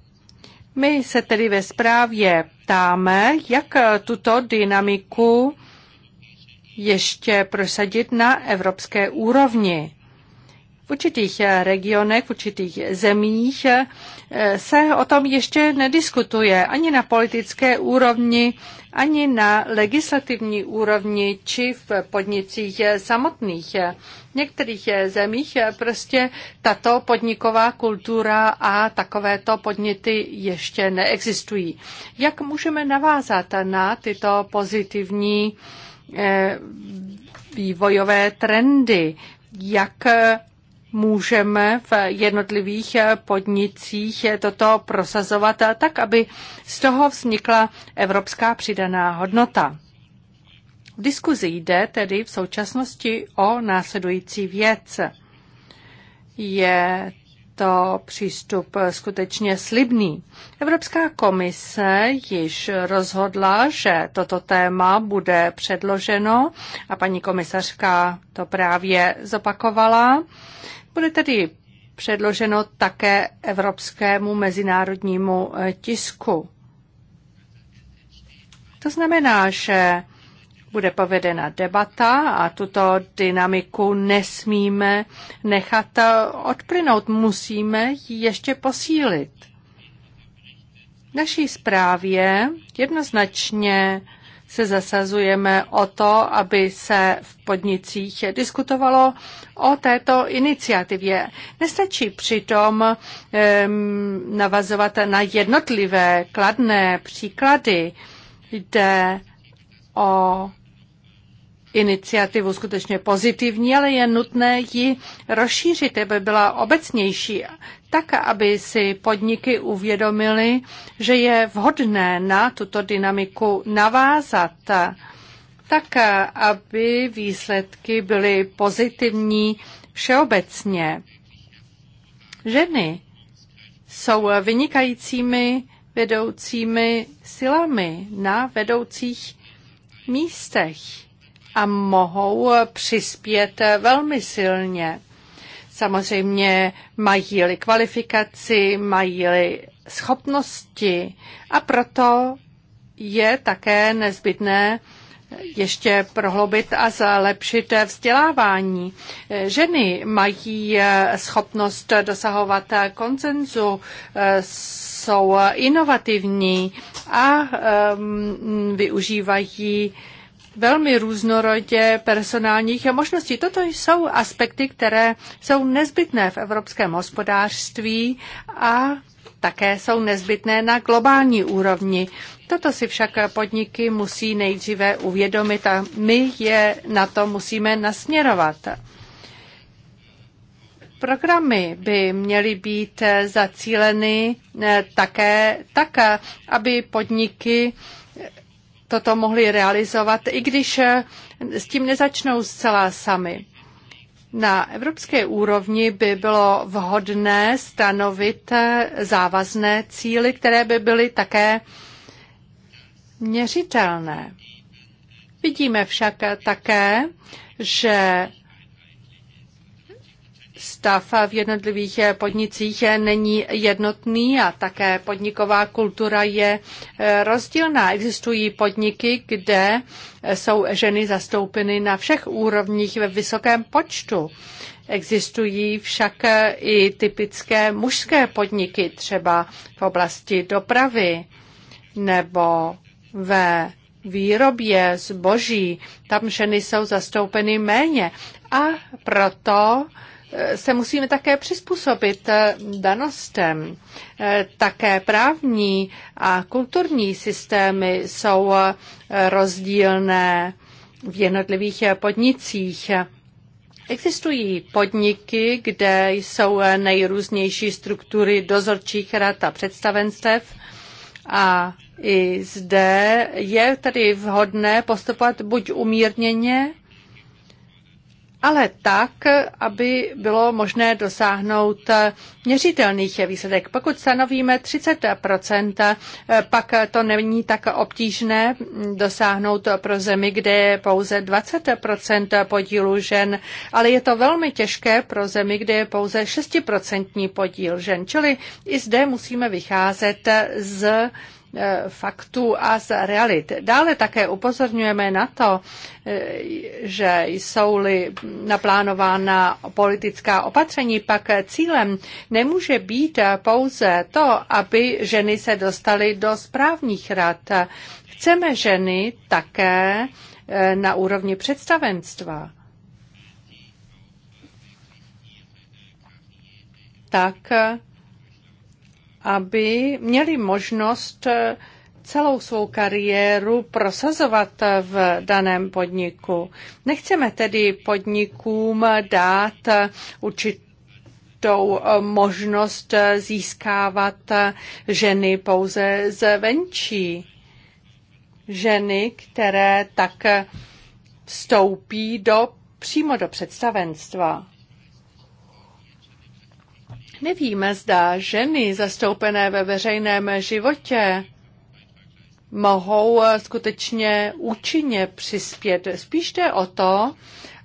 [SPEAKER 1] My se tedy ve zprávě ptáme, jak eh, tuto dynamiku ještě prosadit na evropské úrovni. V určitých eh, regionech, v určitých zemích eh, se o tom ještě nediskutuje ani na politické úrovni, ani na legislativní úrovni či v podnicích samotných. V některých eh, zemích prostě tato podniková kultura a takovéto podněty ještě neexistují. Jak můžeme navázat na tyto pozitivní vývojové trendy? Jak můžeme v jednotlivých podnicích toto prosazovat tak, aby z toho vznikla evropská přidaná hodnota. V diskuzi jde tedy v současnosti o následující věc. Je to přístup skutečně slibný. Evropská komise již rozhodla, že toto téma bude předloženo a paní komisařka to právě zopakovala. Bude tedy předloženo také evropskému mezinárodnímu eh, tisku. To znamená, že bude povedena debata a tuto dynamiku nesmíme nechat eh, odplynout. Musíme ji ještě posílit. V naší zprávě jednoznačně se zasazujeme o to, aby se v podnicích diskutovalo o této iniciativě. Nestačí přitom navazovat na jednotlivé kladné příklady. Jde o iniciativu skutečně pozitivní, ale je nutné ji rozšířit, aby byla obecnější, tak, aby si podniky uvědomily, že je vhodné na tuto dynamiku navázat tak, aby výsledky byly pozitivní všeobecně. Ženy jsou vynikajícími vedoucími silami na vedoucích místech a mohou přispět velmi silně. Samozřejmě mají-li kvalifikaci, mají-li schopnosti a proto je také nezbytné ještě prohloubit a zlepšit vzdělávání. Ženy mají schopnost dosahovat koncenzu, jsou inovativní a využívají velmi různorodě personálních možností. Toto jsou aspekty, které jsou nezbytné v evropském hospodářství a také jsou nezbytné na globální úrovni. Toto si však podniky musí nejdříve uvědomit a my je na to musíme nasměrovat. Programy by měly být zacíleny eh, také tak, aby podniky toto mohli realizovat, i když eh, s tím nezačnou zcela sami. Na evropské úrovni by bylo vhodné stanovit eh, závazné cíly, které by byly také měřitelné. Vidíme však také, že stav v jednotlivých podnicích není jednotný a také podniková kultura je eh, rozdílná. Existují podniky, kde jsou ženy zastoupeny na všech úrovních ve vysokém počtu. Existují však eh, i typické mužské podniky, třeba v oblasti dopravy nebo ve výrobě zboží. Tam ženy jsou zastoupeny méně a proto Eh, se musíme také přizpůsobit eh, danostem. Eh, také právní a kulturní systémy jsou rozdílné v jednotlivých podnicích. Existují podniky, kde jsou nejrůznější struktury dozorčích rad a představenstev a i zde je tedy vhodné postupovat buď umírněně, ale tak, aby bylo možné dosáhnout měřitelných výsledek. Pokud stanovíme 30 pak to není tak obtížné dosáhnout pro zemi, kde je pouze 20 podílu žen, ale je to velmi těžké pro zemi, kde je pouze 6 podíl žen. Čili i zde musíme vycházet z Eh, faktů a z realit. Dále také upozorňujeme na to, eh, že jsou-li naplánována politická opatření, pak cílem nemůže být pouze to, aby ženy se dostaly do správních rad. Chceme ženy také eh, na úrovni představenstva. Tak, aby měli možnost eh, celou svou kariéru prosazovat v daném podniku. Nechceme tedy podnikům dát určitě tou eh, možnost eh, získávat ženy pouze zvenčí. Ženy, které tak vstoupí do, přímo do představenstva. Nevíme, zda ženy zastoupené ve veřejném životě mohou eh, skutečně účinně přispět. Spíš jde o to,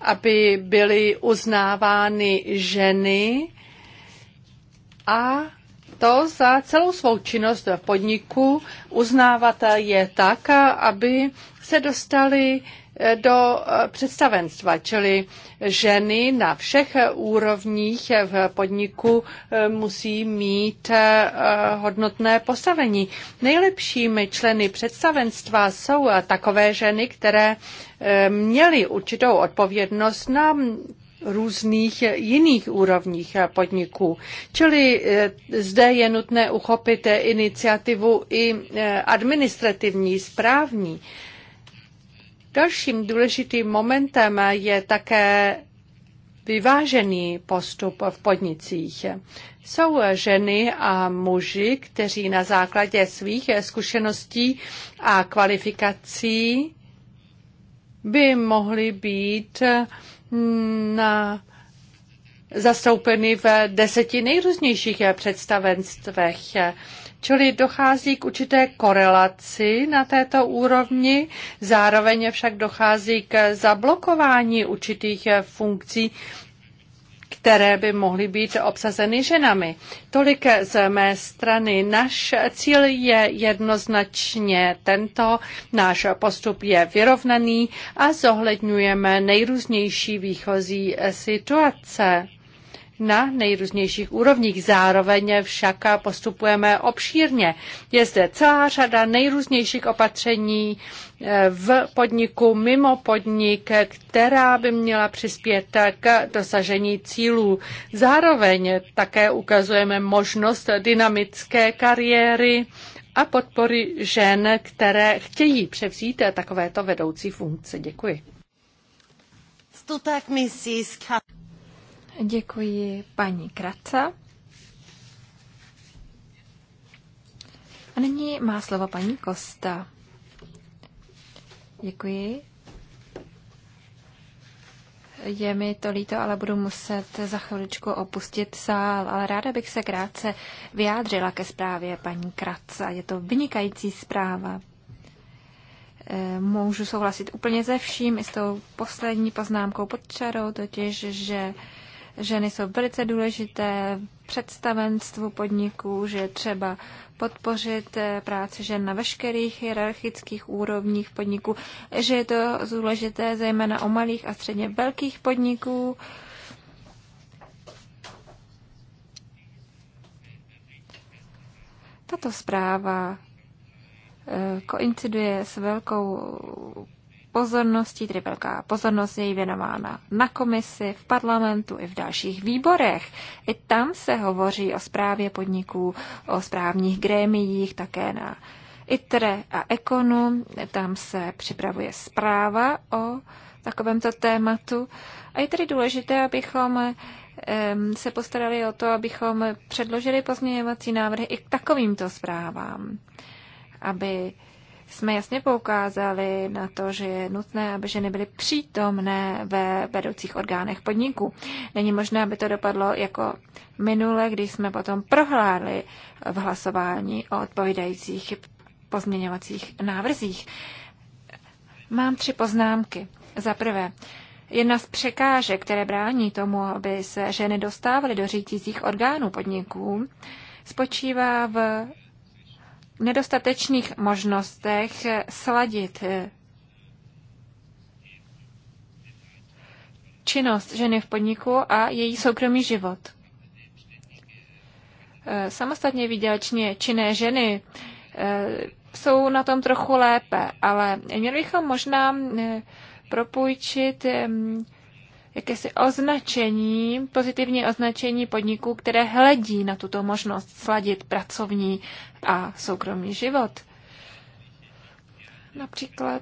[SPEAKER 1] aby byly uznávány ženy a to za celou svou činnost v podniku uznávat je tak, aby se dostali do eh, představenstva, čili ženy na všech úrovních v podniku eh, musí mít eh, hodnotné postavení. Nejlepšími členy představenstva jsou takové ženy, které měly určitou odpovědnost na různých jiných úrovních podniků. Čili zde je nutné uchopit iniciativu i administrativní, správní. Dalším důležitým momentem je také vyvážený postup v podnicích. Jsou ženy a muži, kteří na základě svých zkušeností a kvalifikací by mohli být mm, na zastoupeny v deseti nejrůznějších představenstvech. Čili dochází k určité korelaci na této úrovni, zároveň však dochází k zablokování určitých funkcí, které by mohly být obsazeny ženami. Tolik z mé strany. Náš cíl je jednoznačně tento. Náš postup je vyrovnaný a zohledňujeme nejrůznější výchozí situace na nejrůznějších úrovních. Zároveň však postupujeme obšírně. Je zde celá řada nejrůznějších opatření eh, v podniku, mimo podnik, která by měla přispět k dosažení cílů. Zároveň také ukazujeme možnost dynamické kariéry a podpory žen, které chtějí převzít takovéto vedoucí funkce. Děkuji.
[SPEAKER 4] Děkuji paní Kraca. A nyní má slovo paní Kosta. Děkuji. Je mi to líto, ale budu muset za chviličku opustit sál, ale ráda bych se krátce vyjádřila ke zprávě paní Kratce. Je to vynikající zpráva. Eh, můžu souhlasit úplně ze vším, i s tou poslední poznámkou pod čarou, totiž, že Ženy jsou velice důležité v představenstvu podniků, že třeba podpořit eh, práci žen na veškerých hierarchických úrovních podniků, že je to důležité zejména o malých a středně velkých podniků. Tato zpráva eh, koinciduje s velkou Pozornosti, tedy velká pozornost je věnována na komisi, v parlamentu i v dalších výborech. I tam se hovoří o správě podniků, o správních grémiích, také na ITRE a EKONu. Tam se připravuje zpráva o takovémto tématu. A je tedy důležité, abychom se postarali o to, abychom předložili pozměňovací návrhy i k takovýmto zprávám, aby jsme jasně poukázali na to, že je nutné, aby ženy byly přítomné ve vedoucích orgánech podniku. Není možné, aby to dopadlo jako minule, když jsme potom prohláli v hlasování o odpovídajících pozměňovacích návrzích. Mám tři poznámky. Za prvé, jedna z překážek, které brání tomu, aby se ženy dostávaly do řídících orgánů podniků, spočívá v nedostatečných možnostech sladit eh, činnost ženy v podniku a její soukromý život. Eh, samostatně výdělečně činné ženy eh, jsou na tom trochu lépe, ale měli bychom možná propůjčit jakési označení, pozitivní označení podniků, které hledí na tuto možnost sladit pracovní a soukromý život. Například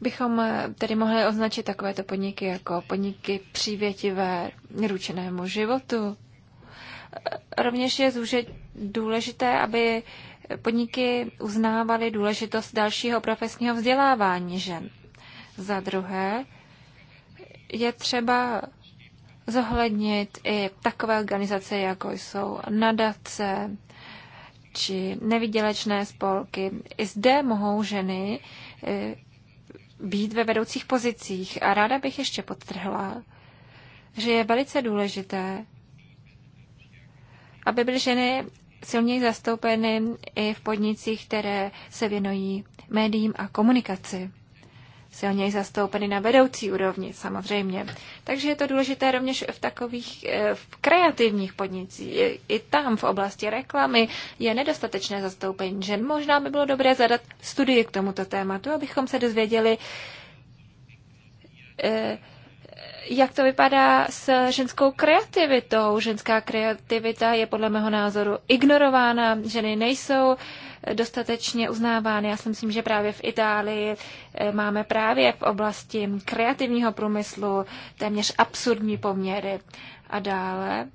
[SPEAKER 4] bychom tedy mohli označit takovéto podniky jako podniky přívětivé ručenému životu. Rovněž je zůže důležité, aby podniky uznávaly důležitost dalšího profesního vzdělávání žen. Za druhé, je třeba zohlednit i takové organizace, jako jsou nadace či nevydělečné spolky. I zde mohou ženy eh, být ve vedoucích pozicích. A ráda bych ještě podtrhla, že je velice důležité, aby byly ženy silněji zastoupeny i v podnicích, které se věnují médiím a komunikaci silněji zastoupeny na vedoucí úrovni, samozřejmě. Takže je to důležité rovněž v takových eh, v kreativních podnicích. I tam v oblasti reklamy je nedostatečné zastoupení žen. Možná by bylo dobré zadat studii k tomuto tématu, abychom se dozvěděli, eh, jak to vypadá s ženskou kreativitou. Ženská kreativita je podle mého názoru ignorována. Ženy nejsou uh, dostatečně uznávány. Já si myslím, že právě v Itálii eh, máme právě v oblasti kreativního průmyslu téměř absurdní poměry. A dále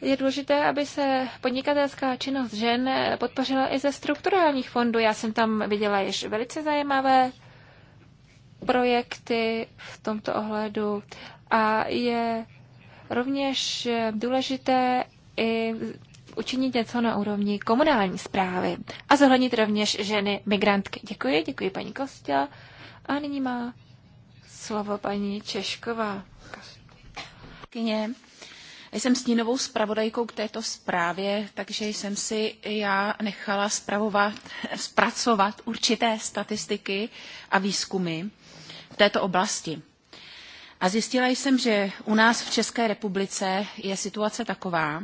[SPEAKER 4] Je důležité, aby se podnikatelská činnost žen eh, podpořila i ze strukturálních fondů. Já jsem tam viděla již velice zajímavé projekty v tomto ohledu a je rovněž eh, důležité, i učinit něco na úrovni komunální zprávy a zohlednit rovněž ženy migrantky. Děkuji, děkuji paní Kostě.
[SPEAKER 3] A nyní má slovo paní Češková. Kyně. Jsem stínovou zpravodajkou k této zprávě, takže jsem si já nechala zpravovat, zpracovat určité statistiky a výzkumy v této oblasti. A zjistila jsem, že u nás v České republice je situace taková,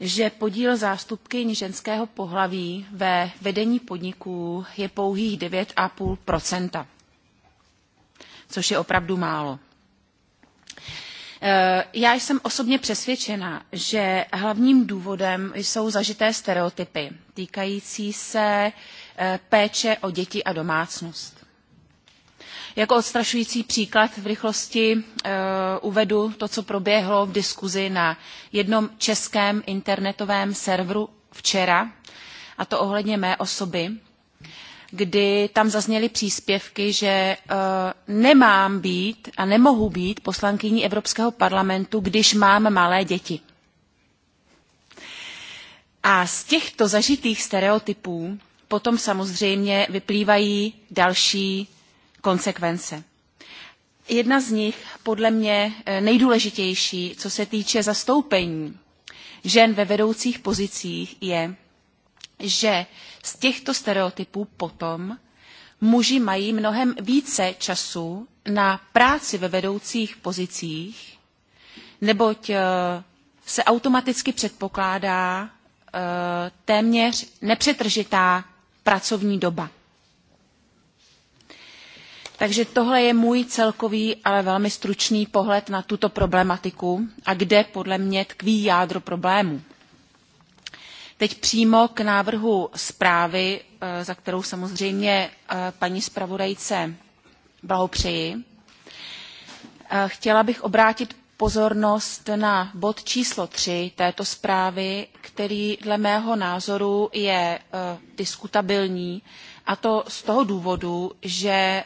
[SPEAKER 3] že podíl zástupkyň ženského pohlaví ve vedení podniků je pouhých 9,5 což je opravdu málo. Eh, já jsem osobně přesvědčena, že hlavním důvodem jsou zažité stereotypy týkající se eh, péče o děti a domácnost. Jako odstrašující příklad v rychlosti uh, uvedu to, co proběhlo v diskuzi na jednom českém internetovém serveru včera, a to ohledně mé osoby, kdy tam zazněly příspěvky, že uh, nemám být a nemohu být poslankyní Evropského parlamentu, když mám malé děti. A z těchto zažitých stereotypů potom samozřejmě vyplývají další konsekvence. Jedna z nich, podle mě eh, nejdůležitější, co se týče zastoupení žen ve vedoucích pozicích, je, že z těchto stereotypů potom muži mají mnohem více času na práci ve vedoucích pozicích, neboť eh, se automaticky předpokládá eh, téměř nepřetržitá pracovní doba. Takže tohle je můj celkový, ale velmi stručný pohled na tuto problematiku a kde podle mě tkví jádro problému. Teď přímo k návrhu zprávy, eh, za kterou samozřejmě eh, paní zpravodajce blahopřeji. Eh, chtěla bych obrátit pozornost na bod číslo 3 této zprávy, který dle mého názoru je diskutabilní a to z toho důvodu, že eh,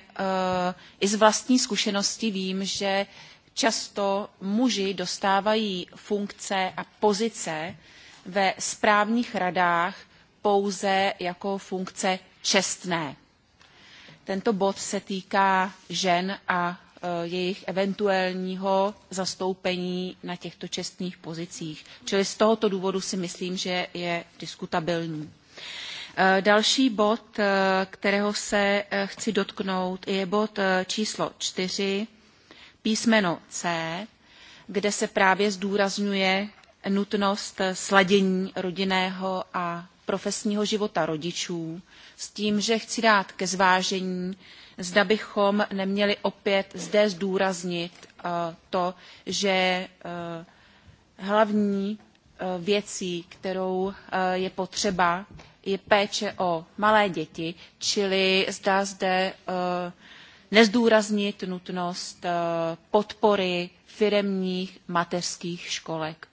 [SPEAKER 3] i z vlastní zkušenosti vím, že často muži dostávají funkce a pozice ve správních radách pouze jako funkce čestné. Tento bod se týká žen a eh, jejich eventuálního zastoupení na těchto čestných pozicích. Čili z tohoto důvodu si myslím, že je diskutabilní. Eh, další bod, eh, kterého se eh, chci dotknout, je bod číslo 4, písmeno C, kde se právě zdůrazňuje nutnost sladění rodinného a profesního života rodičů s tím, že chci dát ke zvážení, zda bychom neměli opět zde zdůraznit to, že hlavní věcí, kterou je potřeba je péče o malé děti, čili zdá zde eh, nezdůraznit nutnost eh, podpory firemních mateřských školek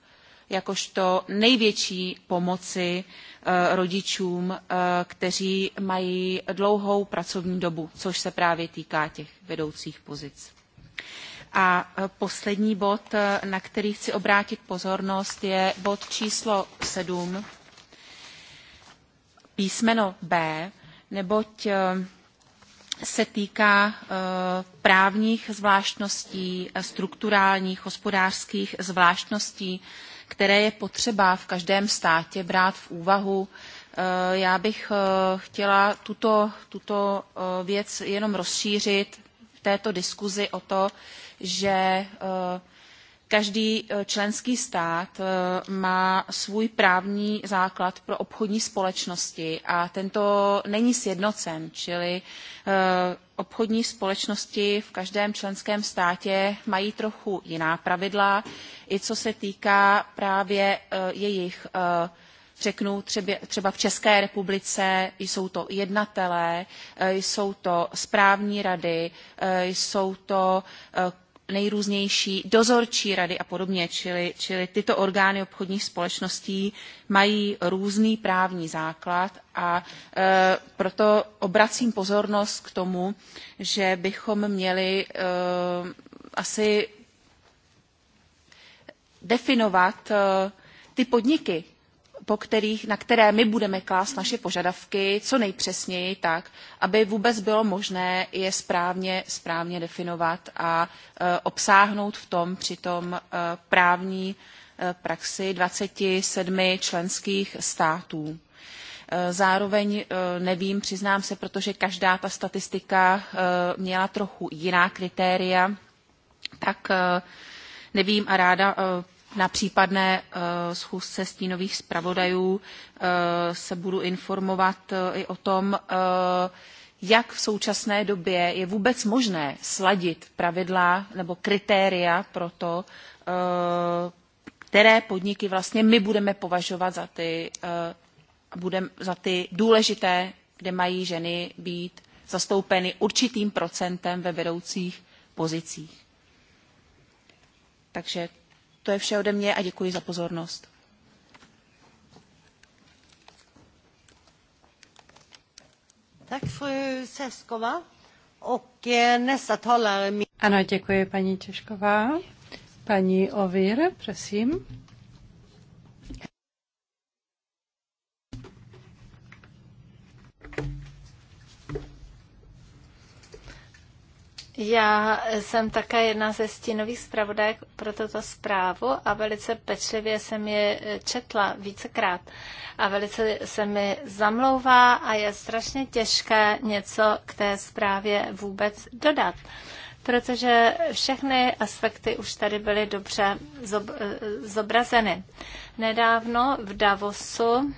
[SPEAKER 3] jakožto největší pomoci eh, rodičům, kteří mají dlouhou pracovní dobu, což se právě týká těch vedoucích pozic. A poslední bod, na který chci obrátit pozornost, je bod číslo 7 písmeno B, neboť eh, se týká eh, právních zvláštností, strukturálních, hospodářských zvláštností, které je potřeba v každém státě brát v úvahu. Eh, já bych chtěla tuto, tuto věc jenom rozšířit v této diskuzi o to, že Každý eh, členský stát eh, má svůj právní základ pro obchodní společnosti a tento není sjednocen, čili eh, obchodní společnosti v každém členském státě mají trochu jiná pravidla, i co se týká právě jejich řeknu třeba, třeba v České republice, jsou to jednatelé, jsou to správní rady, jsou to nejrůznější dozorčí rady a podobně, čili, čili tyto orgány obchodních společností mají různý právní základ a e, proto obracím pozornost k tomu, že bychom měli e, asi definovat e, ty podniky, po kterých, na které my budeme klást naše požadavky co nejpřesněji tak, aby vůbec bylo možné je správně, správně definovat a e, obsáhnout v tom přitom e, právní e, praxi 27 členských států. Zároveň nevím, přiznám se, protože každá ta statistika měla trochu jiná kritéria, tak nevím a ráda na případné eh, schůzce stínových zpravodajů eh, se budu informovat eh, i o tom, jak v současné době je vůbec možné sladit pravidla nebo kritéria pro to, které podniky vlastně my budeme považovat za ty, budem, za ty důležité, kde mají ženy být zastoupeny určitým procentem ve vedoucích pozicích. Takže to je vše ode mě a děkuji za pozornost.
[SPEAKER 1] Tak, fru Seskova. Ano, děkuji paní Češková. Paní Ovir, prosím.
[SPEAKER 2] Já jsem také jedna ze stínových zpravodajek pro tuto zprávu a velice pečlivě jsem je eh, četla vícekrát. A velice se mi zamlouvá a je strašně těžké něco k té zprávě vůbec dodat protože všechny aspekty už tady byly dobře eh, zobrazeny. Nedávno v Davosu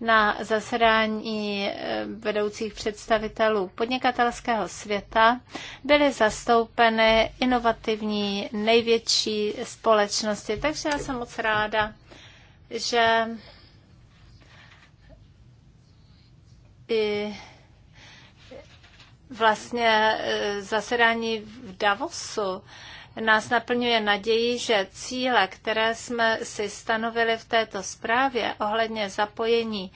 [SPEAKER 2] na zasedání eh, vedoucích představitelů podnikatelského světa byly zastoupeny inovativní největší společnosti. Takže já jsem moc ráda, že i vlastně eh, zasedání v Davosu nás naplňuje naději, že cíle, které jsme si stanovili v této zprávě ohledně zapojení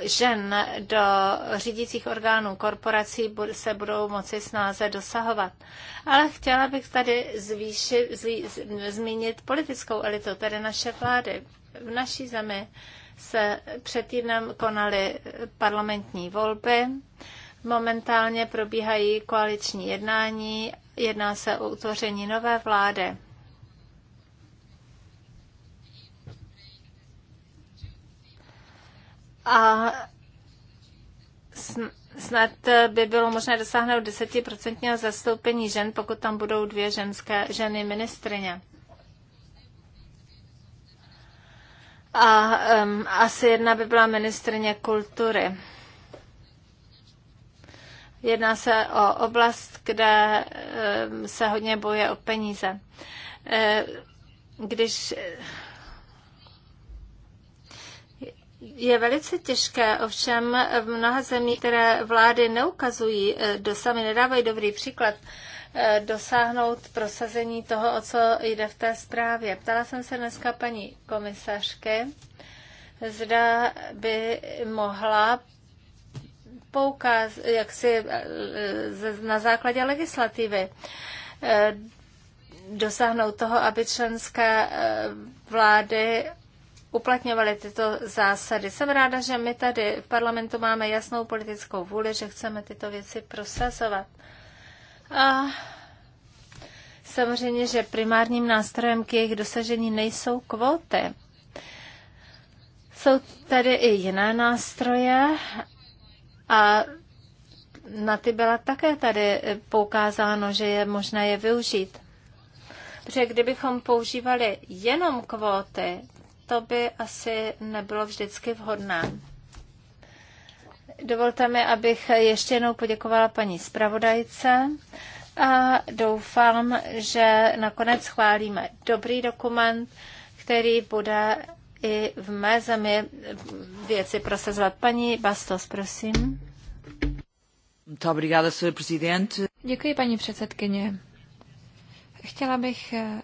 [SPEAKER 2] žen do řídících orgánů korporací se budou moci snáze dosahovat. Ale chtěla bych tady zvýšit, zlí, zmínit politickou elitu, tedy naše vlády. V naší zemi se před týdnem konaly parlamentní volby. Momentálně probíhají koaliční jednání Jedná se o utvoření nové vlády. A snad by bylo možné dosáhnout desetiprocentního zastoupení žen, pokud tam budou dvě ženské, ženy ministrině. A um, asi jedna by byla ministrině kultury. Jedná se o oblast, kde se hodně boje o peníze. Když je velice těžké, ovšem v mnoha zemí, které vlády neukazují, e, do sami nedávají dobrý příklad, e, dosáhnout prosazení toho, o co jde v té zprávě. Ptala jsem se dneska paní komisařky, zda by mohla poukáz, si eh, na základě legislativy eh, dosáhnout toho, aby členské eh, vlády uplatňovaly tyto zásady. Jsem ráda, že my tady v parlamentu máme jasnou politickou vůli, že chceme tyto věci prosazovat. A samozřejmě, že primárním nástrojem k jejich dosažení nejsou kvóty. Jsou tady i jiné nástroje a na ty byla také tady poukázáno, že je možné je využít. Protože kdybychom používali jenom kvóty, to by asi nebylo vždycky vhodné. Dovolte mi, abych ještě jednou poděkovala paní zpravodajce a doufám, že nakonec schválíme dobrý dokument, který bude i v mé zemi věci prosazovat. Paní Bastos, prosím.
[SPEAKER 4] Děkuji, paní předsedkyně. Chtěla bych eh,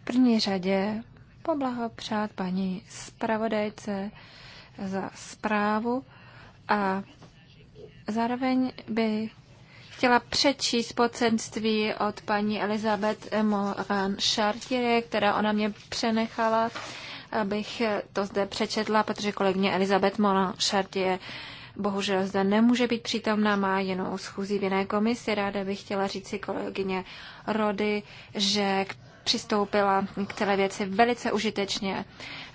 [SPEAKER 4] v první řadě poblahopřát paní zpravodajce za zprávu a zároveň by chtěla přečíst pocenství od paní Elizabeth Moran Chartier, která ona mě přenechala abych to zde přečetla, protože kolegyně Elizabeth Mona je bohužel zde nemůže být přítomná, má jenom schůzí v jiné komisi. Ráda bych chtěla říct si kolegyně Rody, že přistoupila k celé věci velice užitečně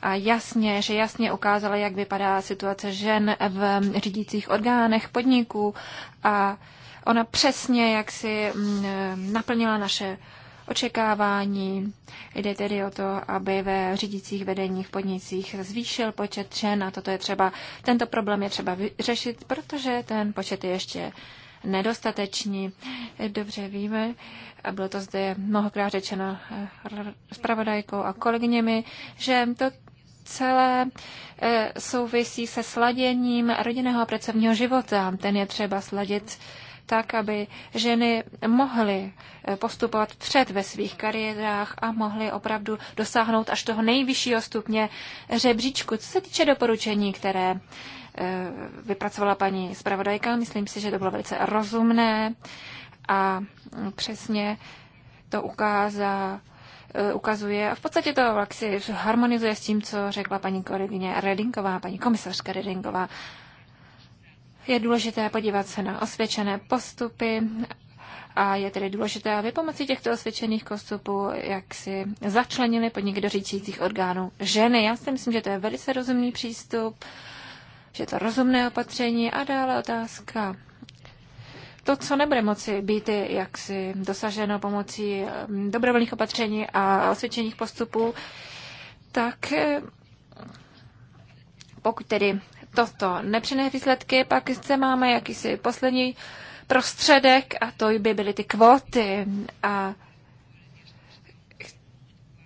[SPEAKER 4] a jasně, že jasně ukázala, jak vypadá situace žen v řídících orgánech podniků a ona přesně jak si mm, naplnila naše očekávání. Jde tedy o to, aby ve řídících vedeních podnicích zvýšil počet žen a toto je třeba, tento problém je třeba vyřešit, protože ten počet je ještě nedostateční. Dobře víme, a bylo to zde mnohokrát řečeno eh, zpravodajkou a kolegyněmi, že to celé eh, souvisí se sladěním rodinného a pracovního života. Ten je třeba sladit tak aby ženy mohly eh, postupovat před ve svých kariérách a mohly opravdu dosáhnout až toho nejvyššího stupně řebříčku. Co se týče doporučení, které eh, vypracovala paní zpravodajka, myslím si, že to bylo velice rozumné a mm, přesně to ukázá, eh, ukazuje a v podstatě to harmonizuje s tím, co řekla paní kolegyně Redinková, paní komisařka Redinková. Je důležité podívat se na osvědčené postupy a je tedy důležité, aby pomocí těchto osvědčených postupů jak si začlenili podnik do řídících orgánů ženy. Já si myslím, že to je velice rozumný přístup, že je to rozumné opatření a dále otázka to, co nebude moci být jaksi dosaženo pomocí mm, dobrovolných opatření a osvědčených postupů, tak eh, pokud tedy toto nepřine výsledky, pak zde máme jakýsi poslední prostředek a to by byly ty kvóty. A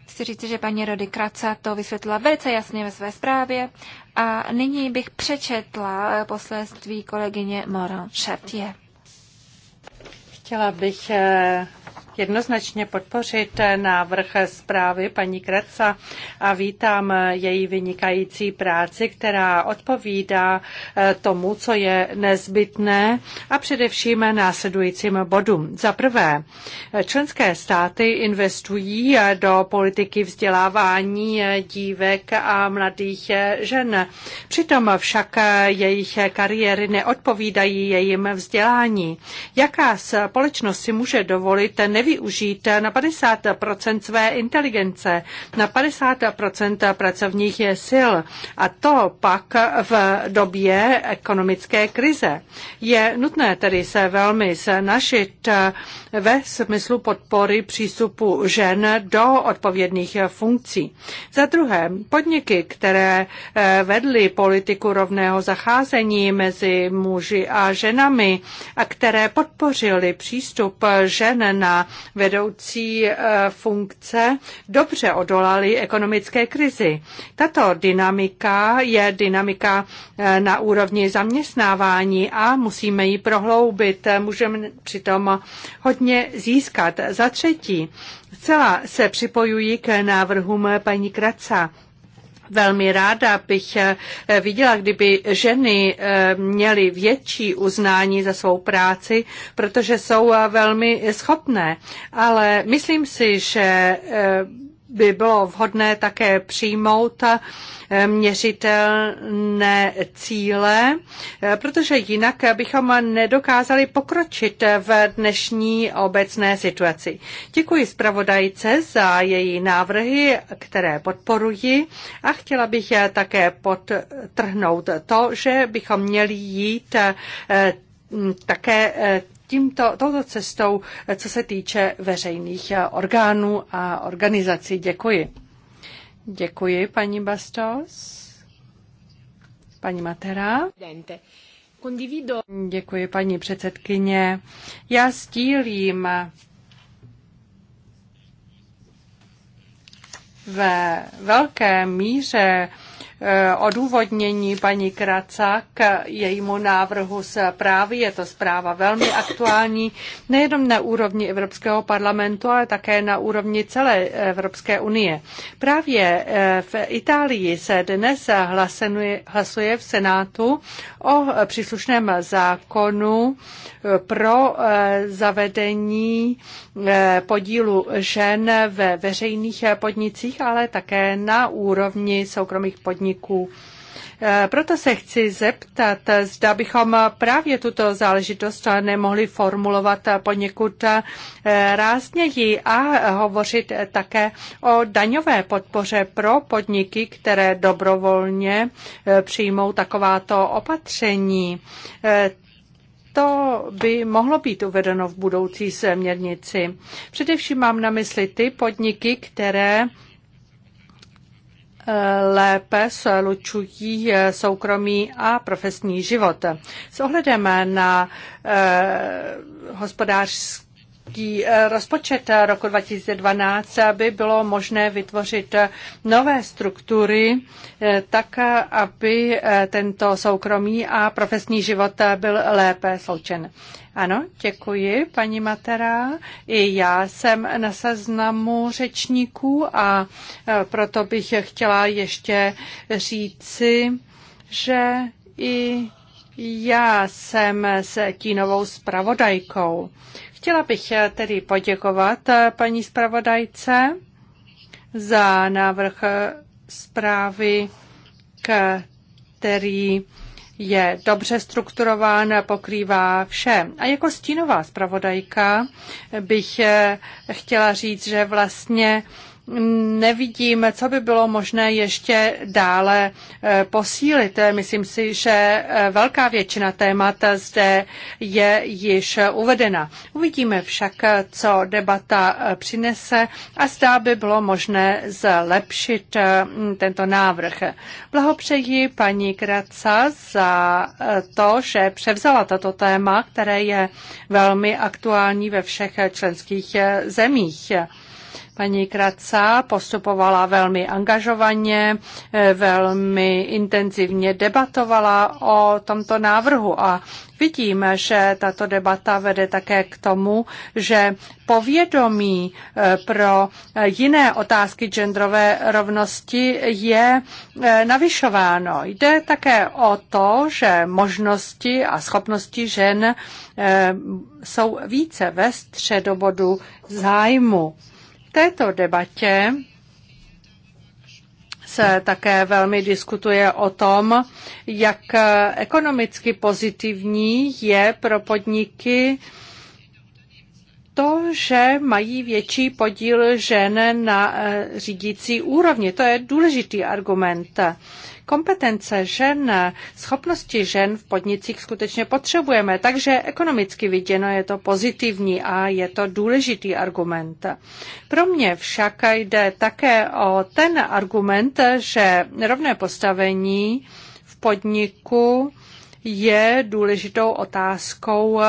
[SPEAKER 4] chci říct, že paní Rody Kraca to vysvětlila velice jasně ve své zprávě a nyní bych přečetla eh, posledství kolegyně Moran Chartier.
[SPEAKER 1] Chtěla bych eh, jednoznačně podpořit návrh zprávy paní Kreca a vítám její vynikající práci, která odpovídá eh, tomu, co je nezbytné a především následujícím bodům. Za prvé, členské státy investují do politiky vzdělávání dívek a mladých žen. Přitom však jejich kariéry neodpovídají jejím vzdělání. Jaká společnost si může dovolit ne nevyužít na 50 své inteligence, na 50 pracovních sil. A to pak v době ekonomické krize. Je nutné tedy se velmi snažit ve smyslu podpory přístupu žen do odpovědných funkcí. Za druhé, podniky, které eh, vedly politiku rovného zacházení mezi muži a ženami a které podpořily přístup žen na vedoucí eh, funkce dobře odolali ekonomické krizi. Tato dynamika je dynamika eh, na úrovni zaměstnávání a musíme ji prohloubit. Můžeme přitom hodně získat. Za třetí, Celá se připojuji k návrhům paní Kraca. Velmi ráda bych eh, viděla, kdyby ženy eh, měly větší uznání za svou práci, protože jsou eh, velmi schopné. Ale myslím si, že by bylo vhodné také přijmout eh, měřitelné cíle, eh, protože jinak bychom nedokázali pokročit v dnešní obecné situaci. Děkuji zpravodajce za její návrhy, které podporuji a chtěla bych také podtrhnout to, že bychom měli jít eh, také tímto, touto cestou, co se týče veřejných eh, orgánů a organizací. Děkuji. Děkuji, paní Bastos. Paní Matera. Děkuji, paní předsedkyně. Já stílím ve velké míře Eh, odůvodnění paní Kraca k jejímu návrhu zprávy. Je to zpráva velmi aktuální, nejenom na úrovni Evropského parlamentu, ale také na úrovni celé Evropské unie. Právě eh, v Itálii se dnes hlasuje v Senátu o příslušném zákonu eh, pro zavedení podílu žen ve veřejných podnicích, ale také na úrovni soukromých podniků podniků. E, proto se chci zeptat, zda bychom právě tuto záležitost nemohli formulovat poněkud e, rázněji a hovořit také o daňové podpoře pro podniky, které dobrovolně e, přijmou takováto opatření. To by mohlo být uvedeno v budoucí směrnici. Především mám na mysli ty podniky, které lépe slučují eh, soukromý a profesní život. S ohledem na eh, hospodářské eh, rozpočet roku 2012 by bylo možné vytvořit nové struktury tak, aby tento soukromý a profesní život byl lépe sloučen. Ano, děkuji, paní Matera. I já jsem na seznamu řečníků a e, proto bych chtěla ještě říci, že i já jsem s tínovou zpravodajkou. Chtěla bych tedy poděkovat e, paní zpravodajce za návrh zprávy, který je dobře strukturován, pokrývá vše. A jako stínová zpravodajka bych eh, chtěla říct, že vlastně nevidím, co by bylo možné ještě dále eh, posílit. Myslím si, že eh, velká většina témat zde je již uvedena. Uvidíme však, co debata eh, přinese a zdá by bylo možné zlepšit tento návrh. Blahopřeji paní Kraca za to, že převzala tato téma, které je velmi aktuální ve všech členských zemích. Paní Kraca postupovala velmi angažovaně, eh, velmi intenzivně debatovala o tomto návrhu a vidím, že tato debata vede také k tomu, že povědomí eh, pro eh, jiné otázky genderové rovnosti je navyšováno. Jde také o to, že možnosti a schopnosti žen jsou více ve středobodu zájmu této debatě se také velmi diskutuje o tom, jak ekonomicky pozitivní je pro podniky to, že mají větší podíl žen na eh, řídící úrovni. To je důležitý argument. Kompetence žen, schopnosti žen v podnicích skutečně potřebujeme, takže ekonomicky viděno je to pozitivní a je to důležitý argument. Pro mě však jde také o ten argument, že rovné postavení v podniku je důležitou otázkou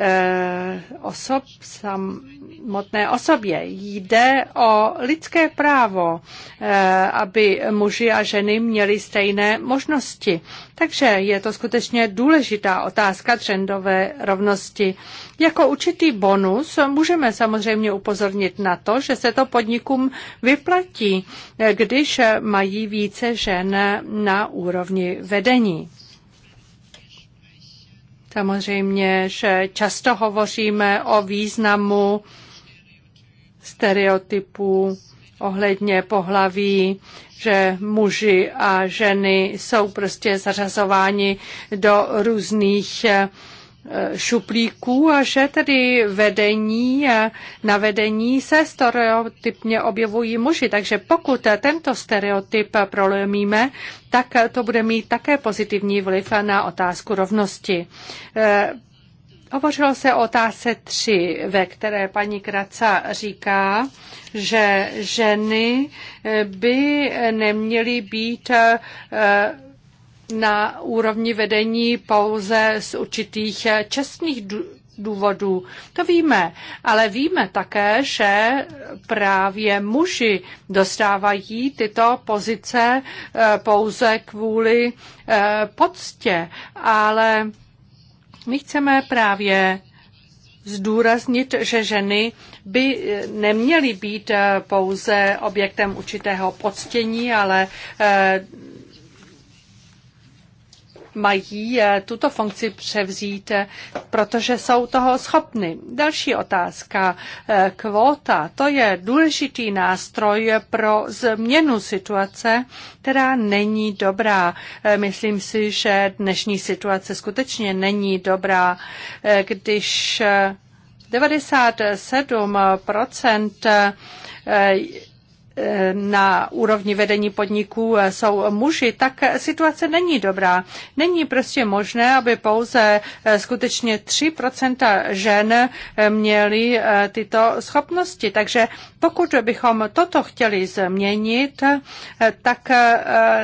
[SPEAKER 1] Eh, osob samotné osobě. Jde o lidské právo, eh, aby muži a ženy měli stejné možnosti. Takže je to skutečně důležitá otázka trendové rovnosti. Jako určitý bonus můžeme samozřejmě upozornit na to, že se to podnikům vyplatí, eh, když mají více žen na úrovni vedení. Samozřejmě, že často hovoříme o významu stereotypů ohledně pohlaví, že muži a ženy jsou prostě zařazováni do různých Eh, šuplíků, že tedy vedení, eh, na vedení se stereotypně objevují muži. Takže pokud tento stereotyp prolomíme, tak to bude mít také pozitivní vliv na otázku rovnosti. Eh, hovořilo se o otázce 3, ve které paní Kraca říká, že ženy by neměly být na úrovni vedení pouze z určitých eh, čestných důvodů. To víme, ale víme také, že právě muži dostávají tyto pozice eh, pouze kvůli eh, poctě, ale my chceme právě zdůraznit, že ženy by neměly být pouze objektem určitého poctění, ale mají eh, tuto funkci převzít, eh, protože jsou toho schopny. Další otázka. Eh, kvóta, to je důležitý nástroj pro změnu situace, která není dobrá. Myslím si, že dnešní situace skutečně není dobrá, když 97 procent na úrovni vedení podniků eh, jsou muži, tak situace není dobrá. Není prostě možné, aby pouze eh, skutečně 3% žen eh, měly tyto schopnosti. Takže pokud bychom toto chtěli změnit, tak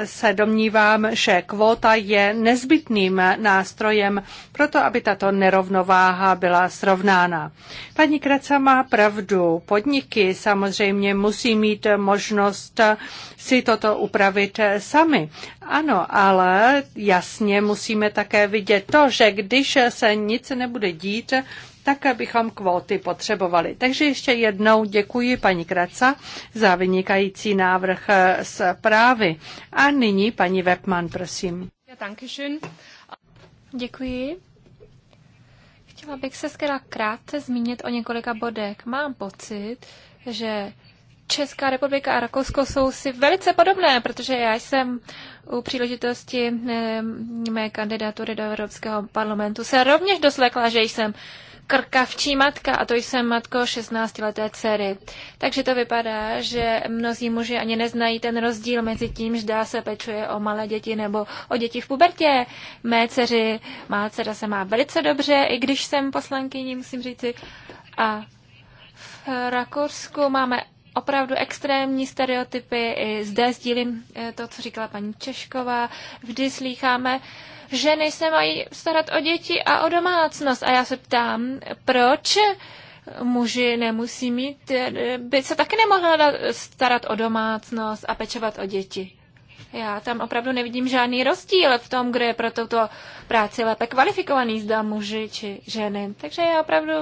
[SPEAKER 1] se domnívám, že kvóta je nezbytným nástrojem pro to, aby tato nerovnováha byla srovnána. Paní Kraca má pravdu. Podniky samozřejmě musí mít možnost si toto upravit sami. Ano, ale jasně musíme také vidět to, že když se nic nebude dít, tak abychom kvóty potřebovali. Takže ještě jednou děkuji paní Kraca za vynikající návrh zprávy. A nyní paní Webman, prosím.
[SPEAKER 4] Děkuji. Chtěla bych se zkrátce zmínit o několika bodech. Mám pocit, že Česká republika a Rakousko jsou si velice podobné, protože já jsem u příležitosti eh, mé kandidatury do Evropského parlamentu se rovněž doslekla, že jsem krkavčí matka a to jsem matko 16-leté dcery. Takže to vypadá, že mnozí muži ani neznají ten rozdíl mezi tím, že dá se pečuje o malé děti nebo o děti v pubertě. Mé dceři, má dcera se má velice dobře, i když jsem poslankyní, musím říci. A v Rakousku máme opravdu extrémní stereotypy. I zde sdílím eh, to, co říkala paní Češková. Vždy slýcháme, ženy se mají starat o děti a o domácnost. A já se ptám, proč muži nemusí mít, eh, by se taky nemohla starat o domácnost a pečovat o děti. Já tam opravdu nevidím žádný rozdíl v tom, kdo je pro tuto práci lépe kvalifikovaný, zda muži či ženy. Takže já opravdu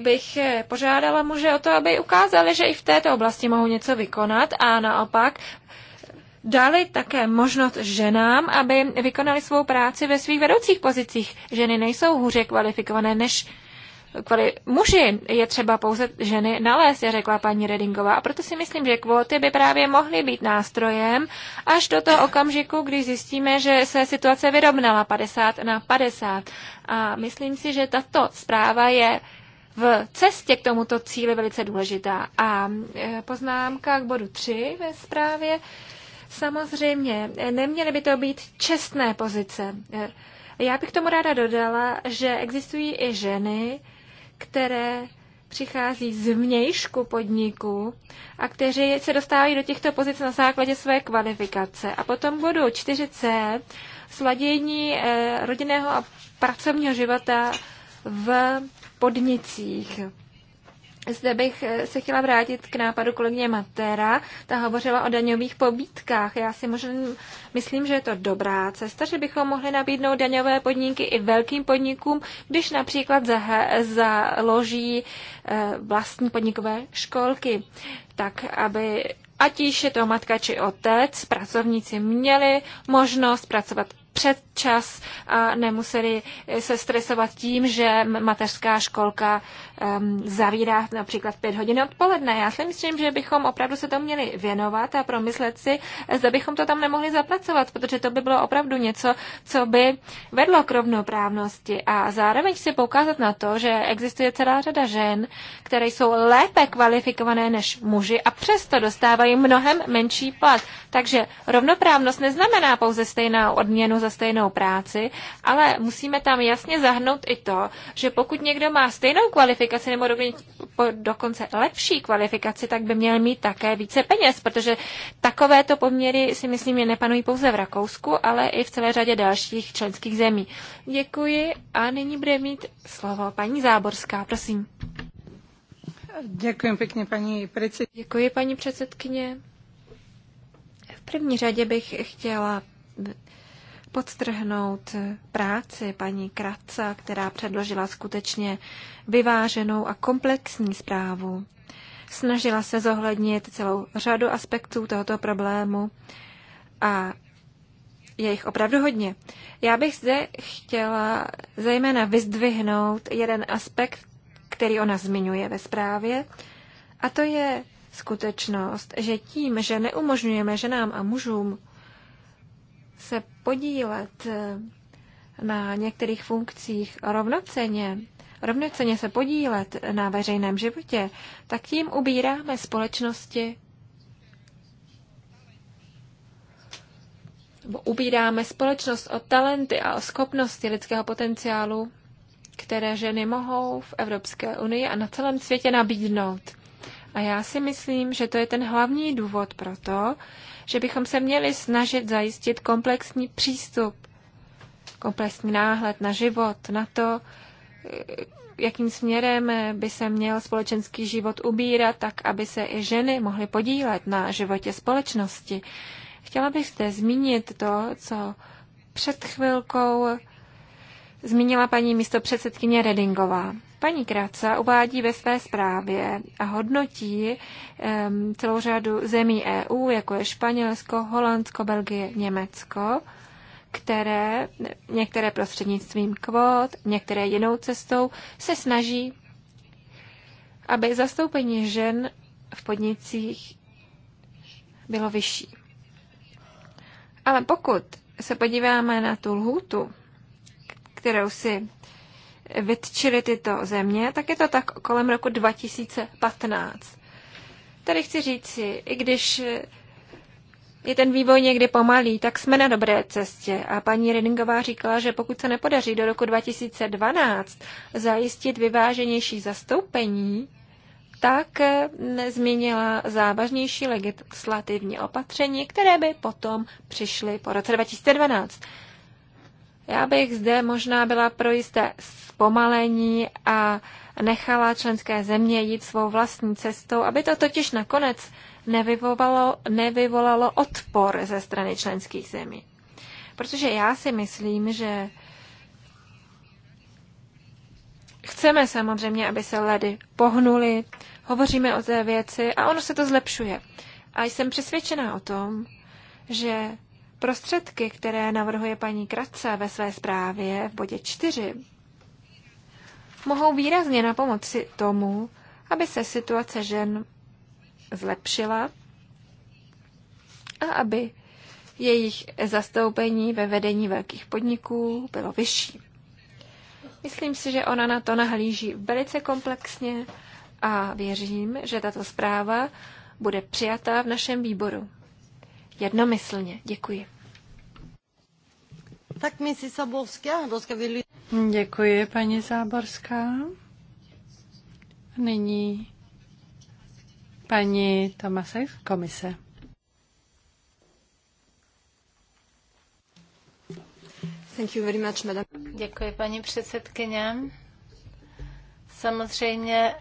[SPEAKER 4] bych požádala muže o to, aby ukázali, že i v této oblasti mohou něco vykonat a naopak dali také možnost ženám, aby vykonali svou práci ve svých vedoucích pozicích. Ženy nejsou hůře kvalifikované než kvali muži je třeba pouze ženy nalézt, je řekla paní Redingová. A proto si myslím, že kvóty by právě mohly být nástrojem až do toho okamžiku, kdy zjistíme, že se situace vyrovnala 50 na 50. A myslím si, že tato zpráva je v cestě k tomuto cíli velice důležitá. A e, poznámka k bodu 3 ve zprávě. Samozřejmě, neměly by to být čestné pozice. E, já bych tomu ráda dodala, že existují i ženy, které přichází z vnějšku podniku a kteří se dostávají do těchto pozic na základě své kvalifikace. A potom bodu 4c, sladění e, rodinného a pracovního života v podnicích. Zde bych se chtěla vrátit k nápadu kolegyně Matera. Ta hovořila o daňových pobítkách. Já si možná myslím, že je to dobrá cesta, že bychom mohli nabídnout daňové podniky i velkým podnikům, když například založí eh, vlastní podnikové školky, tak aby ať již je to matka či otec, pracovníci měli možnost pracovat předčas a nemuseli se stresovat tím, že mateřská školka um, zavírá například pět hodin odpoledne. Já si myslím, že bychom opravdu se to měli věnovat a promyslet si, zda bychom to tam nemohli zapracovat, protože to by bylo opravdu něco, co by vedlo k rovnoprávnosti. A zároveň si poukázat na to, že existuje celá řada žen, které jsou lépe kvalifikované než muži a přesto dostávají mnohem menší plat. Takže rovnoprávnost neznamená pouze stejnou odměnu za stejnou práci, ale musíme tam jasně zahrnout i to, že pokud někdo má stejnou kvalifikaci nebo dokonce lepší kvalifikaci, tak by měl mít také více peněz, protože takovéto poměry si myslím, že nepanují pouze v Rakousku, ale i v celé řadě dalších členských zemí. Děkuji a nyní bude mít slovo paní Záborská, prosím. Děkuji pěkně, paní předsedkyně. Děkuji, paní předsedkyně první řadě bych chtěla podstrhnout práci paní Kratca, která předložila skutečně vyváženou a komplexní zprávu. Snažila se zohlednit celou řadu aspektů tohoto problému a je jich opravdu hodně. Já bych zde chtěla zejména vyzdvihnout jeden aspekt, který ona zmiňuje ve zprávě, a to je skutečnost, že tím, že neumožňujeme ženám a mužům se podílet eh, na některých funkcích rovnoceně, rovnoceně se podílet na veřejném životě, tak tím ubíráme společnosti ubíráme společnost o talenty a o schopnosti lidského potenciálu, které ženy mohou v Evropské unii a na celém světě nabídnout. A já si myslím, že to je ten hlavní důvod pro to, že bychom se měli snažit zajistit komplexní přístup, komplexní náhled na život, na to, jakým směrem by se měl společenský život ubírat, tak aby se i ženy mohly podílet na životě společnosti. Chtěla bych zde zmínit to, co před chvilkou zmínila paní místo předsedkyně Redingová. Paní Kraca uvádí ve své zprávě a hodnotí um, celou řadu zemí EU, jako je Španělsko, Holandsko, Belgie, Německo, které některé prostřednictvím kvót, některé jinou cestou se snaží, aby zastoupení žen v podnicích bylo vyšší. Ale pokud se podíváme na tu lhůtu, kterou si Vytčili tyto země, tak je to tak kolem roku 2015. Tady chci říct, si, i když je ten vývoj někdy pomalý, tak jsme na dobré cestě. A paní Redingová říkala, že pokud se nepodaří do roku 2012 zajistit vyváženější zastoupení, tak změnila závažnější legislativní opatření, které by potom přišly po roce 2012. Já bych zde možná byla pro jisté zpomalení a nechala členské země jít svou vlastní cestou, aby to totiž nakonec nevyvolalo, nevyvolalo odpor ze strany členských zemí. Protože já si myslím, že chceme samozřejmě, aby se ledy pohnuli, hovoříme o té věci a ono se to zlepšuje. A jsem přesvědčená o tom, že Prostředky, které navrhuje paní Kratce ve své zprávě v bodě 4, mohou výrazně napomoci tomu, aby se situace žen zlepšila a aby jejich zastoupení ve vedení velkých podniků bylo vyšší. Myslím si, že ona na to nahlíží velice komplexně a věřím, že tato zpráva bude přijatá v našem
[SPEAKER 1] výboru. Jednomyslně. Děkuji. Tack,
[SPEAKER 2] ska vi...
[SPEAKER 1] Děkuji, paní Záborská. Nyní paní Tomasev, komise.
[SPEAKER 2] Thank you very much, madam. Děkuji, paní předsedkyně. Samozřejmě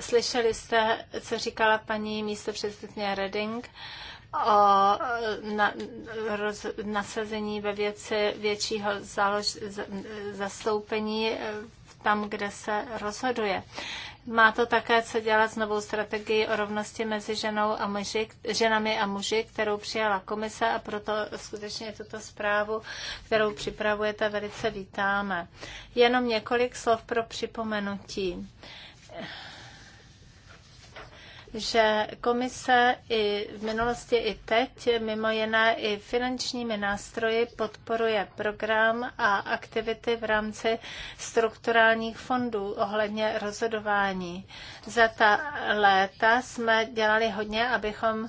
[SPEAKER 2] slyšeli jste, co říkala paní místo předsedkyně Reding. Uh, o na, roz, nasazení ve věci většího zálož, zastoupení e, tam, kde se rozhoduje. Má to také co dělat s novou strategií o rovnosti mezi ženou a muži, ženami a muži, kterou přijala komise a proto skutečně tuto zprávu, kterou připravujete, velice vítáme. Jenom několik slov pro připomenutí. Uh, že komise i v minulosti i teď, mimo jiné i finančními nástroji, podporuje program a aktivity v rámci strukturálních fondů ohledně rozhodování. Za ta léta jsme dělali hodně, abychom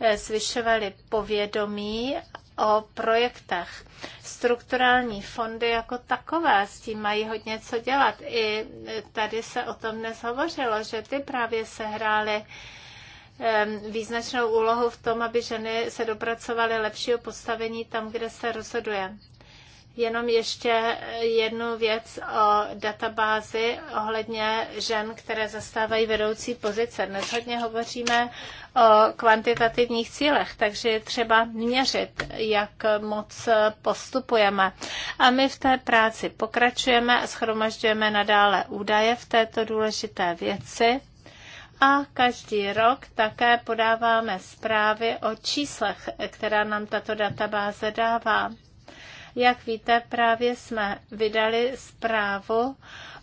[SPEAKER 2] eh, zvyšovali povědomí o projektech. Strukturální fondy jako takové s tím mají hodně co dělat. I tady se o tom dnes hovořilo, že ty právě sehrály význačnou úlohu v tom, aby ženy se dopracovaly lepšího postavení tam, kde se rozhoduje. Jenom ještě jednu věc o databázi ohledně žen, které zastávají vedoucí pozice. Dnes hodně hovoříme o kvantitativních cílech, takže je třeba měřit, jak moc postupujeme. A my v té práci pokračujeme a schromažďujeme nadále údaje v této důležité věci a každý rok také podáváme zprávy o číslech, která nám tato databáze dává. Jak víte, právě jsme vydali zprávu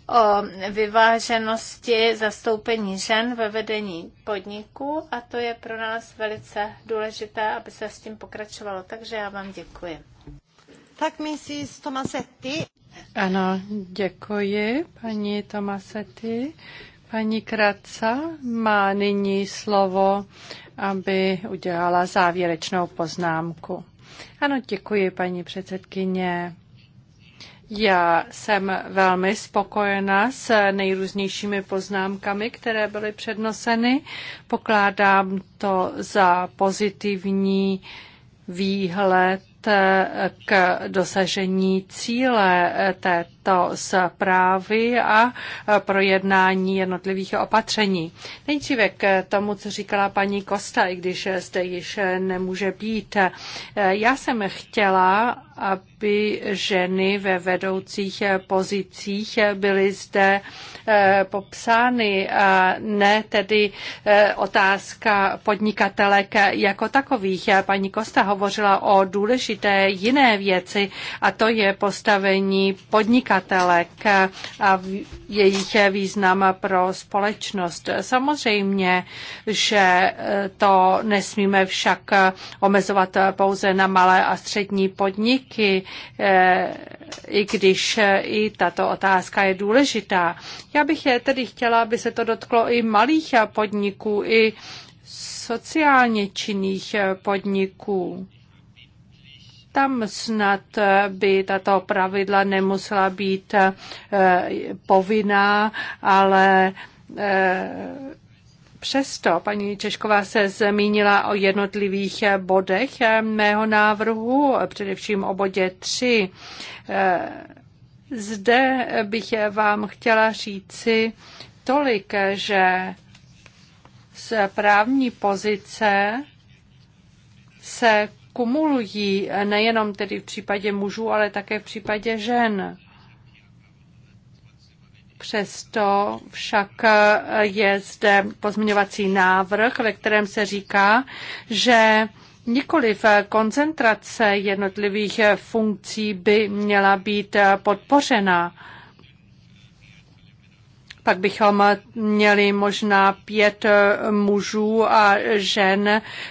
[SPEAKER 2] o vyváženosti zastoupení žen ve vedení podniku a to je pro nás velice důležité, aby se s tím pokračovalo. Takže já vám děkuji.
[SPEAKER 1] Tak Mrs. Tomasetti. Ano, děkuji, paní Tomasetti. Paní Kraca má nyní slovo, aby udělala závěrečnou poznámku. Ano, děkuji, paní předsedkyně. Já jsem velmi spokojena s nejrůznějšími poznámkami, které byly přednoseny. Pokládám to za pozitivní výhled k dosažení cíle této této zprávy a projednání jednotlivých opatření. Nejdříve k tomu, co říkala paní Kosta, i když zde již nemůže být. Já jsem chtěla, aby ženy ve vedoucích pozicích byly zde eh, popsány, ne tedy eh, otázka podnikatelek jako takových. Paní Kosta hovořila o důležité jiné věci a to je postavení podnikatelů podnikatelek a jejich význam pro společnost. Samozřejmě, že to nesmíme však omezovat pouze na malé a střední podniky, eh, i když i tato otázka je důležitá. Já bych je tedy chtěla, aby se to dotklo i malých podniků, i sociálně činných podniků tam snad by tato pravidla nemusela být eh, povinná, ale eh, Přesto paní Češková se zmínila o jednotlivých bodech eh, mého návrhu, především o bodě 3. Zde bych vám chtěla říci tolik, že z právní pozice se kumulují nejenom tedy v případě mužů, ale také v případě žen. Přesto však je zde pozměňovací návrh, ve kterém se říká, že Nikoliv koncentrace jednotlivých funkcí by měla být podpořena. Pak bychom měli možná pět eh, mužů a žen,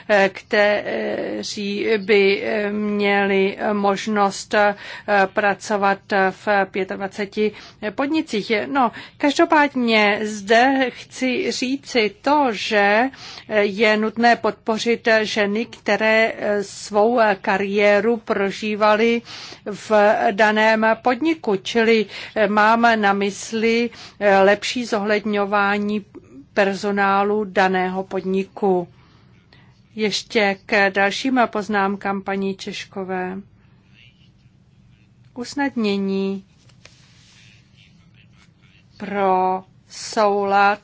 [SPEAKER 1] eh, kteří by eh, měli možnost pracovat v 25 podnicích. No, každopádně zde chci říci to, že je nutné podpořit ženy, které svou kariéru prožívaly v daném podniku, čili mám na mysli lepší lepší zohledňování personálu daného podniku. Ještě k dalším poznámkám paní Češkové. Usnadnění pro soulad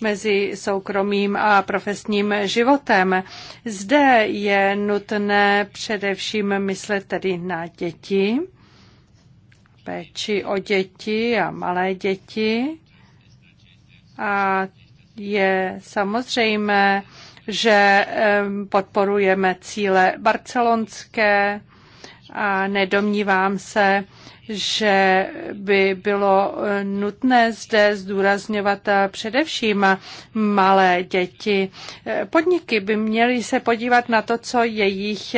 [SPEAKER 1] mezi soukromým a profesním životem. Zde je nutné především myslet tedy na děti, péči o děti a malé děti a je samozřejmé, že podporujeme cíle barcelonské a nedomnívám se, že by bylo eh, nutné zde zdůrazňovat eh, především eh, malé děti. Podniky by měly se podívat na to, co jejich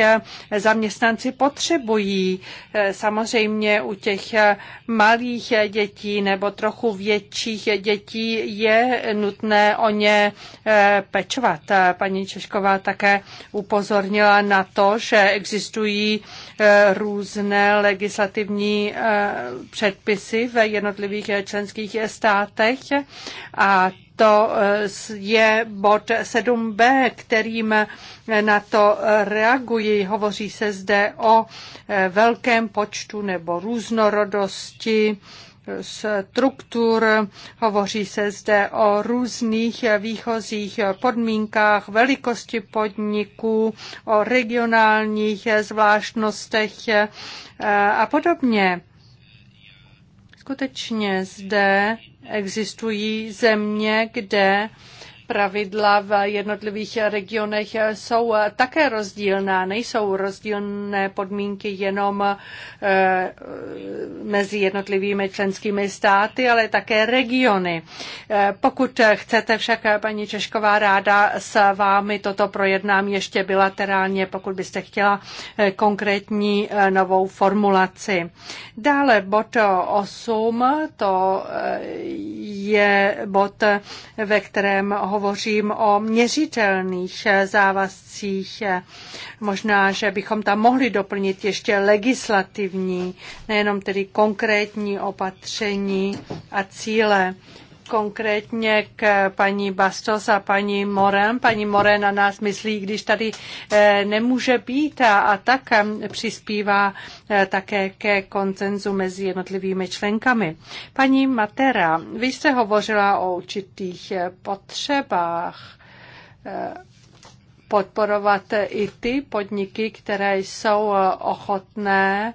[SPEAKER 1] zaměstnanci potřebují. Samozřejmě u těch malých dětí nebo trochu větších dětí je nutné o ně pečovat. Paní Češková také upozornila na to, že existují různé legislativní Eh, předpisy v jednotlivých členských státech a to eh, je bod 7b, kterým na to reaguji. Hovoří se zde o eh, velkém počtu nebo různorodosti struktur, hovoří se zde o různých výchozích podmínkách, velikosti podniků, o regionálních zvláštnostech a podobně skutečně zde existují země, kde pravidla v jednotlivých regionech jsou také rozdílná. Nejsou rozdílné podmínky jenom eh, mezi jednotlivými členskými státy, ale také regiony. Eh, pokud chcete však, paní Češková, ráda s vámi toto projednám ještě bilaterálně, pokud byste chtěla eh, konkrétní novou formulaci. Dále bod 8, to je bod, ve kterém hovoří hovořím o měřitelných eh, závazcích. Eh, možná, že bychom tam mohli doplnit ještě legislativní, nejenom tedy konkrétní opatření a cíle konkrétně k paní Bastos a paní Moren. Paní Moren na nás myslí, když tady eh, nemůže být a tak eh, přispívá eh, také ke koncenzu mezi jednotlivými členkami. Paní Matera, vy jste hovořila o určitých potřebách podporovat i ty podniky, které jsou ochotné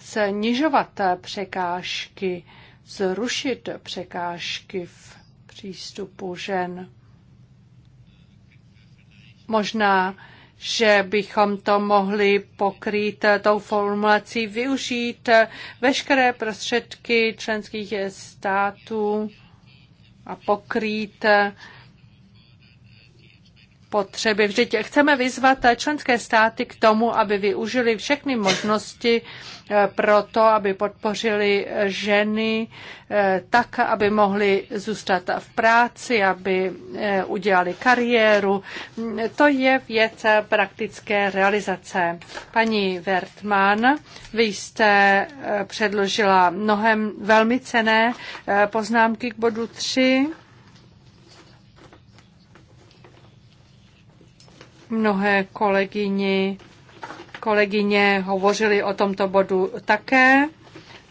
[SPEAKER 1] snižovat překážky zrušit překážky v přístupu žen. Možná, že bychom to mohli pokrýt tou formulací, využít veškeré prostředky členských států a pokrýt potřeby. Vždyť chceme vyzvat členské státy k tomu, aby využili všechny možnosti eh, pro to, aby podpořili ženy eh, tak, aby mohly zůstat v práci, aby eh, udělali kariéru. To je věc praktické realizace. Paní Wertmann, vy jste předložila mnohem velmi cené poznámky k bodu 3 Mnohé kolegyni, kolegyně hovořili o tomto bodu také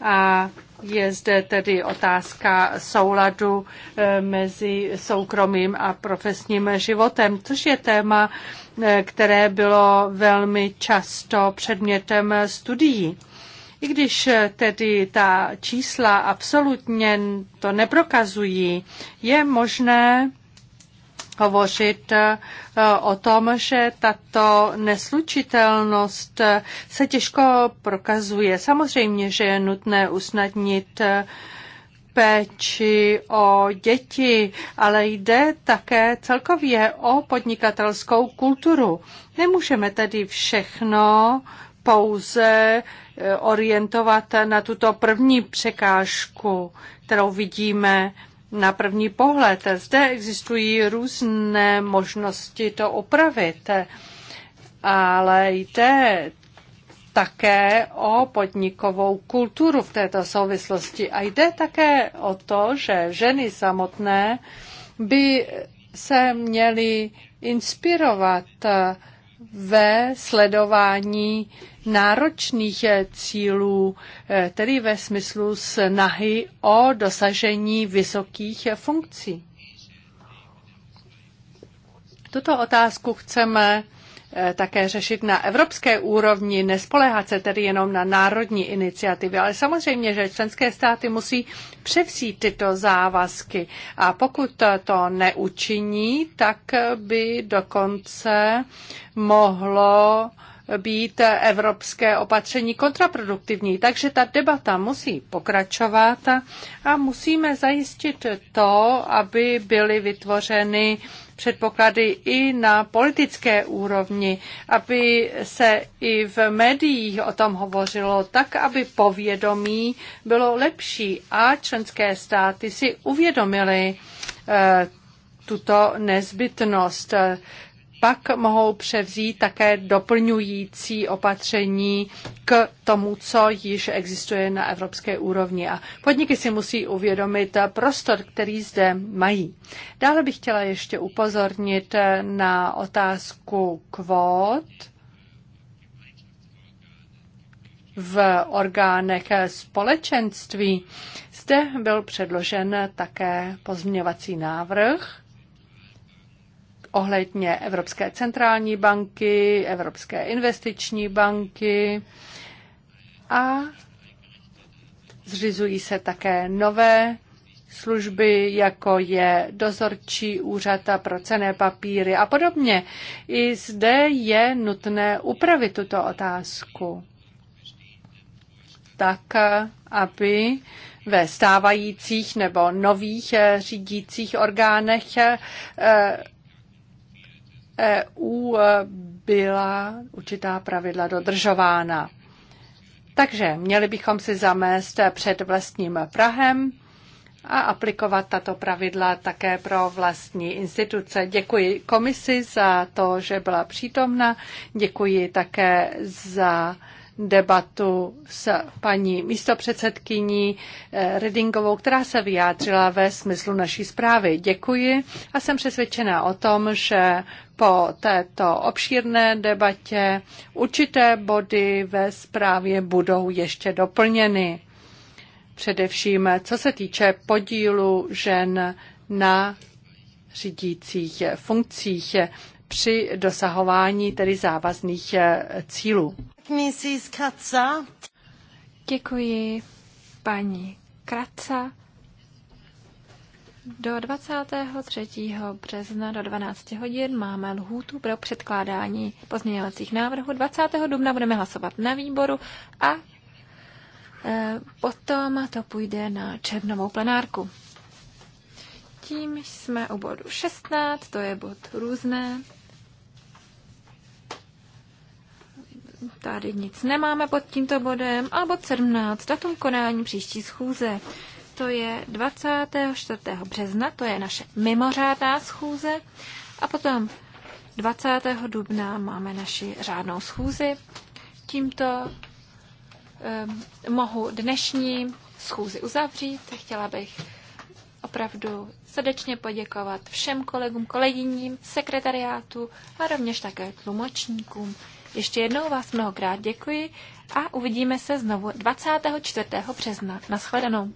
[SPEAKER 1] a je zde tedy otázka souladu e, mezi soukromým a profesním životem, což je téma, e, které bylo velmi často předmětem studií. I když e, tedy ta čísla absolutně to neprokazují, je možné hovořit eh, o tom, že tato neslučitelnost eh, se těžko prokazuje. Samozřejmě, že je nutné usnadnit eh, péči o děti, ale jde také celkově o podnikatelskou kulturu. Nemůžeme tedy všechno pouze orientovat na tuto první překážku, kterou vidíme na první pohled. Zde existují různé možnosti to opravit, ale jde také o podnikovou kulturu v této souvislosti. A jde také o to, že ženy samotné by se měly inspirovat ve sledování náročných eh, cílů, eh, tedy ve smyslu snahy o dosažení vysokých eh, funkcí. Tuto otázku chceme Eh, také řešit na evropské úrovni, nespoléhat se tedy jenom na národní iniciativy, ale samozřejmě, že členské státy musí převzít tyto závazky a pokud to neučiní, tak by dokonce mohlo být evropské opatření kontraproduktivní. Takže ta debata musí pokračovat a musíme zajistit to, aby byly vytvořeny předpoklady i na politické úrovni, aby se i v médiích o tom hovořilo tak, aby povědomí bylo lepší a členské státy si uvědomily eh, tuto nezbytnost pak mohou převzít také doplňující opatření k tomu, co již existuje na evropské úrovni. A podniky si musí uvědomit prostor, který zde mají. Dále bych chtěla ještě upozornit na otázku kvót v orgánech společenství. Zde byl předložen také pozměňovací návrh ohledně Evropské centrální banky, Evropské investiční banky a zřizují se také nové služby, jako je dozorčí úřad pro cené papíry a podobně. I zde je nutné upravit tuto otázku tak, aby ve stávajících nebo nových řídících orgánech eh, EU e, byla určitá pravidla dodržována. Takže měli bychom si zamést před vlastním Prahem a aplikovat tato pravidla také pro vlastní instituce. Děkuji komisi za to, že byla přítomna. Děkuji také za debatu s paní místopředsedkyní eh, Redingovou, která se vyjádřila ve smyslu naší zprávy. Děkuji a jsem přesvědčená o tom, že po této obšírné debatě určité body ve zprávě budou ještě doplněny. Především co se týče podílu žen na řídících funkcích při dosahování tedy závazných eh, cílů. Mrs. Katza.
[SPEAKER 4] Děkuji, paní Kratca. Do 23. března do 12 hodin máme lhůtu pro předkládání pozměňovacích návrhů. 20. dubna budeme hlasovat na výboru a e, potom to půjde na červnovou plenárku. Tím jsme u bodu 16, to je bod různé. Tady nic nemáme pod tímto bodem. A bod 17. Datum konání příští schůze. To je 24. března, to je naše mimořádná schůze. A potom 20. dubna máme naši řádnou schůzi. Tímto eh, mohu dnešní schůzi uzavřít. Chtěla bych opravdu srdečně poděkovat všem kolegům, kolegyním, sekretariátu a rovněž také tlumočníkům. Ještě jednou vás mnohokrát děkuji a uvidíme se znovu 24. března. Naschledanou.